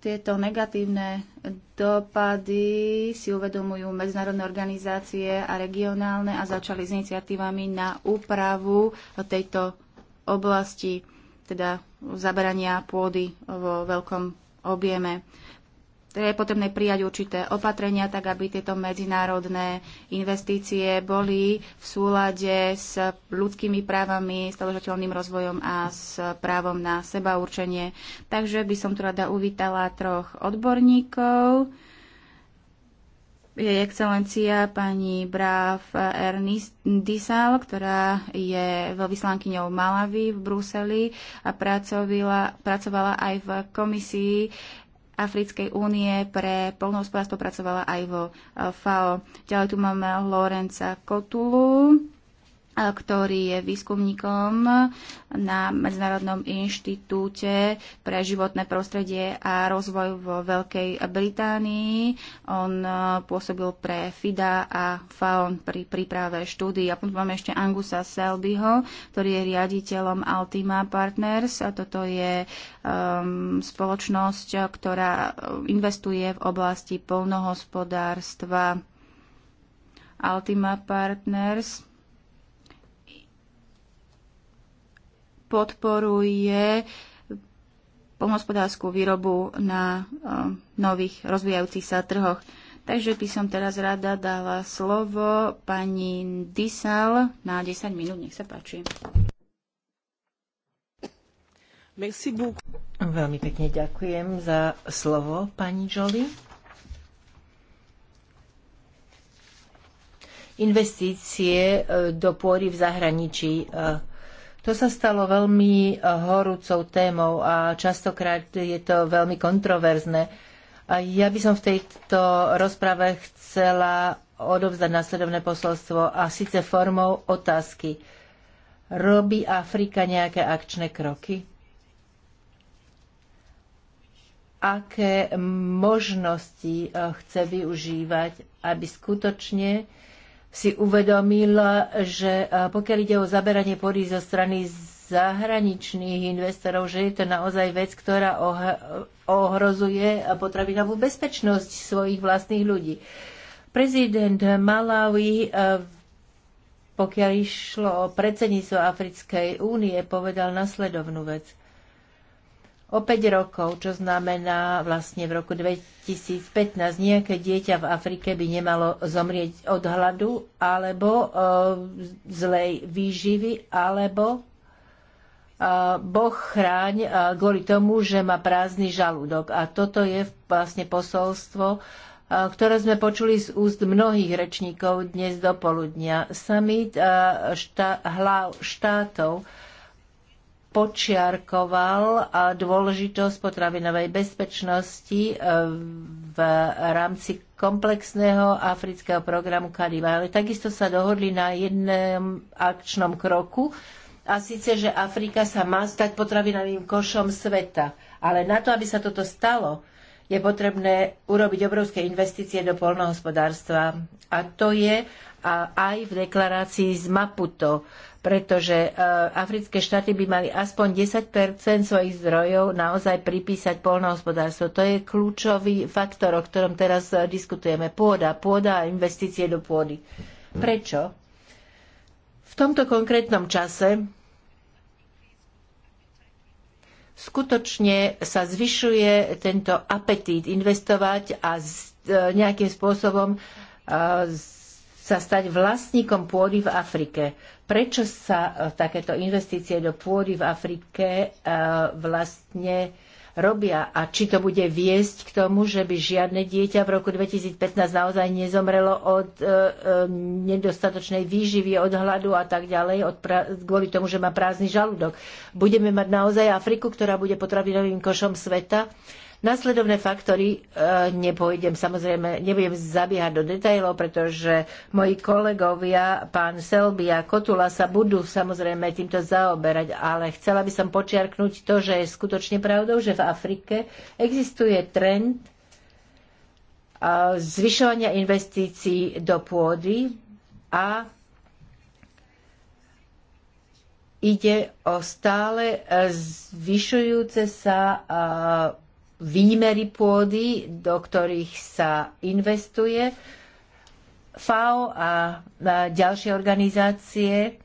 Tieto negatívne dopady si uvedomujú medzinárodné organizácie a regionálne a začali s iniciatívami na úpravu tejto oblasti, teda zaberania pôdy vo veľkom objeme je potrebné prijať určité opatrenia, tak aby tieto medzinárodné investície boli v súlade s ľudskými právami, s doložateľným rozvojom a s právom na seba určenie. Takže by som tu rada uvítala troch odborníkov. Jej excelencia pani Brav Ernest ktorá je veľvyslankyňou Malavy v Bruseli a pracovala, pracovala aj v komisii Africkej únie pre plnohospodárstvo pracovala aj vo eh, FAO. Ďalej tu máme Lorenca Kotulu ktorý je výskumníkom na Medzinárodnom inštitúte pre životné prostredie a rozvoj vo Veľkej Británii. On e, pôsobil pre FIDA a FAON pri príprave štúdií. A potom máme ešte Angusa Selbyho, ktorý je riaditeľom Altima Partners. A toto je um, spoločnosť, ktorá e, investuje v oblasti polnohospodárstva. Altima Partners podporuje pomospodárskú výrobu na e, nových rozvíjajúcich sa trhoch. Takže by som teraz rada dala slovo pani Disal na 10 minút. Nech sa páči. Merci beaucoup. Veľmi pekne ďakujem za slovo, pani Jolie. Investície e, do pôry v zahraničí e, to sa stalo veľmi eh, horúcou témou a častokrát je to veľmi kontroverzné. A ja by som v tejto rozprave chcela odovzdať nasledovné posolstvo a síce formou otázky. Robí Afrika nejaké akčné kroky? Aké možnosti eh, chce využívať, aby skutočne si uvedomil, že e, pokiaľ ide o zaberanie pôdy zo strany zahraničných investorov, že je to naozaj vec, ktorá oh-, ohrozuje potravinovú bezpečnosť svojich vlastných ľudí. Prezident Malawi, e, pokiaľ išlo o predsedníctvo Africkej únie, povedal nasledovnú vec – o 5 rokov, čo znamená vlastne v roku 2015 nejaké dieťa v Afrike by nemalo zomrieť od hladu alebo e, zlej výživy alebo e, Boh chráň e, kvôli tomu, že má prázdny žalúdok. A toto je vlastne posolstvo, ktoré sme počuli z úst mnohých rečníkov dnes do poludnia. Summit štá, hlav štátov počiarkoval dôležitosť potravinovej bezpečnosti e, v rámci komplexného afrického programu Kadiva. Ale takisto sa dohodli na jednom akčnom kroku, a síce, že Afrika sa má stať potravinovým košom sveta. Ale na to, aby sa toto stalo, je potrebné urobiť obrovské investície do polnohospodárstva. A to je a aj v deklarácii z Maputo pretože e, africké štáty by mali aspoň 10 svojich zdrojov naozaj pripísať polnohospodárstvo. To je kľúčový faktor, o ktorom teraz e, diskutujeme. Pôda, pôda a investície do pôdy. Prečo? V tomto konkrétnom čase skutočne sa zvyšuje tento apetít investovať a e, nejakým spôsobom sa stať vlastníkom pôdy v Afrike prečo sa e, takéto investície do pôdy v Afrike e, vlastne robia a či to bude viesť k tomu, že by žiadne dieťa v roku 2015 naozaj nezomrelo od e, nedostatočnej výživy, od hladu a tak ďalej, od kvôli tomu, že má prázdny žalúdok. Budeme mať naozaj Afriku, ktorá bude potravinovým košom sveta. Nasledovné faktory, e, nepôjdem samozrejme, nebudem zabiehať do detailov, pretože moji kolegovia, pán Selbia, Kotula sa budú samozrejme týmto zaoberať, ale chcela by som počiarknúť to, že je skutočne pravdou, že v Afrike existuje trend e, zvyšovania investícií do pôdy a ide o stále e, zvyšujúce sa výmery pôdy, do ktorých sa investuje. FAO a ďalšie organizácie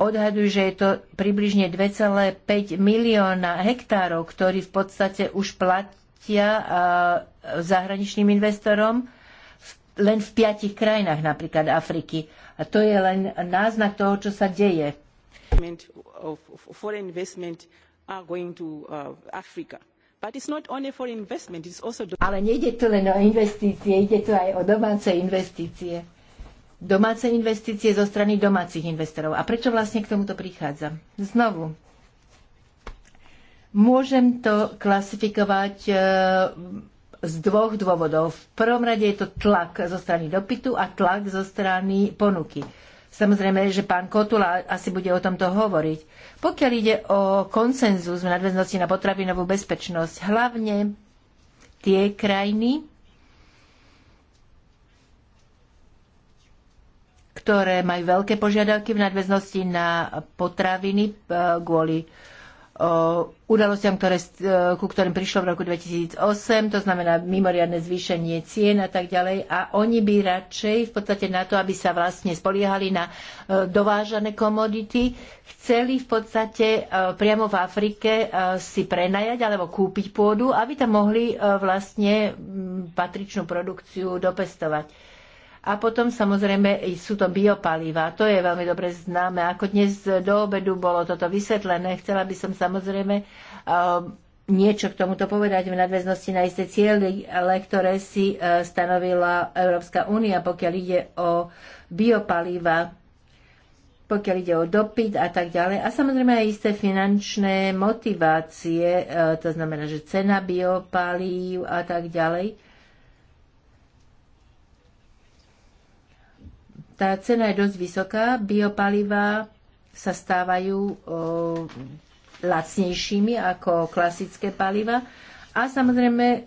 odhadujú, že je to približne 2,5 milióna hektárov, ktorí v podstate už platia zahraničným investorom len v piatich krajinách napríklad Afriky. A to je len náznak toho, čo sa deje. Of foreign investment are going to uh, Africa ale nejde to len o investície, ide to aj o domáce investície. Domáce investície zo strany domácich investorov. A prečo vlastne k tomuto prichádza? Znovu, môžem to klasifikovať e, z dvoch dôvodov. V prvom rade je to tlak zo strany dopytu a tlak zo strany ponuky. Samozrejme, že pán Kotula asi bude o tomto hovoriť. Pokiaľ ide o konsenzus v nadväznosti na potravinovú bezpečnosť, hlavne tie krajiny, ktoré majú veľké požiadavky v nadväznosti na potraviny eh, kvôli udalostiam, ktoré, e, ku ktorým prišlo v roku 2008, to znamená mimoriadne zvýšenie cien a tak ďalej. A oni by radšej v podstate na to, aby sa vlastne spoliehali na e, dovážané komodity, chceli v podstate e, priamo v Afrike si prenajať alebo kúpiť pôdu, aby tam mohli vlastne patričnú produkciu dopestovať. A potom samozrejme sú to biopalíva. To je veľmi dobre známe. Ako dnes do obedu bolo toto vysvetlené, chcela by som samozrejme e, niečo k tomuto povedať v nadväznosti na isté cieľy, ale ktoré si e, stanovila Európska únia, pokiaľ ide o biopalíva, pokiaľ ide o dopyt a tak ďalej. A samozrejme aj isté finančné motivácie, e, to znamená, že cena biopalív a tak ďalej Tá cena je dosť vysoká. Biopalivá sa stávajú o, eh, lacnejšími ako klasické paliva a samozrejme e,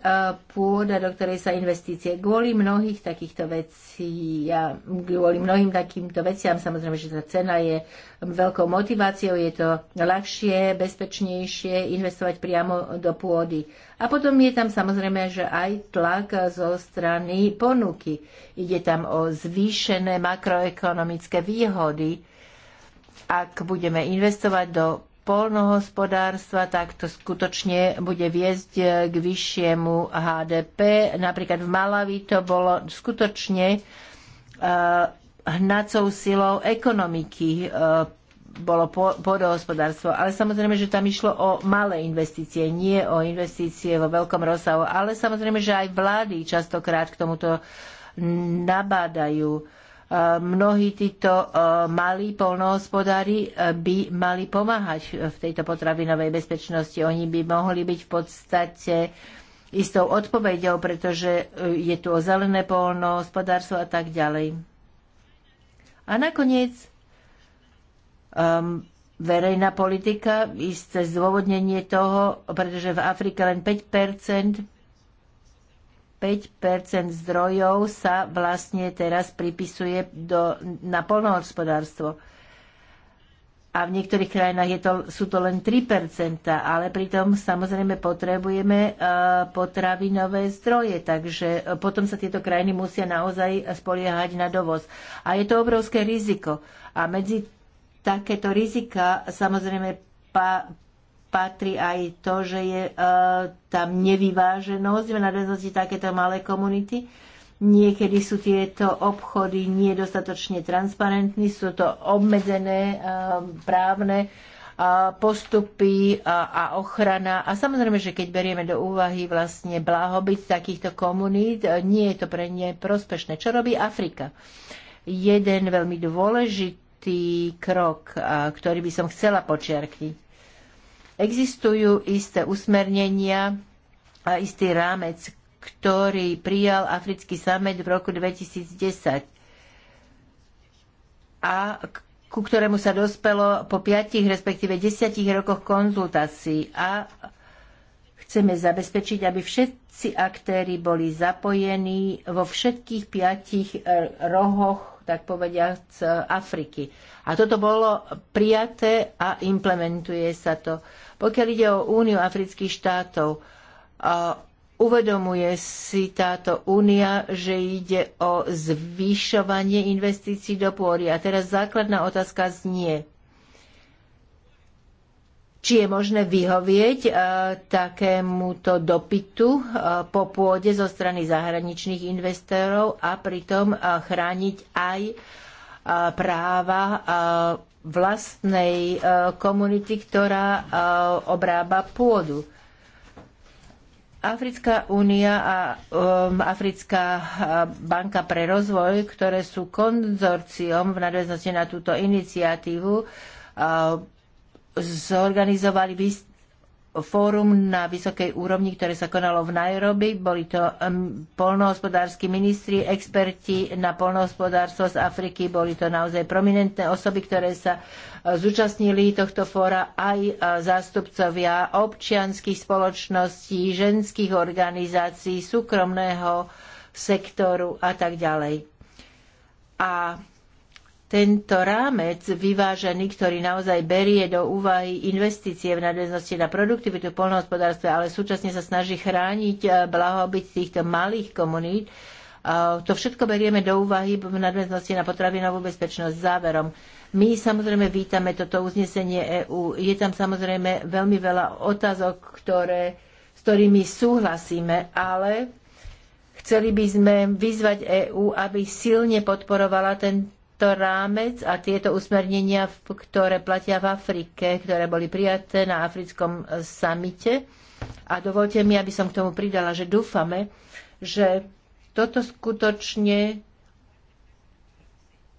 pôda, do ktorej sa investície kvôli mnohých takýchto vecí, kvôli mnohým takýmto veciam, samozrejme, že tá cena je veľkou motiváciou, je to ľahšie, bezpečnejšie investovať priamo do pôdy. A potom je tam samozrejme, že aj tlak zo strany ponuky. Ide tam o zvýšené makroekonomické výhody, ak budeme investovať do polnohospodárstva, tak to skutočne bude viesť eh, k vyššiemu HDP. Napríklad v Malavi to bolo skutočne eh, hnacou silou ekonomiky eh, bolo pôdohospodárstvo. Ale samozrejme, že tam išlo o malé investície, nie o investície vo veľkom rozsahu. Ale samozrejme, že aj vlády častokrát k tomuto nabádajú mnohí títo e, malí polnohospodári e, by mali pomáhať v tejto potravinovej bezpečnosti. Oni by mohli byť v podstate istou odpoveďou, pretože e, je tu o zelené polnohospodárstvo a tak ďalej. A nakoniec um, verejná politika, isté zdôvodnenie toho, pretože v Afrike len 5 5 zdrojov sa vlastne teraz pripisuje do, na polnohospodárstvo. A v niektorých krajinách je to, sú to len 3%, ale pritom samozrejme potrebujeme e, potravinové zdroje, takže e, potom sa tieto krajiny musia naozaj spoliehať na dovoz. A je to obrovské riziko. A medzi takéto rizika samozrejme patrí aj to, že je uh, tam nevyváženosť v nadväznosti takéto malé komunity. Niekedy sú tieto obchody nedostatočne transparentní, sú to obmedzené uh, právne uh, postupy a, a ochrana. A samozrejme, že keď berieme do úvahy vlastne blahobyt takýchto komunít, nie je to pre ne prospešné. Čo robí Afrika? Jeden veľmi dôležitý krok, ktorý by som chcela počiarkniť Existujú isté usmernenia a istý rámec, ktorý prijal Africký samet v roku 2010 a ku ktorému sa dospelo po piatich, respektíve desiatich rokoch konzultácií a chceme zabezpečiť, aby všetci aktéry boli zapojení vo všetkých piatich eh, rohoch tak povediať, z e, Afriky. A toto bolo prijaté a implementuje sa to. Pokiaľ ide o Úniu afrických štátov, e, uvedomuje si táto únia, že ide o zvyšovanie investícií do pôry. A teraz základná otázka znie, či je možné vyhovieť e, takémuto dopytu e, po pôde zo strany zahraničných investorov a pritom e, chrániť aj práva vlastnej komunity, ktorá obrába pôdu. Africká únia a um, Africká banka pre rozvoj, ktoré sú konzorciom v nadväznosti na túto iniciatívu, uh, zorganizovali fórum na vysokej úrovni, ktoré sa konalo v Nairobi. Boli to polnohospodársky ministri, experti na polnohospodárstvo z Afriky, boli to naozaj prominentné osoby, ktoré sa e, zúčastnili tohto fóra aj e, zástupcovia občianských spoločností, ženských organizácií, súkromného sektoru a tak ďalej. A tento rámec vyvážený, ktorý naozaj berie do úvahy investície v nadväznosti na produktivitu v polnohospodárstve, ale súčasne sa snaží chrániť eh, blahobyt týchto malých komunít. Eh, to všetko berieme do úvahy v nadväznosti na potravinovú bezpečnosť. Záverom, my samozrejme vítame toto uznesenie EÚ. Je tam samozrejme veľmi veľa otázok, ktoré, s ktorými súhlasíme, ale chceli by sme vyzvať EÚ, aby silne podporovala ten tento rámec a tieto usmernenia, ktoré platia v Afrike, ktoré boli prijaté na africkom e, samite. A dovolte mi, aby som k tomu pridala, že dúfame, že toto skutočne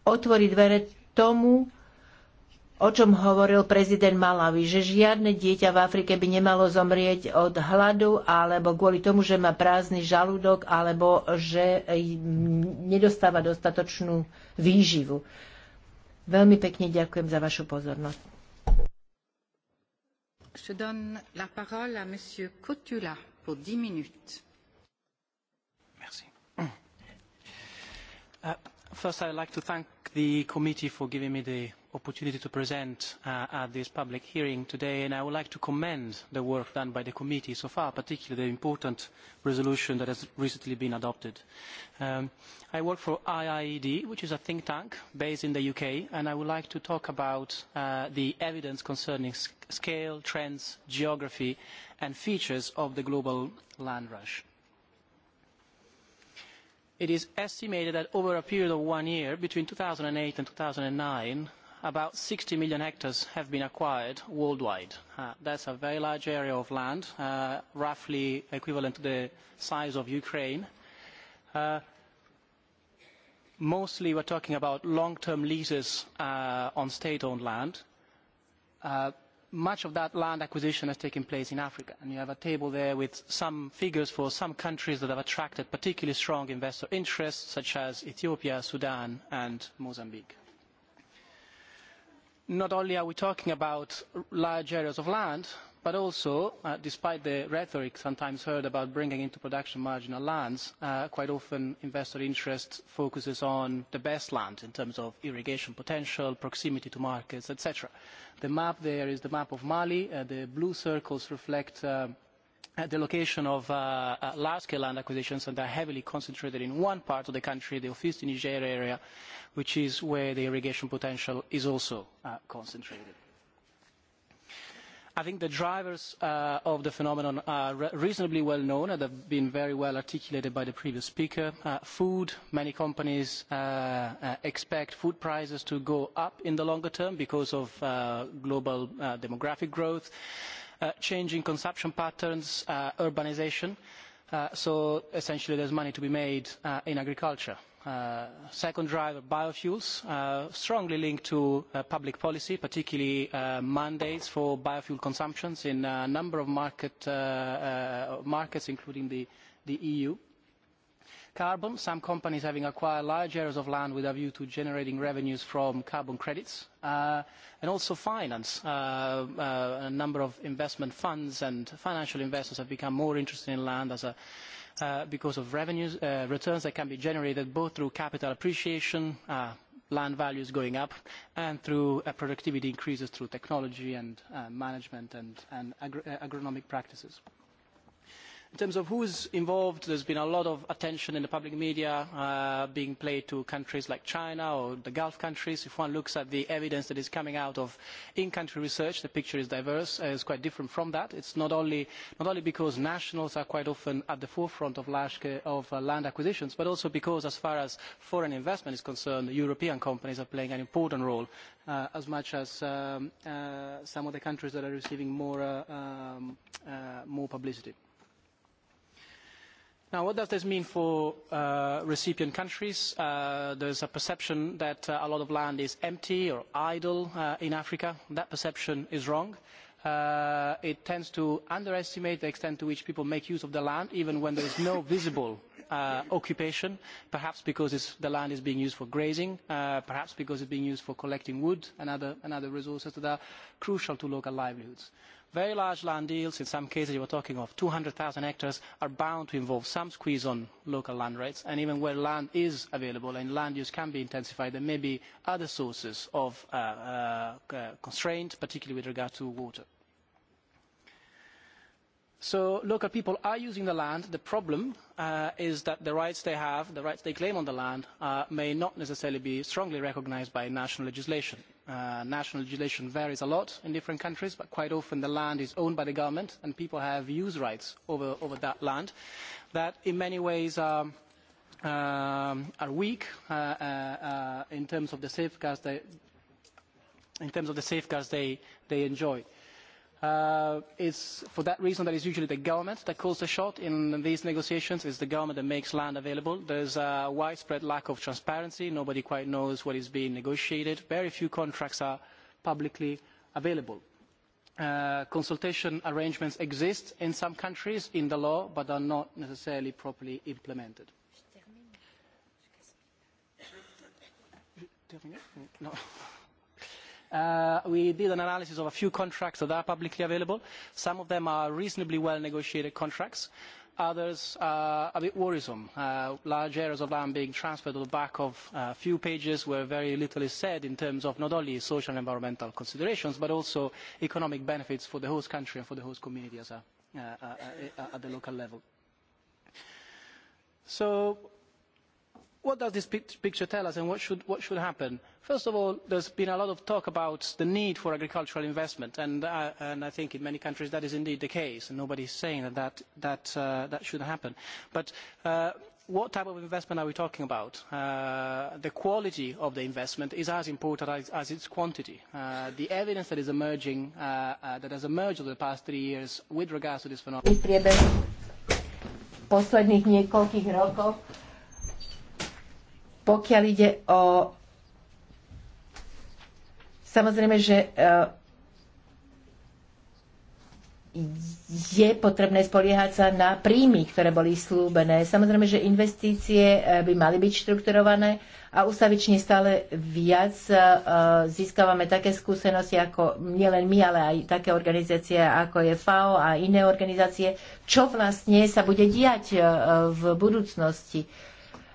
otvorí dvere tomu, o čom hovoril prezident Malawi, že žiadne dieťa v Afrike by nemalo zomrieť od hladu alebo kvôli tomu, že má prázdny žalúdok alebo že nedostáva dostatočnú výživu. Veľmi pekne ďakujem za vašu pozornosť. Je donne la parole à monsieur Cotula pour 10 minutes. Merci. Uh, first I like to thank the committee for giving me the opportunity to present uh, at this public hearing today, and I would like to commend the work done by the committee so far, particularly the important resolution that has recently been adopted. Um, I work for IIED, which is a think tank based in the UK, and I would like to talk about uh, the evidence concerning scale, trends, geography, and features of the global land rush it is estimated that over a period of one year, between two thousand and eight and two thousand and nine, about sixty million hectares have been acquired worldwide. Uh, that is a very large area of land, uh, roughly equivalent to the size of Ukraine. Uh, mostly we are talking about long-term leases uh, on state-owned land much of that land acquisition has taken place in Africa. And you have a table there with some figures for some countries that have attracted particularly strong investor interest, such as Ethiopia, Sudan, and Mozambique. Not only are we talking about large areas of land, But also, uh, despite the rhetoric sometimes heard about bringing into production marginal lands, uh, quite often investor interest focuses on the best land in terms of irrigation potential, proximity to markets, etc. The map there is the map of Mali. Uh, the blue circles reflect uh, uh, the location of uh, uh, large-scale land acquisitions and are heavily concentrated in one part of the country, the Ofisti Niger area, which is where the irrigation potential is also uh, concentrated. I think the drivers uh, of the phenomenon are reasonably well known and have been very well articulated by the previous speaker. Uh, food, many companies uh, expect food prices to go up in the longer term because of global demographic growth, changing consumption patterns, urbanisation. so essentially there is money to be made in agriculture. Uh, second drive of biofuels, uh, strongly linked to uh, public policy, particularly mandates for biofuel consumption in a number of market, uh, markets, including the, the EU. Carbon, some companies having acquired large areas of land with a view to generating revenues from carbon credits, and also finance. a number of investment funds and financial investors have become more interested in land as a uh, because of revenues, uh, returns that can be generated both through capital appreciation, uh, land values going up, and through uh, productivity increases through technology and uh, management and, and uh, agronomic practices. In terms of who is involved, there has been a lot of attention in the public media uh, being played to countries like China or the Gulf countries. If one looks at the evidence that is coming out of in-country research, the picture is diverse. Uh, it's quite different from that. It's not only, not only because nationals are quite often at the forefront of, large, of uh, land acquisitions, but also because as far as foreign investment is concerned, European companies are playing an important role uh, as much as um, uh, some of the countries that are receiving more, uh, um, uh, more publicity. Now, what does this mean for uh, recipient countries? Uh, there's a perception that uh, a lot of land is empty or idle uh, in Africa. That perception is wrong. Uh, it tends to underestimate the extent to which people make use of the land, even when there is no visible uh, occupation, perhaps because the land is being used for grazing, uh, perhaps because it is being used for collecting wood and other, and other resources that are crucial to local livelihoods very large land deals, in some cases you were talking of two zero hectares, are bound to involve some squeeze on local land rates. And even where land is available and land use can be intensified, there may be other sources of uh, uh, uh constraint, particularly with regard to water. So local people are using the land. The problem uh, is that the rights they have, the rights they claim on the land, uh, may not necessarily be strongly recognised by national legislation. Uh, national legislation varies a lot in different countries, but quite often the land is owned by the government and people have use rights over, over that land that in many ways are, um, um, are weak uh, uh, in terms of the safeguards they, in terms of the safeguards they, they enjoy. Uh, it's for that reason that it's usually the government that calls the shot in these negotiations. It's the government that makes land available. There's a widespread lack of transparency. Nobody quite knows what is being negotiated. Very few contracts are publicly available. Uh, consultation arrangements exist in some countries in the law, but are not necessarily properly implemented. No. Uh, we did an analysis of a few contracts that are publicly available. Some of them are reasonably well negotiated contracts. Others are a bit worrisome. Uh, large areas of land being transferred on the back of a uh, few pages where very little is said in terms of not only social and environmental considerations but also economic benefits for the host country and for the host community as a, uh uh, uh at the local level. So what does this picture tell us and what should, what should happen? First of all, there's been a lot of talk about the need for agricultural investment, and, uh, and I think in many countries that is indeed the case, and nobody's saying that that, that, uh, that should happen. But uh, what type of investment are we talking about? Uh, the quality of the investment is as important as, as its quantity. Uh, the evidence that is emerging, uh, uh, that has emerged over the past three years with regards to this phenomenon. posledných niekoľkých rokov pokiaľ ide o... Samozrejme, že e, je potrebné spoliehať sa na príjmy, ktoré boli slúbené. Samozrejme, že investície e, by mali byť štrukturované a ustavične stále viac e, získavame také skúsenosti ako nielen my, ale aj také organizácie ako je FAO a iné organizácie, čo vlastne sa bude diať v budúcnosti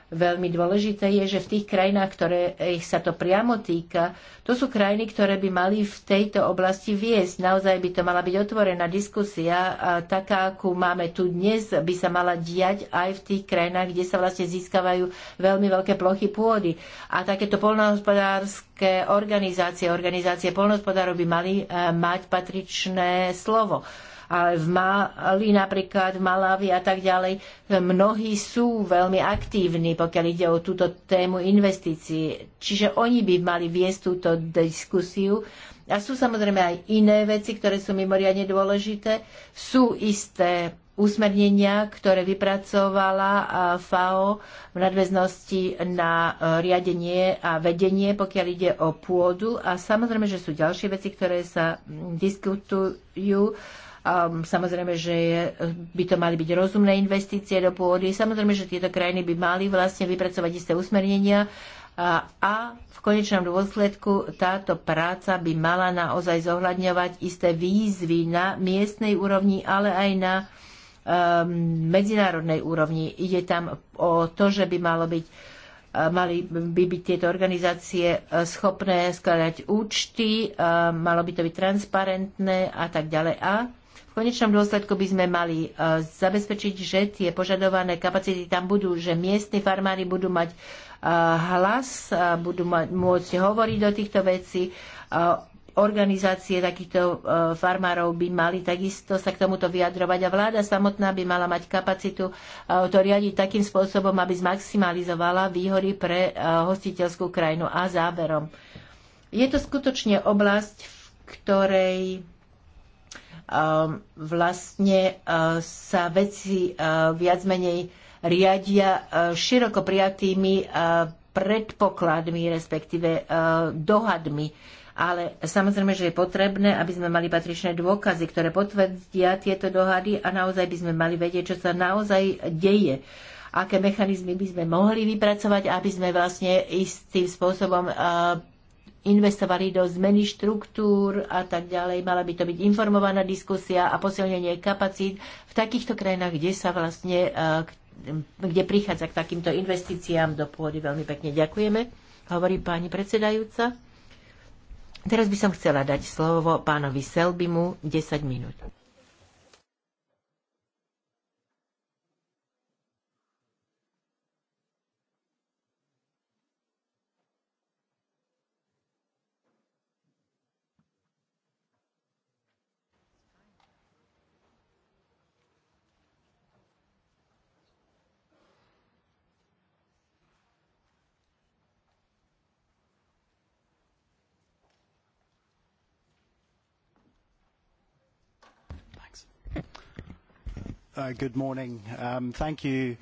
Veľmi dôležité je, že v tých krajinách, ktoré ich sa to priamo týka, to sú krajiny, ktoré by mali v tejto oblasti viesť. Naozaj by to mala byť otvorená diskusia, a taká, akú máme tu dnes, by sa mala diať aj v tých krajinách, kde sa vlastne získavajú veľmi veľké plochy pôdy. A takéto polnohospodárske organizácie, organizácie polnohospodárov by mali eh, mať patričné slovo ale v Mali napríklad, v Malavi a tak ďalej, mnohí sú veľmi aktívni, pokiaľ ide o túto tému investícií. Čiže oni by mali viesť túto diskusiu. A sú samozrejme aj iné veci, ktoré sú mimoriadne dôležité. Sú isté usmernenia, ktoré vypracovala FAO v nadväznosti na e, riadenie a vedenie, pokiaľ ide o pôdu. A samozrejme, že sú ďalšie veci, ktoré sa diskutujú Um, samozrejme, že je, by to mali byť rozumné investície do pôdy. Samozrejme, že tieto krajiny by mali vlastne vypracovať isté usmernenia a, a v konečnom dôsledku táto práca by mala naozaj zohľadňovať isté výzvy na miestnej úrovni, ale aj na um, medzinárodnej úrovni. Ide tam o to, že by malo byť e, mali by byť tieto organizácie e, schopné skladať účty, e, malo by to byť transparentné a tak ďalej. A v konečnom dôsledku by sme mali e, zabezpečiť, že tie požadované kapacity tam budú, že miestni farmári budú mať e, hlas, budú mať, môcť hovoriť do týchto vecí. E, organizácie takýchto farmárov by mali takisto sa k tomuto vyjadrovať a vláda samotná by mala mať kapacitu to riadiť takým spôsobom, aby zmaximalizovala výhody pre hostiteľskú krajinu. A záberom. Je to skutočne oblasť, v ktorej Ehm, vlastne eh, sa veci eh, viac menej riadia eh, široko prijatými predpokladmi, respektíve dohadmi. Ale samozrejme, že je potrebné, aby sme mali patričné dôkazy, ktoré potvrdia tieto dohady a naozaj by sme mali vedieť, čo sa naozaj deje aké mechanizmy by sme mohli vypracovať, aby sme vlastne istým spôsobom investovali do zmeny štruktúr a tak ďalej. Mala by to byť informovaná diskusia a posilnenie kapacít v takýchto krajinách, kde sa vlastne, e, kde prichádza k takýmto investíciám do pôdy. Veľmi pekne ďakujeme, hovorí pani predsedajúca. Teraz by som chcela dať slovo pánovi Selbimu 10 minút. Uh, good morning. Um, thank you,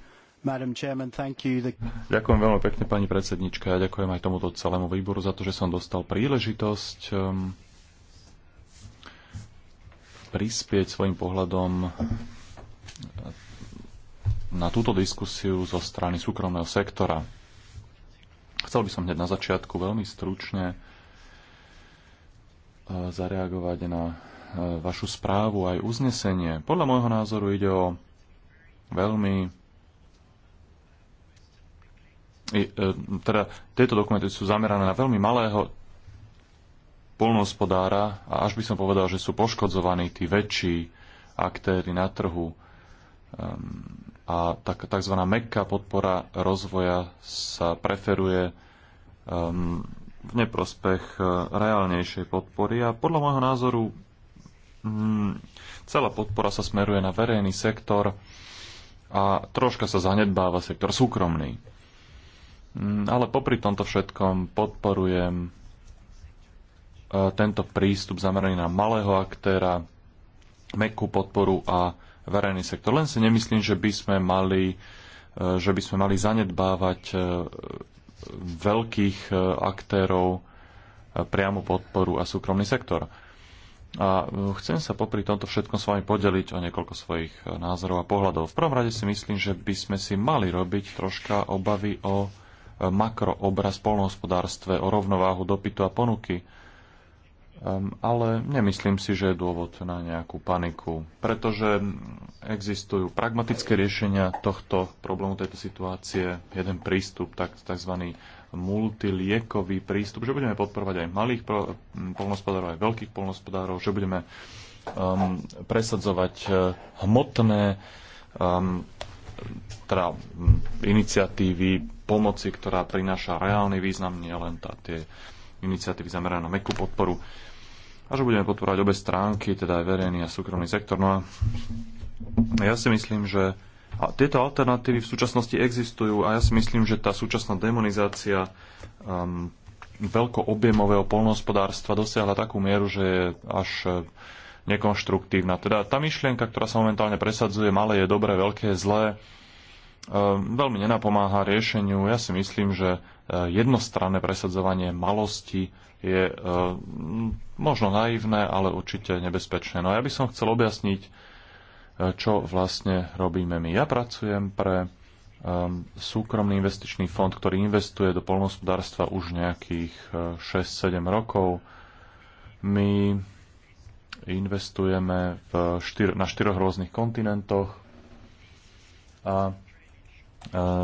Madam Chairman, thank you. The... Ďakujem veľmi pekne, pani predsednička. Ďakujem aj tomuto celému výboru za to, že som dostal príležitosť um, prispieť svojim pohľadom na túto diskusiu zo strany súkromného sektora. Chcel by som hneď na začiatku veľmi stručne uh, zareagovať na E, vašu správu aj uznesenie. Podľa môjho názoru ide o veľmi e, teda tieto dokumenty sú zamerané na veľmi malého polnohospodára a až by som povedal, že sú poškodzovaní tí väčší aktéry na trhu ehm, a tak, tzv. mekká podpora rozvoja sa preferuje ehm, v neprospech e, reálnejšej podpory a podľa môjho názoru Mm, celá podpora sa smeruje na verejný sektor a troška sa zanedbáva sektor súkromný. Mm, ale popri tomto všetkom podporujem e, tento prístup zameraný na malého aktéra, mekú podporu a verejný sektor. Len si nemyslím, že by sme mali, e, že by sme mali zanedbávať e, veľkých aktérov priamu podporu a súkromný sektor. A e, chcem sa popri tomto všetkom s vami podeliť o niekoľko svojich e, názorov a pohľadov. V prvom rade si myslím, že by sme si mali robiť troška obavy o e, makroobraz polnohospodárstve, o rovnováhu dopytu a ponuky. Um, ale nemyslím si, že je dôvod na nejakú paniku, pretože existujú pragmatické riešenia tohto problému, tejto situácie, jeden prístup, tak, tzv multiliekový prístup, že budeme podporovať aj malých polnospodárov, aj veľkých polnospodárov, že budeme um, presadzovať uh, hmotné um, teda, um, iniciatívy pomoci, ktorá prináša reálny význam, nielen tie iniciatívy zamerané na mekú podporu. A že budeme podporovať obe stránky, teda aj verejný a súkromný sektor. No a ja si myslím, že a tieto alternatívy v súčasnosti existujú a ja si myslím, že tá súčasná demonizácia um, veľkoobjemového polnohospodárstva dosiahla takú mieru, že je až e, nekonštruktívna. Teda tá myšlienka, ktorá sa momentálne presadzuje, malé je dobré, veľké je zlé, um, veľmi nenapomáha riešeniu. Ja si myslím, že e, jednostranné presadzovanie malosti je možno naivné, ale určite nebezpečné. No a ja by som chcel objasniť, čo vlastne robíme my. Ja pracujem pre um, súkromný investičný fond, ktorý investuje do polnospodárstva už nejakých 6-7 uh, rokov. My investujeme v štyr, na štyroch rôznych kontinentoch a uh,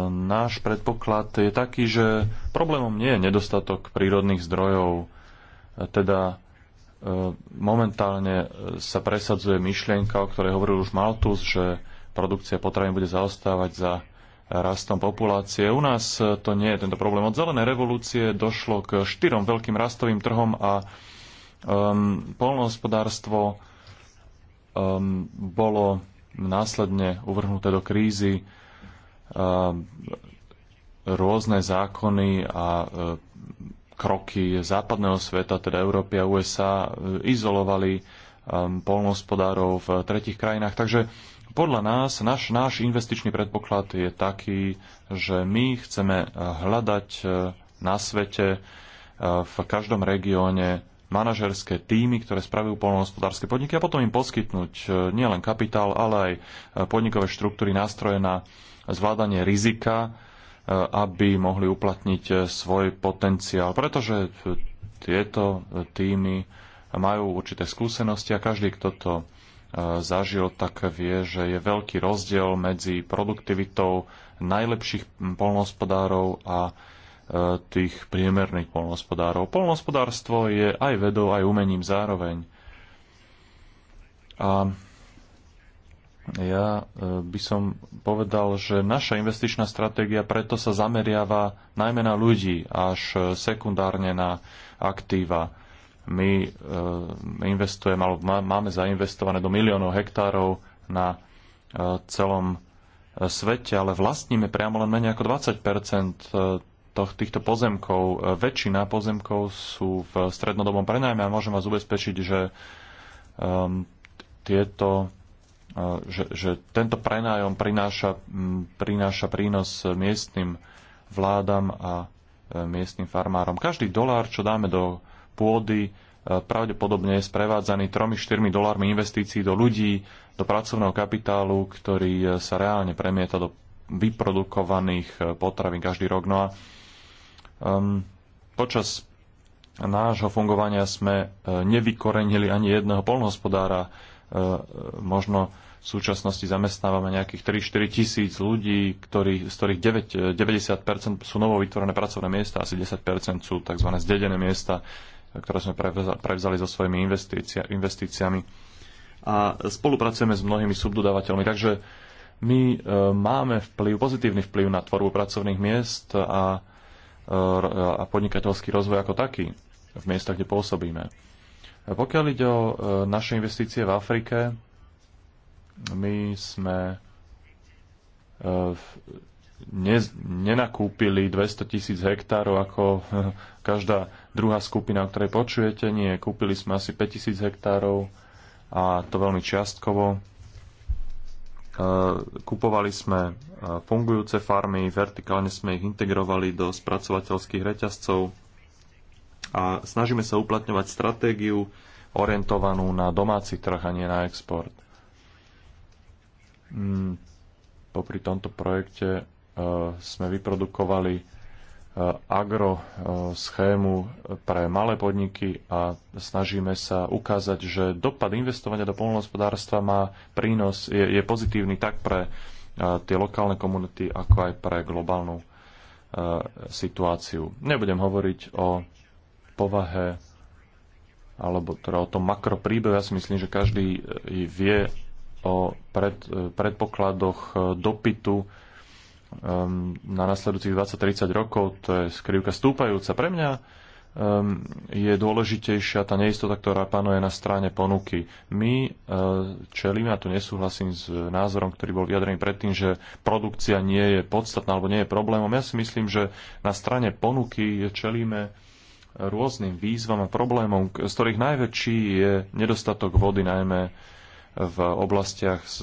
náš predpoklad je taký, že problémom nie je nedostatok prírodných zdrojov, teda Momentálne e, sa presadzuje myšlienka, o ktorej hovoril už Maltus, že produkcia potravín bude zaostávať za e, rastom populácie. U nás e, to nie je tento problém. Od zelenej revolúcie došlo k štyrom veľkým rastovým trhom a um, polnohospodárstvo um, bolo následne uvrhnuté do krízy. Um, rôzne zákony a um, kroky západného sveta, teda Európy a USA, e, izolovali e, polnohospodárov v tretich krajinách. Takže podľa nás náš, náš investičný predpoklad je taký, že my chceme hľadať e, na svete v každom regióne manažerské týmy, ktoré spravujú polnohospodárske podniky a potom im poskytnúť nielen kapitál, ale aj podnikové štruktúry, nástroje na zvládanie rizika aby mohli uplatniť eh, svoj potenciál, pretože eh, tieto týmy majú určité skúsenosti a každý, kto to eh, zažil, tak vie, že je veľký rozdiel medzi produktivitou najlepších hm, polnohospodárov a tých priemerných polnohospodárov. Polnohospodárstvo je aj vedou, aj umením zároveň. A ja e, by som povedal, že naša investičná stratégia preto sa zameriava najmä na ľudí, až e, sekundárne na aktíva. My e, investujeme, alebo máme zainvestované do miliónov hektárov na celom svete, ale vlastníme priamo len menej ako 20 týchto pozemkov. Väčšina pozemkov sú v strednodobom prenajme a môžem vás ubezpečiť, že um, tieto že, že tento prenájom prináša, prináša prínos miestnym vládam a e, miestnym farmárom. Každý dolár, čo dáme do pôdy, e, pravdepodobne je sprevádzaný 3-4 dolármi investícií do ľudí, do pracovného kapitálu, ktorý e, sa reálne premieta do vyprodukovaných potravín každý rok. No a um, počas nášho fungovania sme nevykorenili ani jedného polnohospodára. možno v súčasnosti zamestnávame nejakých 3-4 tisíc ľudí, ktorí, z ktorých 9, 90% sú novo vytvorené pracovné miesta, asi 10% sú tzv. zdedené miesta, ktoré sme prevzali so svojimi investícia, investíciami. A spolupracujeme s mnohými subdodávateľmi, takže my e, máme vplyv, pozitívny vplyv na tvorbu pracovných miest a, e, a podnikateľský rozvoj ako taký v miestach, kde pôsobíme. E, pokiaľ ide o naše investície v Afrike, my sme e, ne, nenakúpili 200 tisíc hektárov ako e, každá druhá skupina, o ktorej počujete. Nie, kúpili sme asi 5 tisíc hektárov a to veľmi čiastkovo. E, kupovali sme fungujúce farmy, vertikálne sme ich integrovali do spracovateľských reťazcov a snažíme sa uplatňovať stratégiu orientovanú na domáci trh a nie na export. Mm, popri tomto projekte e, sme vyprodukovali e, agro e, schému pre malé podniky a snažíme sa ukázať, že dopad investovania do polnohospodárstva má prínos, je, je pozitívny tak pre tie lokálne komunity, ako aj pre globálnu situáciu. Nebudem hovoriť o povahe alebo teda o tom makropríbehu. Ja si myslím, že každý vie, o pred, predpokladoch e, dopytu e, na nasledujúcich 20-30 rokov, to je skrivka stúpajúca. Pre mňa e, je dôležitejšia tá neistota, ktorá panuje na strane ponuky. My čelíme, a tu nesúhlasím s názorom, ktorý bol vyjadrený predtým, že produkcia nie je podstatná alebo nie je problémom. Ja si myslím, že na strane ponuky čelíme rôznym výzvam a problémom, z ktorých najväčší je nedostatok vody, najmä v oblastiach s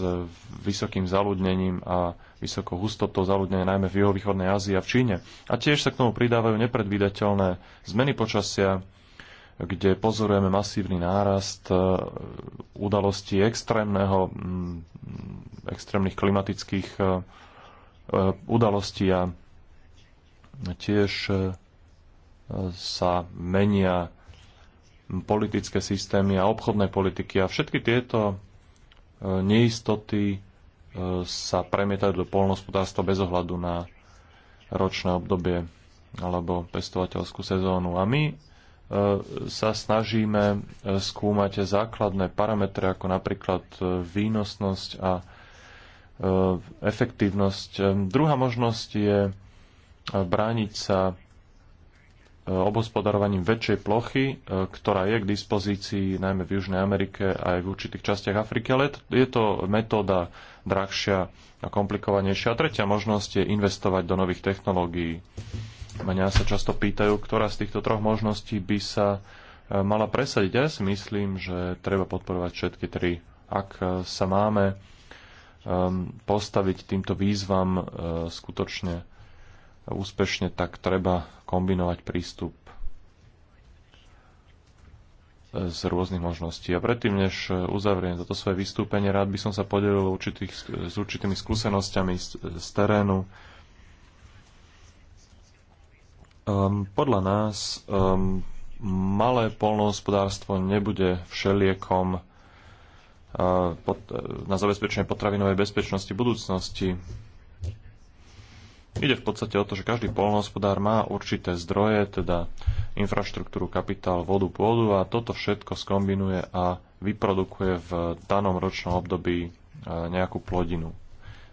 vysokým zaludnením a vysokou hustotou zaludnenia, najmä v juhovýchodnej Ázii a v Číne. A tiež sa k tomu pridávajú nepredvídateľné zmeny počasia, kde pozorujeme masívny nárast e, udalostí extrémneho, mm, extrémnych klimatických e, e, udalostí a tiež sa menia politické systémy a obchodné politiky. A všetky tieto neistoty e, sa premietajú do polnospodárstva bez ohľadu na ročné obdobie alebo pestovateľskú sezónu. A my e, sa snažíme e, skúmať základné parametre, ako napríklad výnosnosť a efektívnosť. Druhá možnosť je brániť sa Eh, obhospodarovaním väčšej plochy, eh, ktorá je k dispozícii najmä v Južnej Amerike aj v určitých častiach Afriky, ale je to metóda drahšia a komplikovanejšia. A tretia možnosť je investovať do nových technológií. Mňa sa často pýtajú, ktorá z týchto troch možností by sa eh, mala presadiť. Ja si myslím, že treba podporovať všetky tri. Ak sa máme ehm, postaviť týmto výzvam skutočne úspešne, tak treba kombinovať prístup z rôznych možností. A predtým, než uzavriem toto svoje vystúpenie, rád by som sa podelil určitých, s určitými skúsenosťami z, z terénu. Um, podľa nás um, malé polnohospodárstvo nebude všeliekom uh, pod, eh, na zabezpečenie potravinovej bezpečnosti budúcnosti. Ide v podstate o to, že každý polnohospodár má určité zdroje, teda infraštruktúru, kapitál, vodu, pôdu a toto všetko skombinuje a vyprodukuje v danom ročnom období e, nejakú plodinu.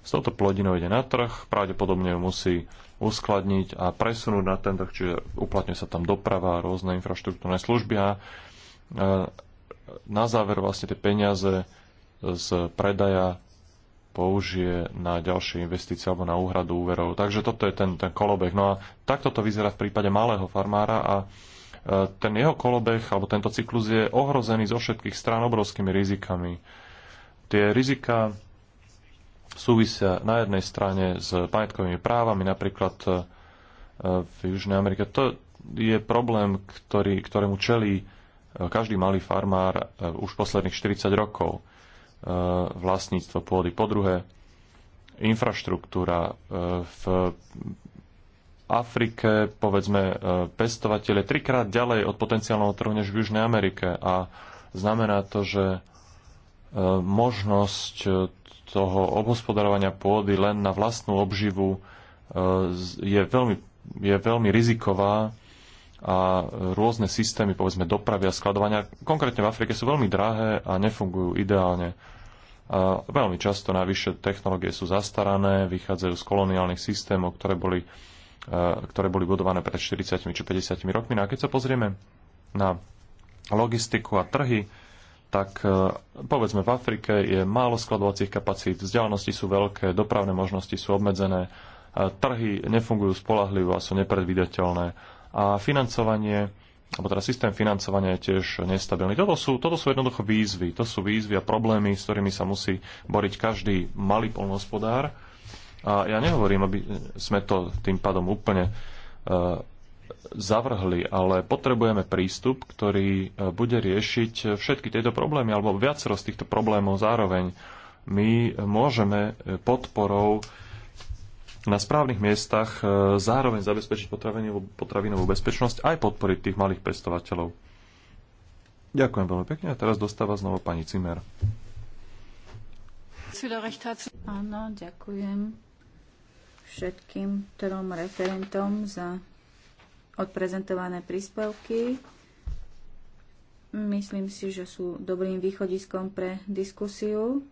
S touto plodinou ide na trh, pravdepodobne ju musí uskladniť a presunúť na ten trh, čiže uplatňuje sa tam doprava, rôzne infraštruktúrne služby a e, na záver vlastne tie peniaze z predaja použije na ďalšie investície alebo na úhradu úverov. Takže toto je ten, ten kolobeh. No a takto to vyzerá v prípade malého farmára a e, ten jeho kolobeh alebo tento cyklus je ohrozený zo všetkých strán obrovskými rizikami. Tie rizika súvisia na jednej strane s pamätkovými právami, napríklad e, v Južnej Amerike. To je problém, ktorý, ktorému čelí e, každý malý farmár už posledných 40 rokov. E, vlastníctvo pôdy. Po druhé, infraštruktúra e, v Afrike, povedzme, e, pestovateľe trikrát ďalej od potenciálneho trhu než v Južnej Amerike a znamená to, že možnosť toho obhospodarovania pôdy len na vlastnú obživu je veľmi, je veľmi riziková a rôzne systémy, povedzme, dopravy a skladovania, konkrétne v Afrike, sú veľmi drahé a nefungujú ideálne. A veľmi často najvyššie technológie sú zastarané, vychádzajú z koloniálnych systémov, ktoré boli, e, ktoré boli budované pred 40 či 50 rokmi. No a keď sa pozrieme na logistiku a trhy, tak e, povedzme v Afrike je málo skladovacích kapacít, vzdialenosti sú veľké, dopravné možnosti sú obmedzené, e, trhy nefungujú spolahlivo a sú nepredvídateľné a financovanie alebo teda systém financovania je tiež nestabilný. Toto sú, toto sú jednoducho výzvy. To sú výzvy a problémy, s ktorými sa musí boriť každý malý polnohospodár. A ja nehovorím, aby sme to tým pádom úplne uh, zavrhli, ale potrebujeme prístup, ktorý uh, bude riešiť všetky tieto problémy alebo viacero z týchto problémov zároveň. My môžeme podporou uh, na správnych miestach e, zároveň zabezpečiť potravinovú, potravinovú bezpečnosť aj podporiť tých malých pestovateľov. Ďakujem veľmi pekne a teraz dostáva znovu pani Cimer. Áno, ďakujem všetkým trom referentom za odprezentované príspevky. Myslím si, že sú dobrým východiskom pre diskusiu.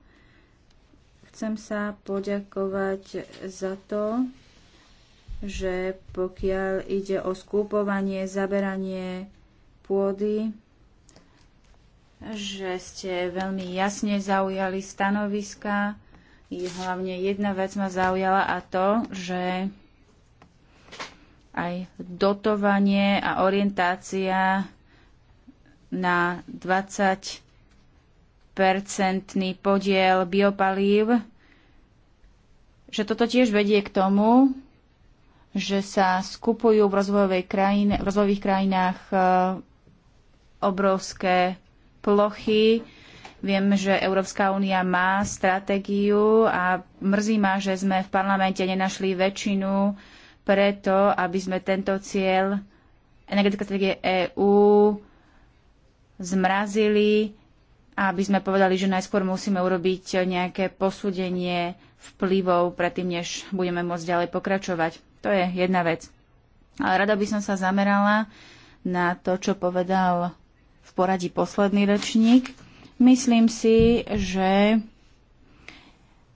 Chcem sa poďakovať za to, že pokiaľ ide o skúpovanie, zaberanie pôdy, že ste veľmi jasne zaujali stanoviska. hlavne jedna vec ma zaujala a to, že aj dotovanie a orientácia na 20 percentný podiel biopalív, že toto tiež vedie k tomu, že sa skupujú v, krajine, v rozvojových krajinách e, obrovské plochy. Viem, že Európska únia má stratégiu a mrzí ma, že sme v parlamente nenašli väčšinu preto, aby sme tento cieľ energetické stratégie EÚ zmrazili aby sme povedali, že najskôr musíme urobiť nejaké posúdenie vplyvov predtým, než budeme môcť ďalej pokračovať. To je jedna vec. Ale rada by som sa zamerala na to, čo povedal v poradí posledný ročník. Myslím si, že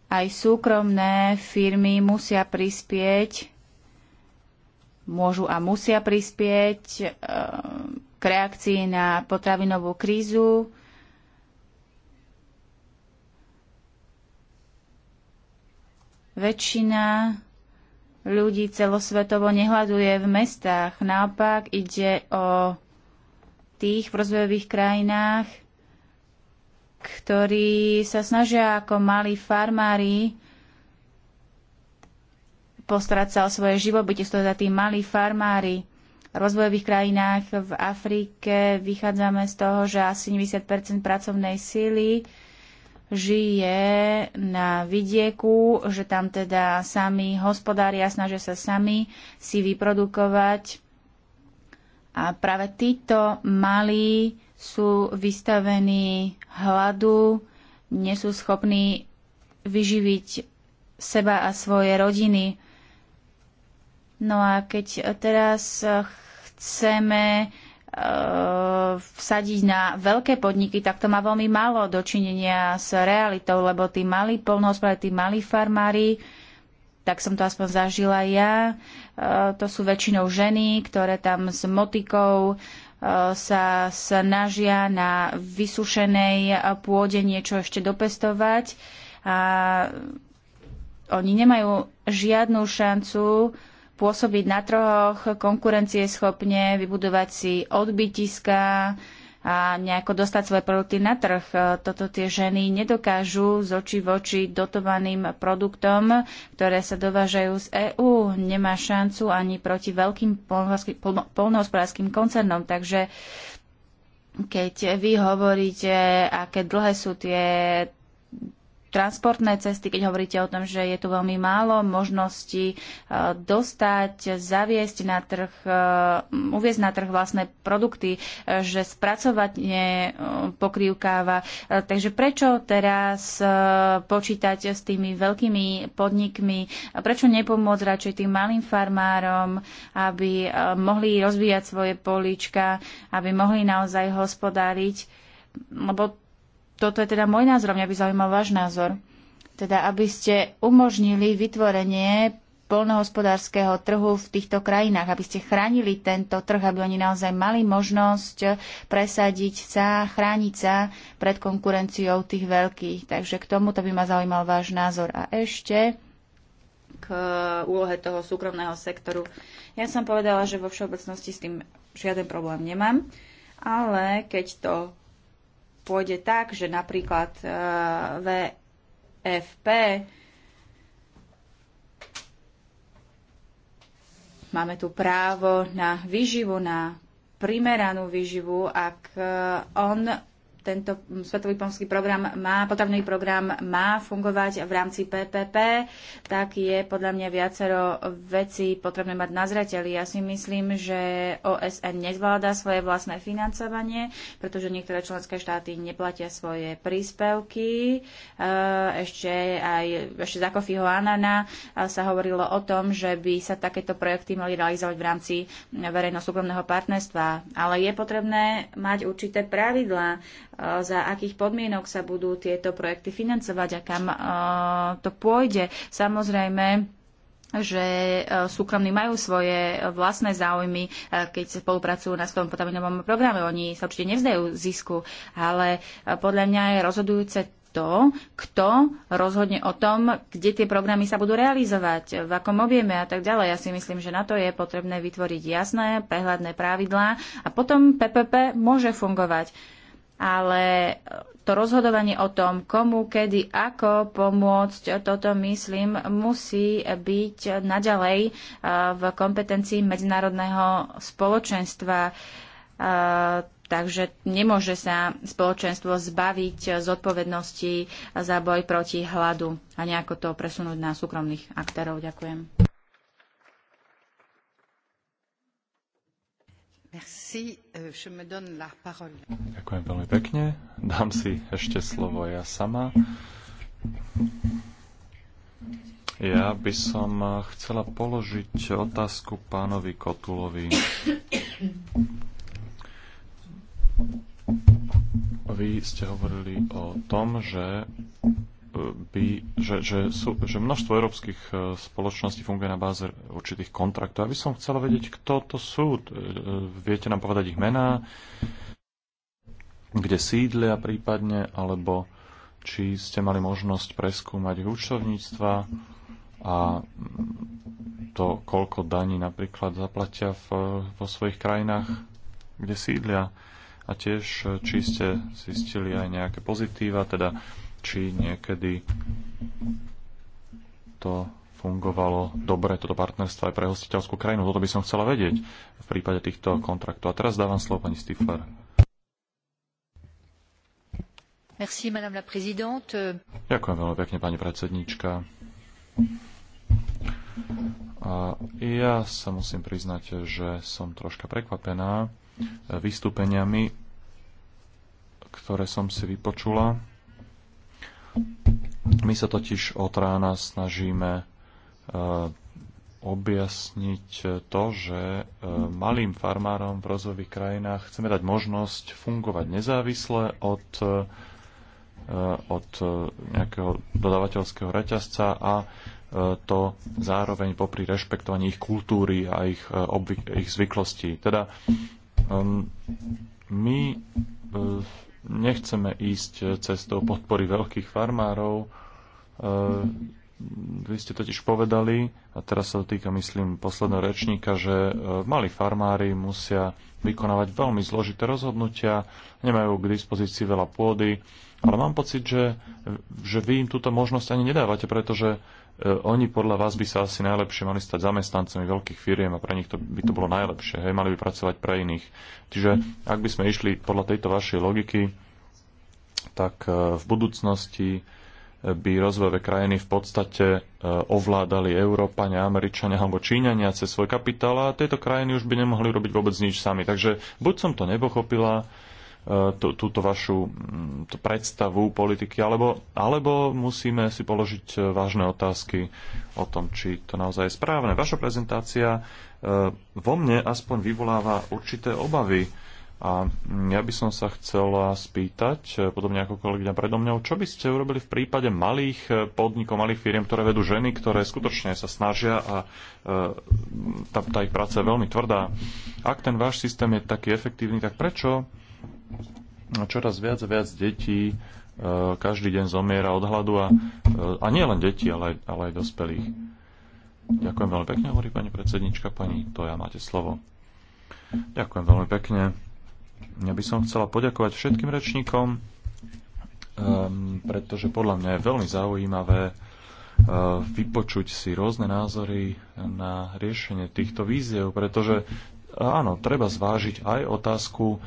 aj súkromné firmy musia prispieť, môžu a musia prispieť ehm, k reakcii na potravinovú krízu, Väčšina ľudí celosvetovo nehľaduje v mestách. Naopak ide o tých v rozvojových krajinách, ktorí sa snažia ako malí farmári postarať sa o svoje živobytie. Sú to teda tí malí farmári. V rozvojových krajinách v Afrike vychádzame z toho, že asi 90 pracovnej síly žije na vidieku, že tam teda sami hospodária, snažia sa sami si vyprodukovať. A práve títo malí sú vystavení hladu, nie sú schopní vyživiť seba a svoje rodiny. No a keď teraz chceme Eh, vsadiť na veľké podniky, tak to má veľmi málo dočinenia s realitou, lebo tí malí polnohospodári, tí malí farmári, tak som to aspoň zažila ja, eh, to sú väčšinou ženy, ktoré tam s motikou eh, sa snažia na vysušenej pôde niečo ešte dopestovať a oni nemajú žiadnu šancu pôsobiť na trhoch konkurencieschopne, vybudovať si odbytiska a nejako dostať svoje produkty na trh. Toto tie ženy nedokážu z očí v oči dotovaným produktom, ktoré sa dovážajú z EÚ. Nemá šancu ani proti veľkým polnohospodárským koncernom. Takže keď vy hovoríte, aké dlhé sú tie transportné cesty, keď hovoríte o tom, že je tu veľmi málo možností e, dostať, zaviesť na trh, e, uviezť na trh vlastné produkty, e, že spracovanie pokrývkáva. Takže prečo teraz počítať s tými veľkými podnikmi? Prečo nepomôcť radšej tým malým farmárom, aby mohli rozvíjať svoje políčka, aby mohli naozaj hospodáriť? Lebo toto je teda môj názor, mňa by zaujímal váš názor. Teda, aby ste umožnili vytvorenie polnohospodárskeho trhu v týchto krajinách, aby ste chránili tento trh, aby oni naozaj mali možnosť presadiť sa, chrániť sa pred konkurenciou tých veľkých. Takže k tomuto by ma zaujímal váš názor. A ešte k úlohe toho súkromného sektoru. Ja som povedala, že vo všeobecnosti s tým žiaden problém nemám, ale keď to pôjde tak, že napríklad e, VFP máme tu právo na výživu, na primeranú výživu, ak e, on tento Svetový pomský program má, potravný program má fungovať v rámci PPP, tak je podľa mňa viacero vecí potrebné mať na zreteli. Ja si myslím, že OSN nezvláda svoje vlastné financovanie, pretože niektoré členské štáty neplatia svoje príspevky. Eh, ešte aj ešte za Kofiho Anana eh, sa hovorilo o tom, že by sa takéto projekty mali realizovať v rámci verejno-súkromného partnerstva. Ale je potrebné mať určité pravidlá, za akých podmienok sa budú tieto projekty financovať a kam e, to pôjde. Samozrejme, že e, súkromní majú svoje vlastné záujmy, e, keď spolupracujú na svojom potravinovom programe. Oni sa určite nevzdajú zisku, ale podľa mňa je rozhodujúce to, kto rozhodne o tom, kde tie programy sa budú realizovať, v akom objeme a tak ďalej. Ja si myslím, že na to je potrebné vytvoriť jasné, prehľadné pravidlá a potom PPP môže fungovať ale to rozhodovanie o tom, komu, kedy, ako pomôcť, toto myslím, musí byť naďalej eh, v kompetencii medzinárodného spoločenstva. Eh, takže nemôže sa spoločenstvo zbaviť odpovednosti za boj proti hladu a nejako to presunúť na súkromných aktérov. Ďakujem. Merci. Euh, me donne la parole. Ďakujem veľmi pekne. Dám si ešte slovo ja sama. Ja by som chcela položiť otázku pánovi Kotulovi. Vy ste hovorili o tom, že by, že, že, sú, že množstvo európskych e, spoločností funguje na báze určitých kontraktov. Aby som chcela vedieť, kto to sú. E, e, viete nám povedať ich mená, kde sídlia prípadne, alebo či ste mali možnosť preskúmať ich účtovníctva a to, koľko daní napríklad zaplatia v, vo svojich krajinách, kde sídlia. A tiež, či ste zistili aj nejaké pozitíva, teda či niekedy to fungovalo dobre, toto partnerstvo aj pre hostiteľskú krajinu. Toto by som chcela vedieť v prípade týchto kontraktov. A teraz dávam slovo pani Stifler. Merci, madame la présidente. Ďakujem veľmi pekne, pani predsedníčka. A ja sa musím priznať, že som troška prekvapená vystúpeniami, ktoré som si vypočula my sa totiž od rána snažíme e, objasniť to, že e, malým farmárom v rozvojových krajinách chceme dať možnosť fungovať nezávisle od, e, od nejakého dodávateľského reťazca a to zároveň popri rešpektovaní ich kultúry a ich, ich zvyklostí. Teda my nechceme ísť eh, cestou podpory veľkých farmárov. Eh, vy ste totiž povedali, a teraz sa to týka, myslím, posledného rečníka, že eh, mali farmári musia vykonávať veľmi zložité rozhodnutia, nemajú k dispozícii veľa pôdy, ale mám pocit, že, že vy im túto možnosť ani nedávate, pretože E, oni podľa vás by sa asi najlepšie mali stať zamestnancami veľkých firiem a pre nich to, by to bolo najlepšie. Hej, mali by pracovať pre iných. Čiže ak by sme išli podľa tejto vašej logiky, tak e, v budúcnosti e, by rozvojové krajiny v podstate ovládali Európania, Američania alebo Číňania cez svoj kapitál a tieto krajiny už by nemohli robiť vôbec nič sami. Takže buď som to nepochopila, Eh, túto vašu mm, predstavu politiky, alebo, alebo musíme si položiť eh, vážne otázky o tom, či to naozaj je správne. Vaša prezentácia eh, vo mne aspoň vyvoláva určité obavy. A mm, ja by som sa chcela spýtať, podobne ako kolegyňa predo mňou, čo by ste urobili v prípade malých podnikov, malých firiem, ktoré vedú ženy, ktoré skutočne sa snažia a tá, tá ich práca je veľmi tvrdá. Ak ten váš systém je taký efektívny, tak prečo No, čoraz viac a viac detí e, každý deň zomiera od hladu a, e, a nie len deti, ale, aj, ale aj dospelých. Ďakujem veľmi pekne, hovorí pani predsednička, pani Toja, máte slovo. Ďakujem veľmi pekne. Ja by som chcela poďakovať všetkým rečníkom, um, pretože podľa mňa je veľmi zaujímavé uh, vypočuť si rôzne názory na riešenie týchto víziev, pretože áno, treba zvážiť aj otázku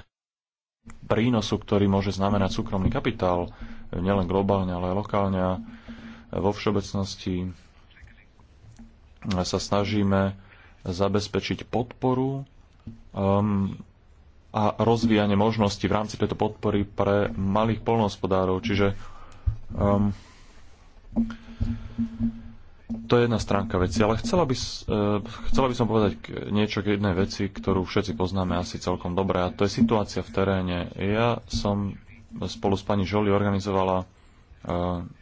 prínosu, ktorý môže znamenať súkromný kapitál, nielen globálne, ale aj lokálne a vo všeobecnosti sa snažíme zabezpečiť podporu um, a rozvíjanie možností v rámci tejto podpory pre malých polnohospodárov. Čiže um, to je jedna stránka veci, ale chcela by, e, chcela by som povedať niečo k jednej veci, ktorú všetci poznáme asi celkom dobre, a to je situácia v teréne. Ja som spolu s pani Žoli organizovala e,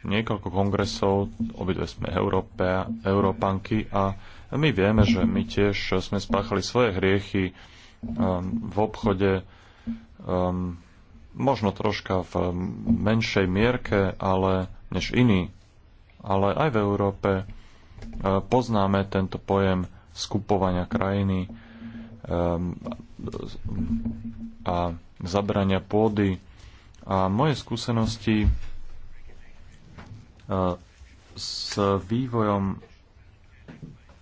niekoľko kongresov, obidve sme Európe, Európanky a my vieme, že my tiež sme spáchali svoje hriechy e, v obchode, možno troška v menšej mierke, ale než iní, ale aj v Európe E, poznáme tento pojem skupovania krajiny e, a zabrania pôdy. A moje skúsenosti e, s vývojom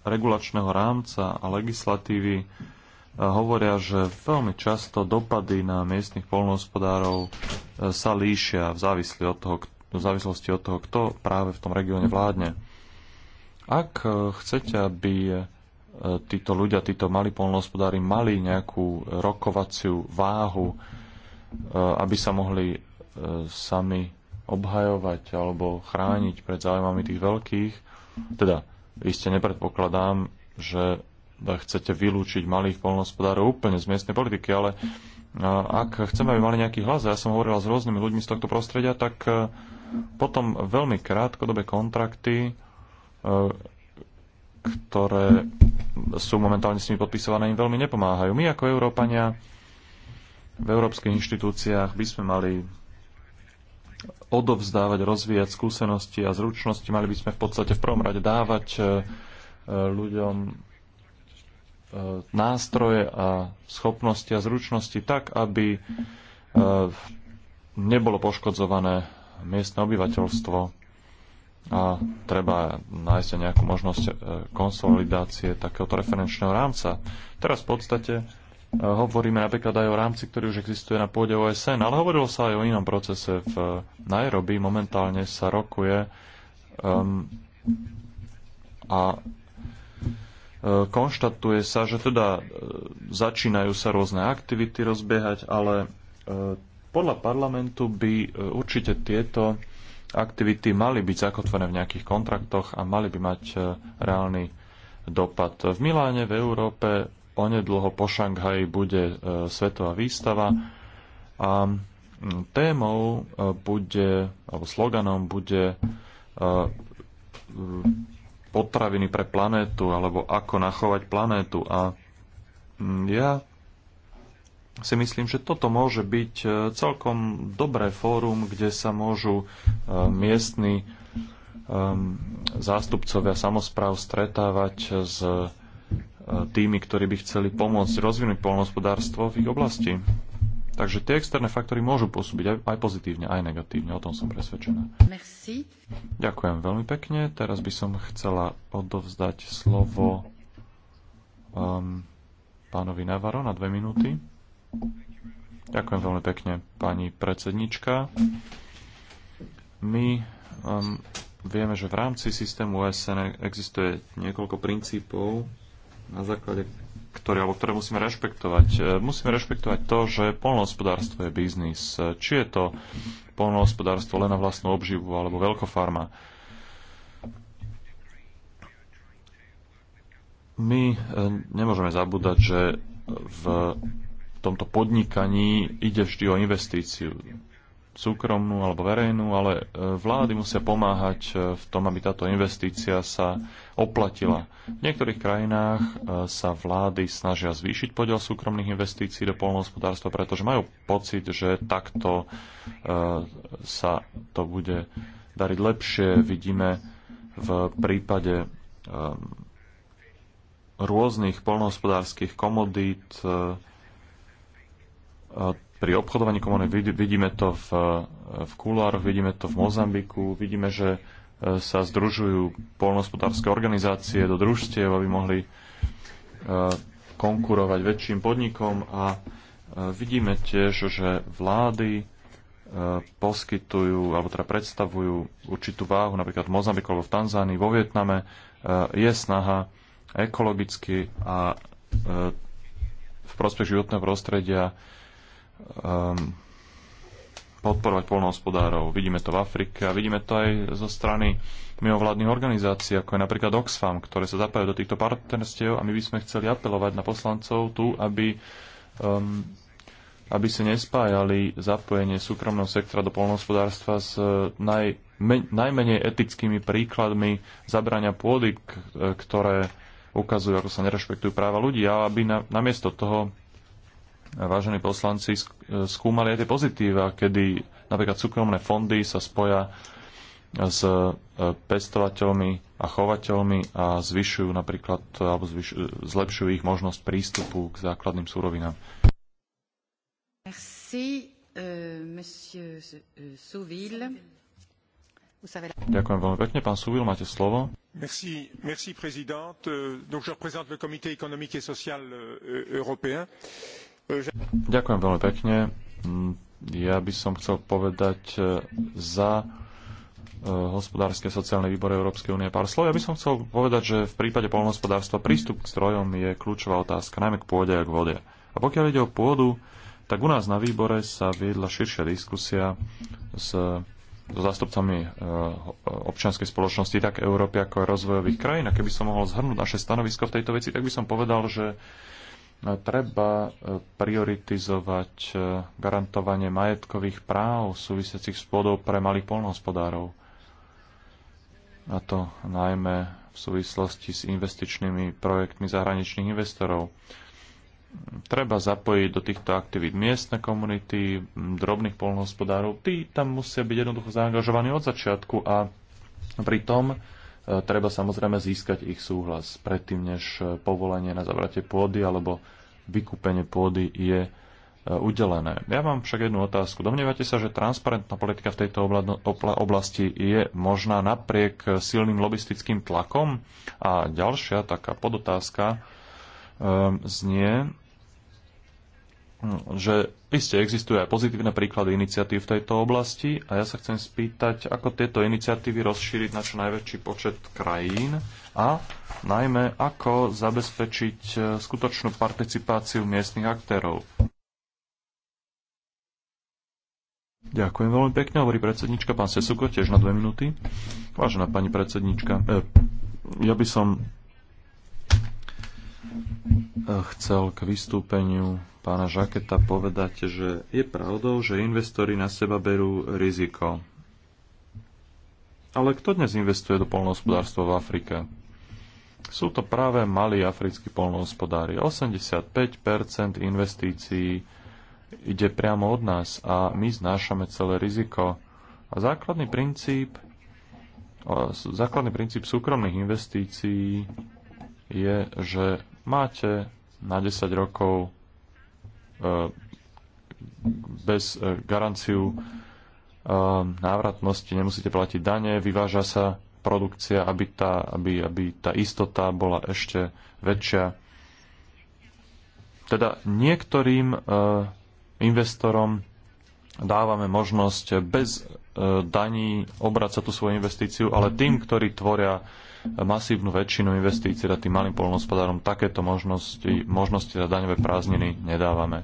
regulačného rámca a legislatívy hovoria, že veľmi často dopady na miestnych polnohospodárov sa líšia v závislosti od toho, v závislosti od toho kto práve v tom regióne vládne. Ak eh, chcete, aby eh, títo ľudia, títo malí polnohospodári mali nejakú rokovaciu váhu, eh, aby sa mohli sami obhajovať alebo chrániť pred záujmami tých veľkých. Teda, iste nepredpokladám, že chcete vylúčiť malých polnohospodárov úplne z miestnej politiky, ale ak chceme, aby mali nejaký hlas, ja som hovorila s rôznymi ľuďmi z tohto prostredia, tak potom veľmi krátkodobé kontrakty E, ktoré sú momentálne s nimi podpisované, im veľmi nepomáhajú. My ako Európania v európskych inštitúciách by sme mali odovzdávať, rozvíjať skúsenosti a zručnosti. Mali by sme v podstate v prvom rade dávať e, ľuďom e, nástroje a schopnosti a zručnosti tak, aby nebolo poškodzované miestne obyvateľstvo a treba nájsť aj nejakú možnosť e, konsolidácie takéhoto referenčného rámca. Teraz v podstate e, hovoríme napríklad aj o rámci, ktorý už existuje na pôde OSN, ale hovorilo sa aj o inom procese v e, Nairobi. Momentálne sa rokuje um, a konštatuje sa, že teda začínajú sa rôzne aktivity rozbiehať, ale podľa parlamentu by určite tieto aktivity mali byť zakotvené v nejakých kontraktoch a mali by mať e, reálny dopad. V Miláne, v Európe, onedlho po Šanghaji bude e, svetová výstava a témou e, bude, alebo sloganom bude potraviny pre planétu, alebo ako nachovať planétu. A ja si myslím, že toto môže byť e, celkom dobré fórum, kde sa môžu e, miestni e, zástupcovia samozpráv stretávať s tými, ktorí by chceli pomôcť rozvinúť polnohospodárstvo v ich oblasti. Takže tie externé faktory môžu pôsobiť aj, aj pozitívne, aj negatívne, o tom som presvedčená. Merci. Ďakujem veľmi pekne. Teraz by som chcela odovzdať slovo um, pánovi Navaro na dve minúty. Ďakujem veľmi pekne, pani predsednička. My um, vieme, že v rámci systému OSN existuje niekoľko princípov, na základe ktoré, alebo ktoré musíme rešpektovať. E, musíme rešpektovať to, že polnohospodárstvo je biznis. E, či je to polnohospodárstvo len na vlastnú obživu alebo veľkofarma. My e, nemôžeme zabúdať, že v v tomto podnikaní ide vždy o investíciu súkromnú alebo verejnú, ale e, vlády musia pomáhať e, v tom, aby táto investícia sa oplatila. V niektorých krajinách e, sa vlády snažia zvýšiť podiel súkromných investícií do polnohospodárstva, pretože majú pocit, že takto sa to bude dariť lepšie. Vidíme v prípade rôznych polnohospodárských komodít E, pri obchodovaní komony, vidíme to v, e, v kulároch, vidíme to v Mozambiku, vidíme, že e, sa združujú polnospodárske organizácie do družstiev, aby mohli konkurovať väčším podnikom a vidíme tiež, že vlády poskytujú, alebo teda predstavujú určitú váhu, napríklad v Mozambiku alebo v Tanzánii, vo Vietname je snaha ekologicky a v prospech životného prostredia um, podporovať polnohospodárov. Vidíme to v Afrike a vidíme to aj zo strany mimovládnych organizácií, ako je napríklad Oxfam, ktoré sa zapájajú do týchto partnerstiev a my by sme chceli apelovať na poslancov tu, aby, um, aby sa nespájali zapojenie súkromného sektora do polnohospodárstva s eh, naj, me, najmenej etickými príkladmi zabrania pôdy, eh, ktoré ukazujú, ako sa nerešpektujú práva ľudí, a aby na, namiesto toho vážení poslanci skúmali aj tie pozitíva, kedy napríklad súkromné fondy sa spoja s e, pestovateľmi a chovateľmi a zvyšujú napríklad, alebo zvyšujú, zlepšujú ich možnosť prístupu k základným súrovinám. Merci, uh, monsieur e, Souville. Ďakujem veľmi pekne. Pán Suvil, máte slovo. Merci, merci présidente. Euh, donc je représente le comité économique et social euh, européen Ďakujem veľmi pekne. Ja by som chcel povedať e, za e, hospodárske sociálne výbory Európskej únie pár slov. Ja by som chcel povedať, že v prípade polnohospodárstva prístup k strojom je kľúčová otázka, najmä k pôde a k vode. A pokiaľ ide o pôdu, tak u nás na výbore sa viedla širšia diskusia s so zástupcami e, občianskej spoločnosti tak Európy ako aj rozvojových krajín. A keby som mohol zhrnúť naše stanovisko v tejto veci, tak by som povedal, že No, treba e, prioritizovať e, garantovanie majetkových práv súvisiacich s pôdou pre malých polnohospodárov. A to najmä v súvislosti s investičnými projektmi zahraničných investorov. Treba zapojiť do týchto aktivít miestne komunity, drobných polnohospodárov. Tí tam musia byť jednoducho zaangažovaní od začiatku a pritom E, treba samozrejme získať ich súhlas predtým, než e, povolenie na zavratie pôdy alebo vykúpenie pôdy je e, udelené. Ja mám však jednu otázku. Domnievate sa, že transparentná politika v tejto oblasti je možná napriek silným lobistickým tlakom? A ďalšia taká podotázka znie, že iste existujú aj pozitívne príklady iniciatív v tejto oblasti a ja sa chcem spýtať, ako tieto iniciatívy rozšíriť na čo najväčší počet krajín a najmä ako zabezpečiť e, skutočnú participáciu miestnych aktérov. Ďakujem veľmi pekne, hovorí predsednička. Pán Sesuko, tiež na dve minúty. Vážená pani predsednička, e, ja by som e, chcel k vystúpeniu pána Žaketa povedať, že je pravdou, že investori na seba berú riziko. Ale kto dnes investuje do polnohospodárstva v Afrike? Sú to práve malí africkí polnohospodári. 85 investícií ide priamo od nás a my znášame celé riziko. A základný princíp, základný princíp súkromných investícií je, že máte na 10 rokov E, bez e, garanciu e, návratnosti, nemusíte platiť dane, vyváža sa produkcia, aby tá, aby, aby tá istota bola ešte väčšia. Teda niektorým investorom dávame možnosť bez daní sa tú svoju investíciu, ale tým, ktorí tvoria masívnu väčšinu investícií teda tým malým polnospodárom takéto možnosti, možnosti za daňové prázdniny nedávame.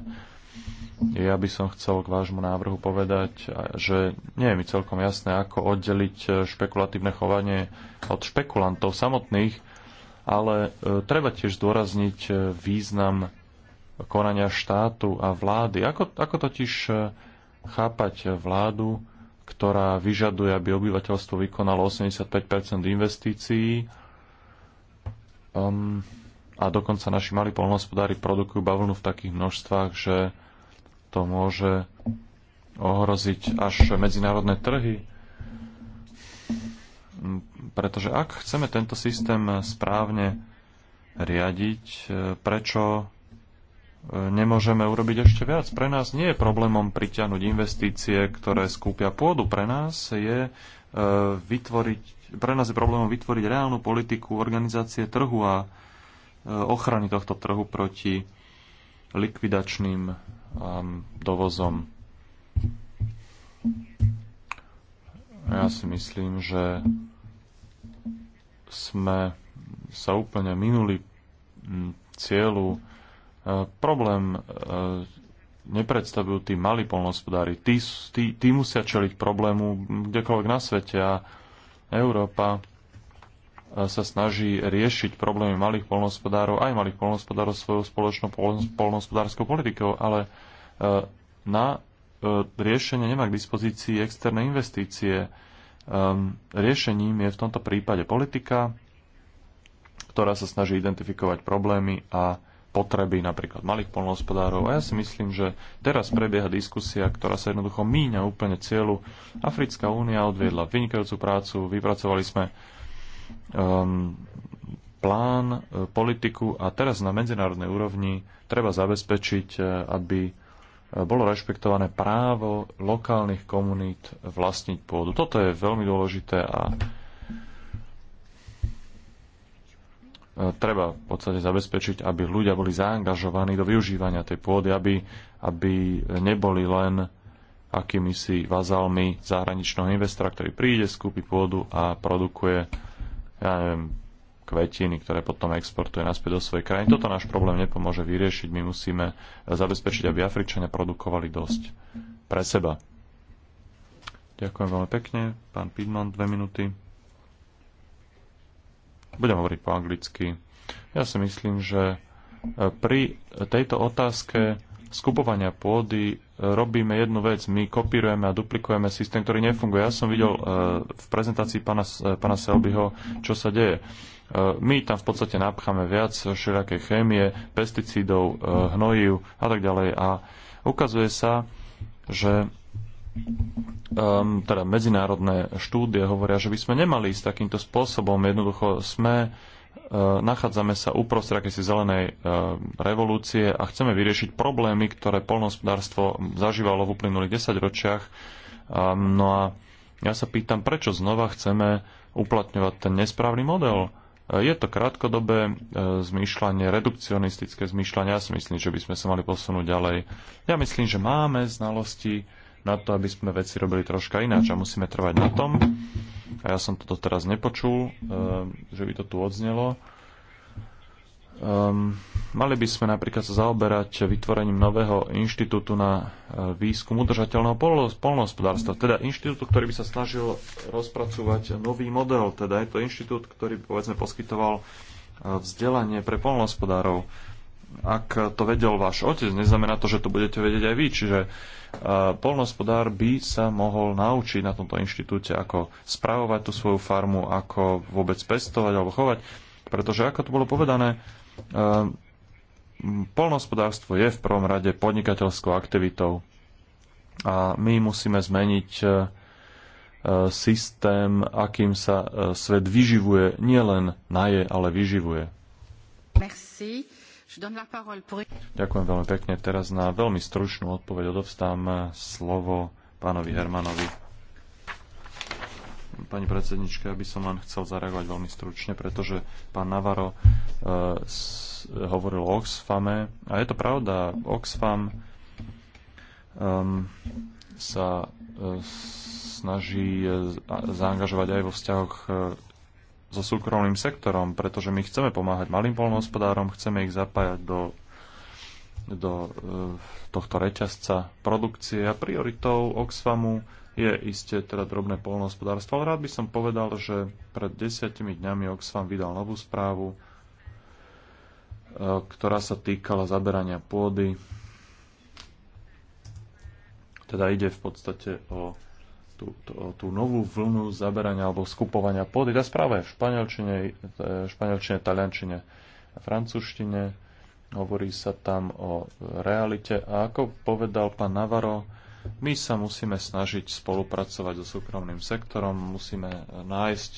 Ja by som chcel k vášmu návrhu povedať, že nie je mi celkom jasné, ako oddeliť e, špekulatívne chovanie od špekulantov samotných, ale e, treba tiež zdôrazniť e, význam konania štátu a vlády. Ako, ako totiž chápať vládu ktorá vyžaduje, aby obyvateľstvo vykonalo 85 investícií. Um, a dokonca naši malí polnohospodári produkujú bavlnu v takých množstvách, že to môže ohroziť až medzinárodné trhy. Mm, pretože ak chceme tento systém správne riadiť, eh, prečo nemôžeme urobiť ešte viac. Pre nás nie je problémom priťahnuť investície, ktoré skúpia pôdu. Pre nás je e, vytvoriť, pre nás je problémom vytvoriť reálnu politiku organizácie trhu a e, ochrany tohto trhu proti likvidačným e, dovozom. Ja si myslím, že sme sa úplne minuli cieľu Eh, problém eh, nepredstavujú tí malí polnospodári. Tí, tí, tí musia čeliť problému kdekoľvek na svete a Európa eh, sa snaží riešiť problémy malých polnospodárov, aj malých polnospodárov svojou spoločnou polnospodárskou politikou, ale na riešenie nemá k dispozícii externé investície. Ehm, riešením je v tomto prípade politika, ktorá sa snaží identifikovať problémy a potreby napríklad malých polnohospodárov. A ja si myslím, že teraz prebieha diskusia, ktorá sa jednoducho míňa úplne cieľu. Africká únia odviedla vynikajúcu prácu, vypracovali sme um, plán, e, politiku a teraz na medzinárodnej úrovni treba zabezpečiť, e, aby e, bolo rešpektované právo lokálnych komunít vlastniť pôdu. Toto je veľmi dôležité a treba v podstate zabezpečiť, aby ľudia boli zaangažovaní do využívania tej pôdy, aby, aby neboli len akými si vazalmi zahraničného investora, ktorý príde, skúpi pôdu a produkuje ja neviem, kvetiny, ktoré potom exportuje naspäť do svojej krajiny. Toto náš problém nepomôže vyriešiť. My musíme zabezpečiť, aby Afričania produkovali dosť pre seba. Ďakujem veľmi pekne. Pán Pidman, dve minúty. Budem hovoriť po anglicky. Ja si myslím, že e, pri tejto otázke skupovania pôdy e, robíme jednu vec. My kopírujeme a duplikujeme systém, ktorý nefunguje. Ja som videl e, v prezentácii pana, pana Selbyho, čo sa deje. My tam v podstate napcháme viac všelijakej chémie, pesticídov, hnojív a tak ďalej. A ukazuje sa, že um, teda medzinárodné štúdie hovoria, že by sme nemali ísť takýmto spôsobom. Jednoducho sme, uh, nachádzame sa uprostred akési zelenej uh, revolúcie a chceme vyriešiť problémy, ktoré polnohospodárstvo zažívalo v uplynulých desaťročiach. Um, no a ja sa pýtam, prečo znova chceme uplatňovať ten nesprávny model. E, je to krátkodobé zmýšľanie, redukcionistické zmýšľanie. Ja si myslím, že by sme sa mali posunúť ďalej. Ja myslím, že máme znalosti, na to, aby sme veci robili troška ináč a musíme trvať na tom. A ja som toto teraz nepočul, eh, že by to tu odznelo. Um, mali by sme napríklad sa zaoberať vytvorením nového inštitútu na eh, výskum udržateľného polnohospodárstva, teda inštitútu, ktorý by sa snažil rozpracovať nový model, teda je to inštitút, ktorý by povedzme poskytoval eh, vzdelanie pre polnohospodárov. Ak to vedel váš otec, neznamená to, že to budete vedieť aj vy, čiže uh, polnospodár by sa mohol naučiť na tomto inštitúte, ako spravovať tú svoju farmu, ako vôbec pestovať alebo chovať. Pretože, ako to bolo povedané, ehm, polnospodárstvo je v prvom rade podnikateľskou aktivitou. A my musíme zmeniť e, e, systém, akým sa e, svet vyživuje, nielen naje, ale vyživuje. Merci. Ďakujem veľmi pekne. Teraz na veľmi stručnú odpoveď odovstám eh, slovo pánovi Hermanovi. Pani predsednička, ja by som len chcel zareagovať veľmi stručne, pretože pán Navaro e, eh, s, hovoril o Oxfame a je to pravda, Oxfam e, sa e, snaží zaangažovať aj vo vzťahoch so súkromným sektorom, pretože my chceme pomáhať malým polnohospodárom, chceme ich zapájať do, do e, tohto reťazca produkcie a prioritou Oxfamu je iste teda drobné polnohospodárstvo. Ale rád by som povedal, že pred desiatimi dňami Oxfam vydal novú správu, e, ktorá sa týkala zaberania pôdy. Teda ide v podstate o tú, tú, tú novú vlnu zaberania alebo skupovania pôdy. Tá správa je v španielčine, e, španielčine, taliančine a francúzštine. Hovorí sa tam o realite a ako povedal pán Navaro, my sa musíme snažiť spolupracovať so súkromným sektorom, musíme nájsť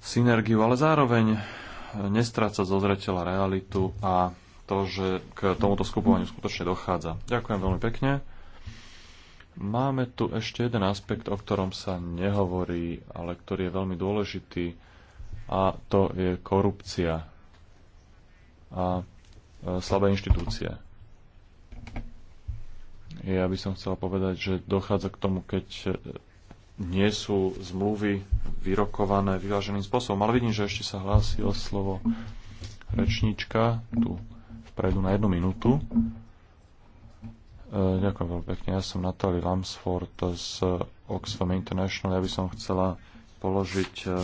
synergiu, ale zároveň nestrácať zo zreteľa realitu a to, že k tomuto skupovaniu skutočne dochádza. Ďakujem veľmi pekne. Máme tu ešte jeden aspekt, o ktorom sa nehovorí, ale ktorý je veľmi dôležitý a to je korupcia a e, slabé inštitúcie. Ja by som chcel povedať, že dochádza k tomu, keď e, nie sú zmluvy vyrokované vyváženým spôsobom. Ale vidím, že ešte sa hlási o slovo rečníčka tu vpredu na jednu minútu. Eh, ďakujem veľmi pekne. Ja som Natalie Lamsford z Oxfam International. Ja by som chcela položiť eh,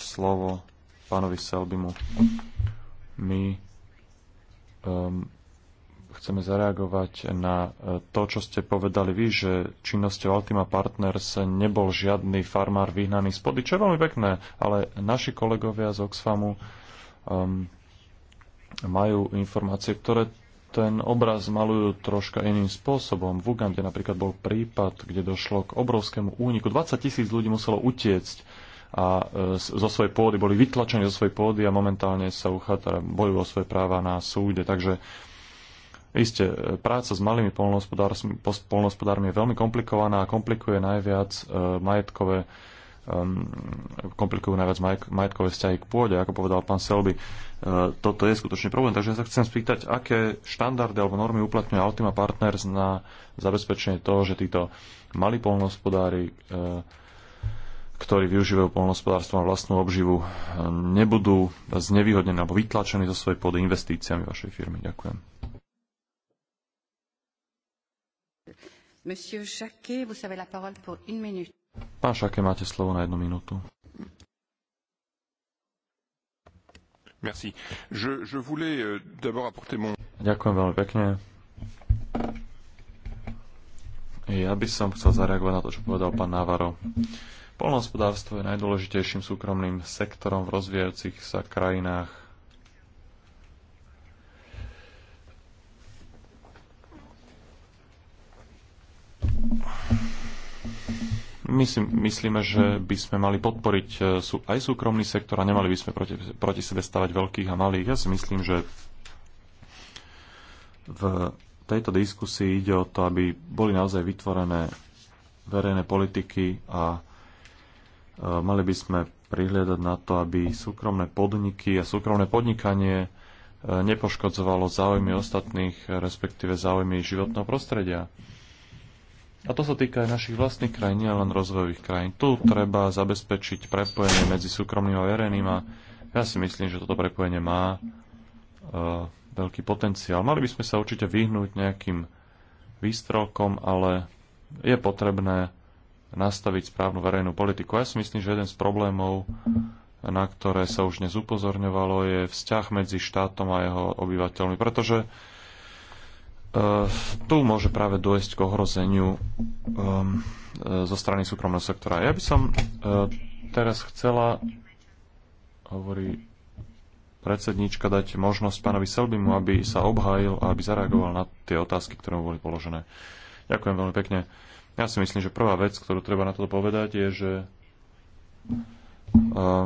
slovo pánovi Selbimu. My um, chceme zareagovať na eh, to, čo ste povedali vy, že činnosťou Altima Partners nebol žiadny farmár vyhnaný z pody, čo je veľmi pekné, ale naši kolegovia z Oxfamu um, majú informácie, ktoré ten obraz malujú troška iným spôsobom. V Ugande napríklad bol prípad, kde došlo k obrovskému úniku. 20 tisíc ľudí muselo utiecť a e, zo svojej pôdy boli vytlačení zo svojej pôdy a momentálne sa uchádza, teda bojujú o svoje práva na súde. Takže iste práca s malými polnohospodármi je veľmi komplikovaná a komplikuje najviac e, majetkové um, komplikujú najviac maj, majetkové vzťahy k pôde, ako povedal pán Selby. Uh, toto je skutočný problém, takže ja sa chcem spýtať, aké štandardy alebo normy uplatňuje Altima Partners na zabezpečenie toho, že títo malí polnohospodári, uh, ehm, ktorí využívajú polnohospodárstvo na vlastnú obživu, uh, nebudú znevýhodnení alebo vytlačení zo svojej pôdy investíciami vašej firmy. Ďakujem. Monsieur Jacquet, vous avez la parole pour une minute. Pán Šake, máte slovo na jednu minútu. Merci. Je, je voulais euh, d'abord apporter mon... Ďakujem veľmi pekne. Ja by som chcel zareagovať na to, čo povedal pán Navaro. Polnohospodárstvo je najdôležitejším súkromným sektorom v rozvíjajúcich sa krajinách si myslíme, že by sme mali podporiť e, aj súkromný sektor a nemali by sme proti, proti sebe stavať veľkých a malých. Ja si myslím, že v tejto diskusii ide o to, aby boli naozaj vytvorené verejné politiky a e, mali by sme prihliadať na to, aby súkromné podniky a súkromné podnikanie e, nepoškodzovalo záujmy ostatných, respektíve záujmy životného prostredia. A to sa týka aj našich vlastných krajín, nielen rozvojových krajín. Tu treba zabezpečiť prepojenie medzi súkromným a verejným a ja si myslím, že toto prepojenie má uh, veľký potenciál. Mali by sme sa určite vyhnúť nejakým výstrokom, ale je potrebné nastaviť správnu verejnú politiku. Ja si myslím, že jeden z problémov, na ktoré sa už dnes upozorňovalo, je vzťah medzi štátom a jeho obyvateľmi. Pretože Eh, tu môže práve dojsť k ohrozeniu um, zo strany súkromného sektora. Ja by som uh, teraz chcela, hovorí predsednička, dať možnosť pánovi Selbimu, aby sa obhájil a aby zareagoval na tie otázky, ktoré mu boli položené. Ďakujem veľmi pekne. Ja si myslím, že prvá vec, ktorú treba na toto povedať, je, že uh,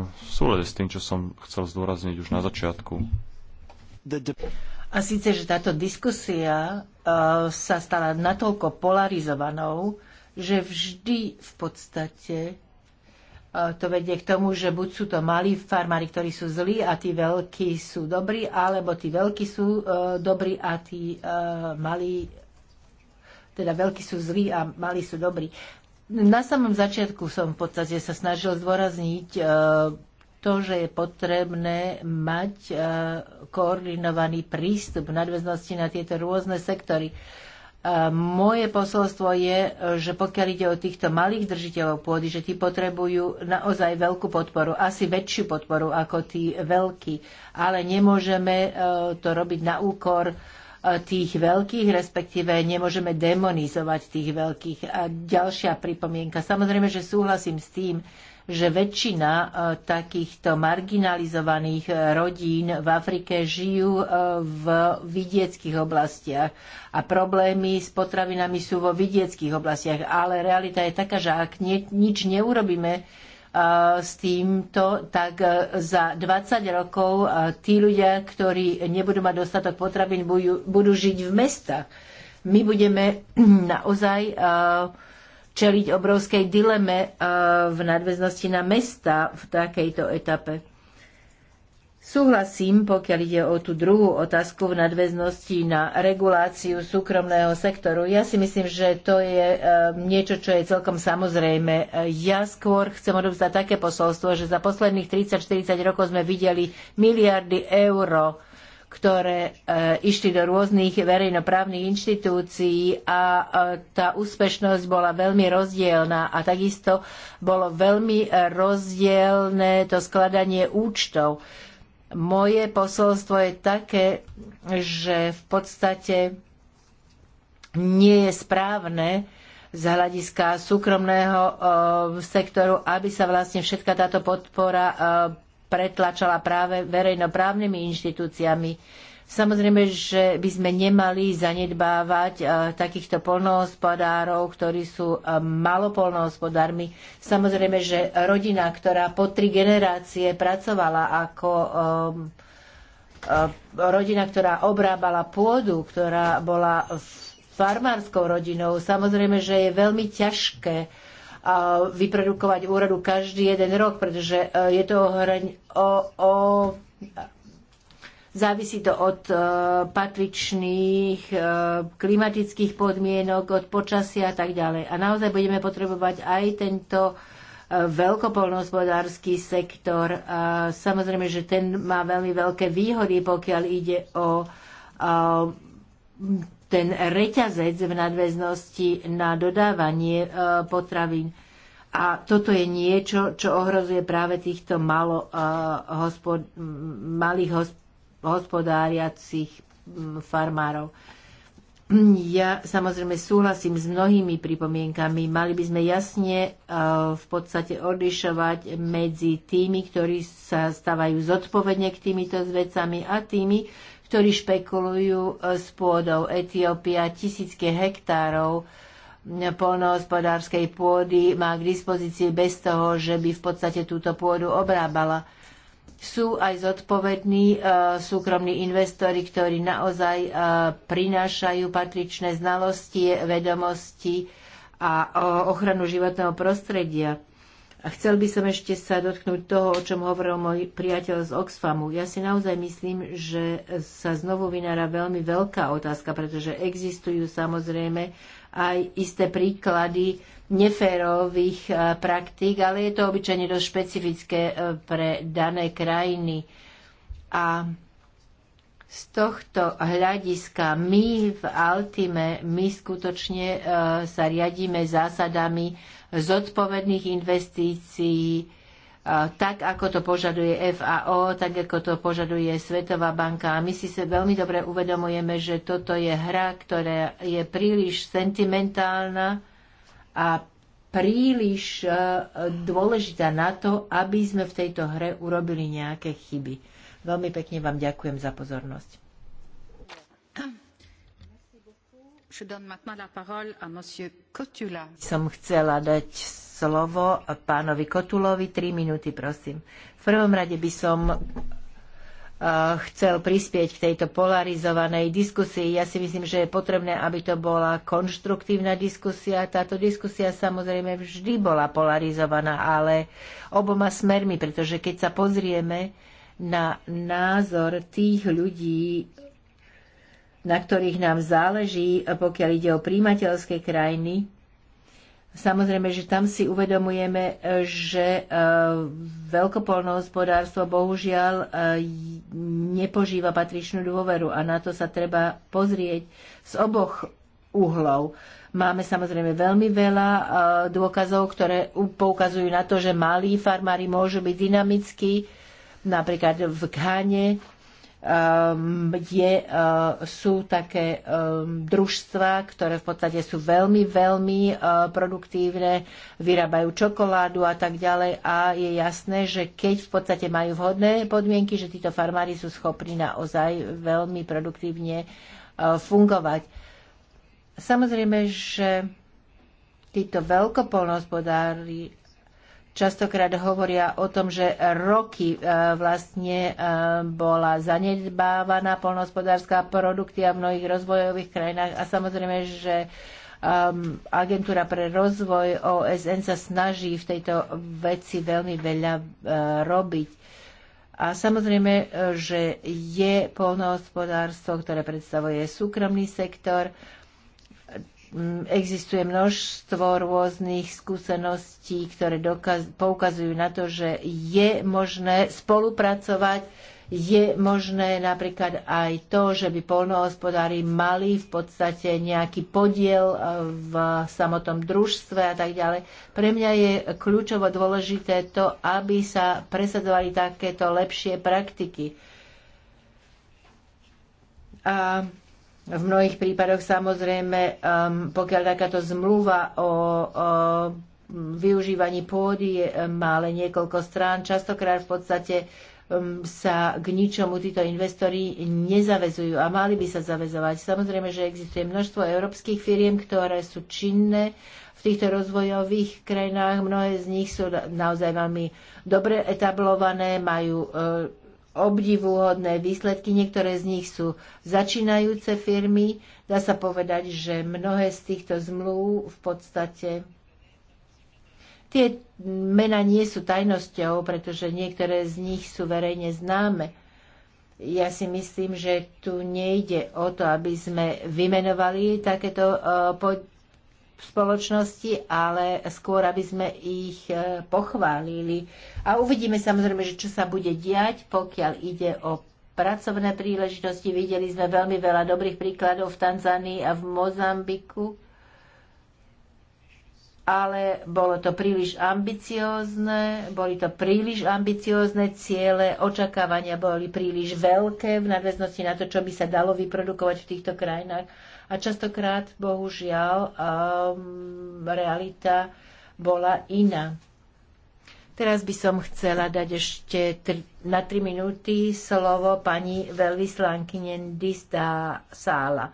v súlede s tým, čo som chcel zdôrazniť už na začiatku, a síce, že táto diskusia eh, sa stala natoľko polarizovanou, že vždy v podstate eh, to vedie k tomu, že buď sú to malí farmári, ktorí sú zlí a tí veľkí sú dobrí, alebo tí veľkí sú eh, dobrí a tí malí, teda veľkí sú zlí a malí sú dobrí. Na samom začiatku som v podstate sa snažil zdôrazniť to, že je potrebné mať e, koordinovaný prístup v nadväznosti na tieto rôzne sektory. E, moje posolstvo je, že pokiaľ ide o týchto malých držiteľov pôdy, že tí potrebujú naozaj veľkú podporu, asi väčšiu podporu ako tí veľkí, ale nemôžeme e, to robiť na úkor tých veľkých, respektíve nemôžeme demonizovať tých veľkých. A ďalšia pripomienka. Samozrejme, že súhlasím s tým, že väčšina e, takýchto marginalizovaných e, rodín v Afrike žijú e, v vidieckých oblastiach a problémy s potravinami sú vo vidieckých oblastiach, ale realita je taká, že ak nič neurobíme, s týmto, tak za 20 rokov tí ľudia, ktorí nebudú mať dostatok potravín, budú, žiť v mestách. My budeme naozaj uh, čeliť obrovskej dileme eh, v nadväznosti na mesta v takejto etape. Súhlasím, pokiaľ ide o tú druhú otázku v nadväznosti na reguláciu súkromného sektoru. Ja si myslím, že to je eh, niečo, čo je celkom samozrejme. Ja skôr chcem odovzdať také posolstvo, že za posledných 30-40 rokov sme videli miliardy euro ktoré e, išli do rôznych verejnoprávnych inštitúcií a e, tá úspešnosť bola veľmi rozdielna a takisto bolo veľmi rozdielne to skladanie účtov. Moje posolstvo je také, že v podstate nie je správne z hľadiska súkromného e, sektoru, aby sa vlastne všetka táto podpora pretlačala práve verejnoprávnymi inštitúciami. Samozrejme, že by sme nemali zanedbávať e, takýchto polnohospodárov, ktorí sú e, malopolnohospodármi. Samozrejme, že rodina, ktorá po tri generácie pracovala ako e, rodina, ktorá obrábala pôdu, ktorá bola farmárskou rodinou, samozrejme, že je veľmi ťažké vyprodukovať úradu každý jeden rok, pretože e, je to o, o Závisí to od e, patričných e, klimatických podmienok, od počasia a tak ďalej. A naozaj budeme potrebovať aj tento veľkopolnohospodársky sektor. A samozrejme, že ten má veľmi veľké výhody, pokiaľ ide o ten reťazec v nadväznosti na dodávanie e, potravín. A toto je niečo, čo ohrozuje práve týchto malo, uh, hospod, malých hosp, hospodáriacich farmárov. Ja samozrejme súhlasím s mnohými pripomienkami. Mali by sme jasne uh, v podstate odlišovať medzi tými, ktorí sa stávajú zodpovedne k týmito vecami a tými, ktorí špekulujú s e, pôdou. Etiópia tisícky hektárov polnohospodárskej pôdy má k dispozícii bez toho, že by v podstate túto pôdu obrábala. Sú aj zodpovední e, súkromní investori, ktorí naozaj e, prinášajú patričné znalosti, vedomosti a e, ochranu životného prostredia a chcel by som ešte sa dotknúť toho, o čom hovoril môj priateľ z Oxfamu. Ja si naozaj myslím, že sa znovu vynára veľmi veľká otázka, pretože existujú samozrejme aj isté príklady neférových e, praktík, ale je to obyčajne dosť špecifické e, pre dané krajiny. A z tohto hľadiska my v Altime, my skutočne e, sa riadíme zásadami zodpovedných investícií, tak ako to požaduje FAO, tak ako to požaduje Svetová banka. A my si sa veľmi dobre uvedomujeme, že toto je hra, ktorá je príliš sentimentálna a príliš e, dôležitá na to, aby sme v tejto hre urobili nejaké chyby. Veľmi pekne vám ďakujem za pozornosť. Som chcela dať slovo pánovi Kotulovi. tri minúty, prosím. V prvom rade by som eh, chcel prispieť k tejto polarizovanej diskusii. Ja si myslím, že je potrebné, aby to bola konštruktívna diskusia. Táto diskusia samozrejme vždy bola polarizovaná, ale oboma smermi, pretože keď sa pozrieme na názor tých ľudí, na ktorých nám záleží, pokiaľ ide o príjimateľské krajiny. Samozrejme, že tam si uvedomujeme, že e, hospodárstvo bohužiaľ e, nepožíva patričnú dôveru a na to sa treba pozrieť z oboch uhlov. Máme samozrejme veľmi veľa e, dôkazov, ktoré poukazujú na to, že malí farmári môžu byť dynamickí, napríklad v Ghane Ehm, je, eh, sú také ehm, družstva, ktoré v podstate sú veľmi, veľmi eh, produktívne, vyrábajú čokoládu a tak ďalej a je jasné, že keď v podstate majú vhodné podmienky, že títo farmári sú schopní naozaj veľmi produktívne eh, fungovať. Samozrejme, že títo veľkopolnohospodári častokrát hovoria o tom, že roky e, vlastne e, bola zanedbávaná polnohospodárska produkcia v mnohých rozvojových krajinách a samozrejme, že ehm, agentúra pre rozvoj OSN sa snaží v tejto veci veľmi veľa e, robiť. A samozrejme, že je polnohospodárstvo, ktoré predstavuje súkromný sektor, existuje množstvo rôznych skúseností, ktoré dokaz, poukazujú na to, že je možné spolupracovať, je možné napríklad aj to, že by polnohospodári mali v podstate nejaký podiel e, v samotnom družstve a tak ďalej. Pre mňa je kľúčovo dôležité to, aby sa presadzovali takéto lepšie praktiky. A v mnohých prípadoch samozrejme, um, pokiaľ takáto zmluva o využívaní pôdy um, má len niekoľko strán, častokrát v podstate um, sa k ničomu títo investori nezavezujú a mali by sa zavezovať. Samozrejme, že existuje množstvo európskych firiem, ktoré sú činné v týchto rozvojových krajinách. Mnohé z nich sú naozaj veľmi dobre etablované, majú uh, obdivuhodné výsledky. Niektoré z nich sú začínajúce firmy. Dá sa povedať, že mnohé z týchto zmluv v podstate tie mena nie sú tajnosťou, pretože niektoré z nich sú verejne známe. Ja si myslím, že tu nejde o to, aby sme vymenovali takéto eh, v spoločnosti, ale skôr, aby sme ich e, pochválili. A uvidíme samozrejme, že čo sa bude diať, pokiaľ ide o pracovné príležitosti. Videli sme veľmi veľa dobrých príkladov v Tanzánii a v Mozambiku, ale bolo to príliš ambiciózne, boli to príliš ambiciózne ciele, očakávania boli príliš veľké v nadväznosti na to, čo by sa dalo vyprodukovať v týchto krajinách. A častokrát, bohužiaľ, um, realita bola iná. Teraz by som chcela dať ešte tri, na 3 minúty slovo pani veľvyslankyne Dista Sála.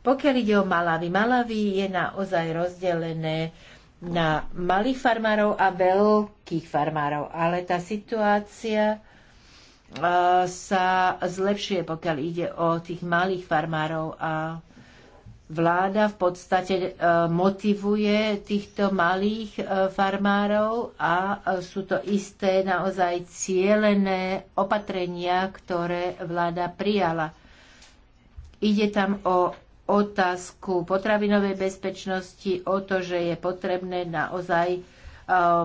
Pokiaľ ide o Malavy. Malavy je naozaj rozdelené na malých farmárov a veľkých farmárov, ale tá situácia uh, sa zlepšuje, pokiaľ ide o tých malých farmárov a vláda v podstate e, motivuje týchto malých e, farmárov a e, sú to isté naozaj cielené opatrenia, ktoré vláda prijala. Ide tam o otázku potravinovej bezpečnosti, o to, že je potrebné naozaj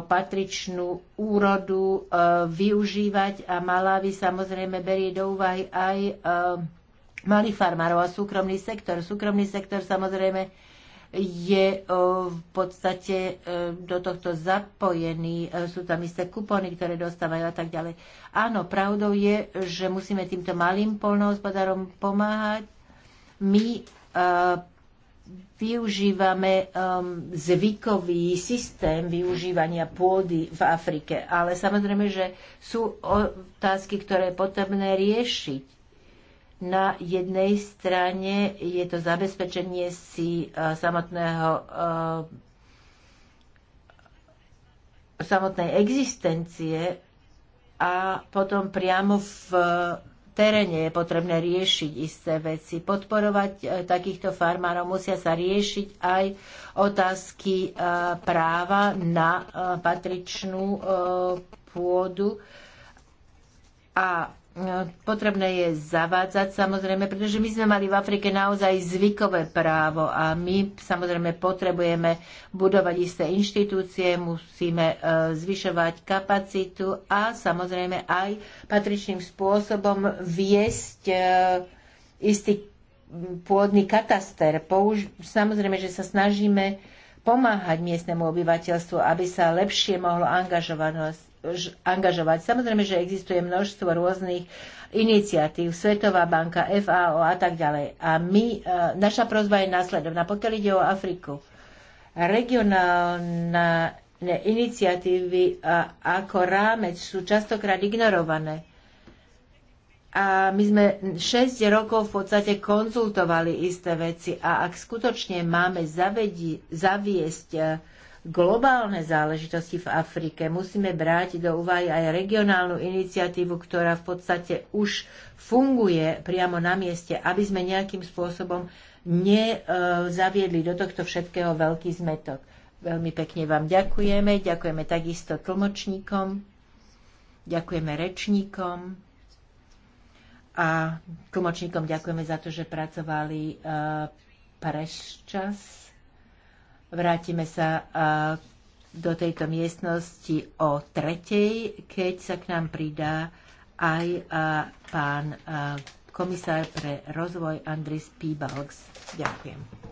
patričnú úrodu využívať a Malawi samozrejme berie do úvahy aj malých farmárov a súkromný sektor. Súkromný sektor samozrejme je e, v podstate e, do tohto zapojený. E, sú tam isté kupóny, ktoré dostávajú a tak ďalej. Áno, pravdou je, že musíme týmto malým polnohospodárom pomáhať. My využívame um, zvykový systém využívania pôdy v Afrike. Ale samozrejme, že sú otázky, ktoré je potrebné riešiť. Na jednej strane je to zabezpečenie si e, samotného e, samotnej existencie a potom priamo v teréne je potrebné riešiť isté veci, podporovať e, takýchto farmárov, musia sa riešiť aj otázky práva na patričnú pôdu a potrebné je zavádzať samozrejme, pretože my sme mali v Afrike naozaj zvykové právo a my samozrejme potrebujeme budovať isté inštitúcie, musíme e, zvyšovať kapacitu a samozrejme aj patričným spôsobom viesť e, istý pôdny kataster. Použ- samozrejme, že sa snažíme pomáhať miestnemu obyvateľstvu, aby sa lepšie mohlo angažovať angažovať. Samozrejme, že existuje množstvo rôznych iniciatív, Svetová banka, FAO a tak ďalej. A my, e, naša prozba je následovná. Pokiaľ ide o Afriku, regionálne iniciatívy e, ako rámec sú častokrát ignorované. A my sme 6 rokov v podstate konzultovali isté veci a ak skutočne máme zavedi, zaviesť e, globálne záležitosti v Afrike. Musíme brať do úvahy aj regionálnu iniciatívu, ktorá v podstate už funguje priamo na mieste, aby sme nejakým spôsobom nezaviedli do tohto všetkého veľký zmetok. Veľmi pekne vám ďakujeme, ďakujeme takisto tlmočníkom, ďakujeme rečníkom a tlmočníkom ďakujeme za to, že pracovali uh, Vrátime sa do tejto miestnosti o tretej, keď sa k nám pridá aj pán komisár pre rozvoj Andris Piebalgs. Ďakujem.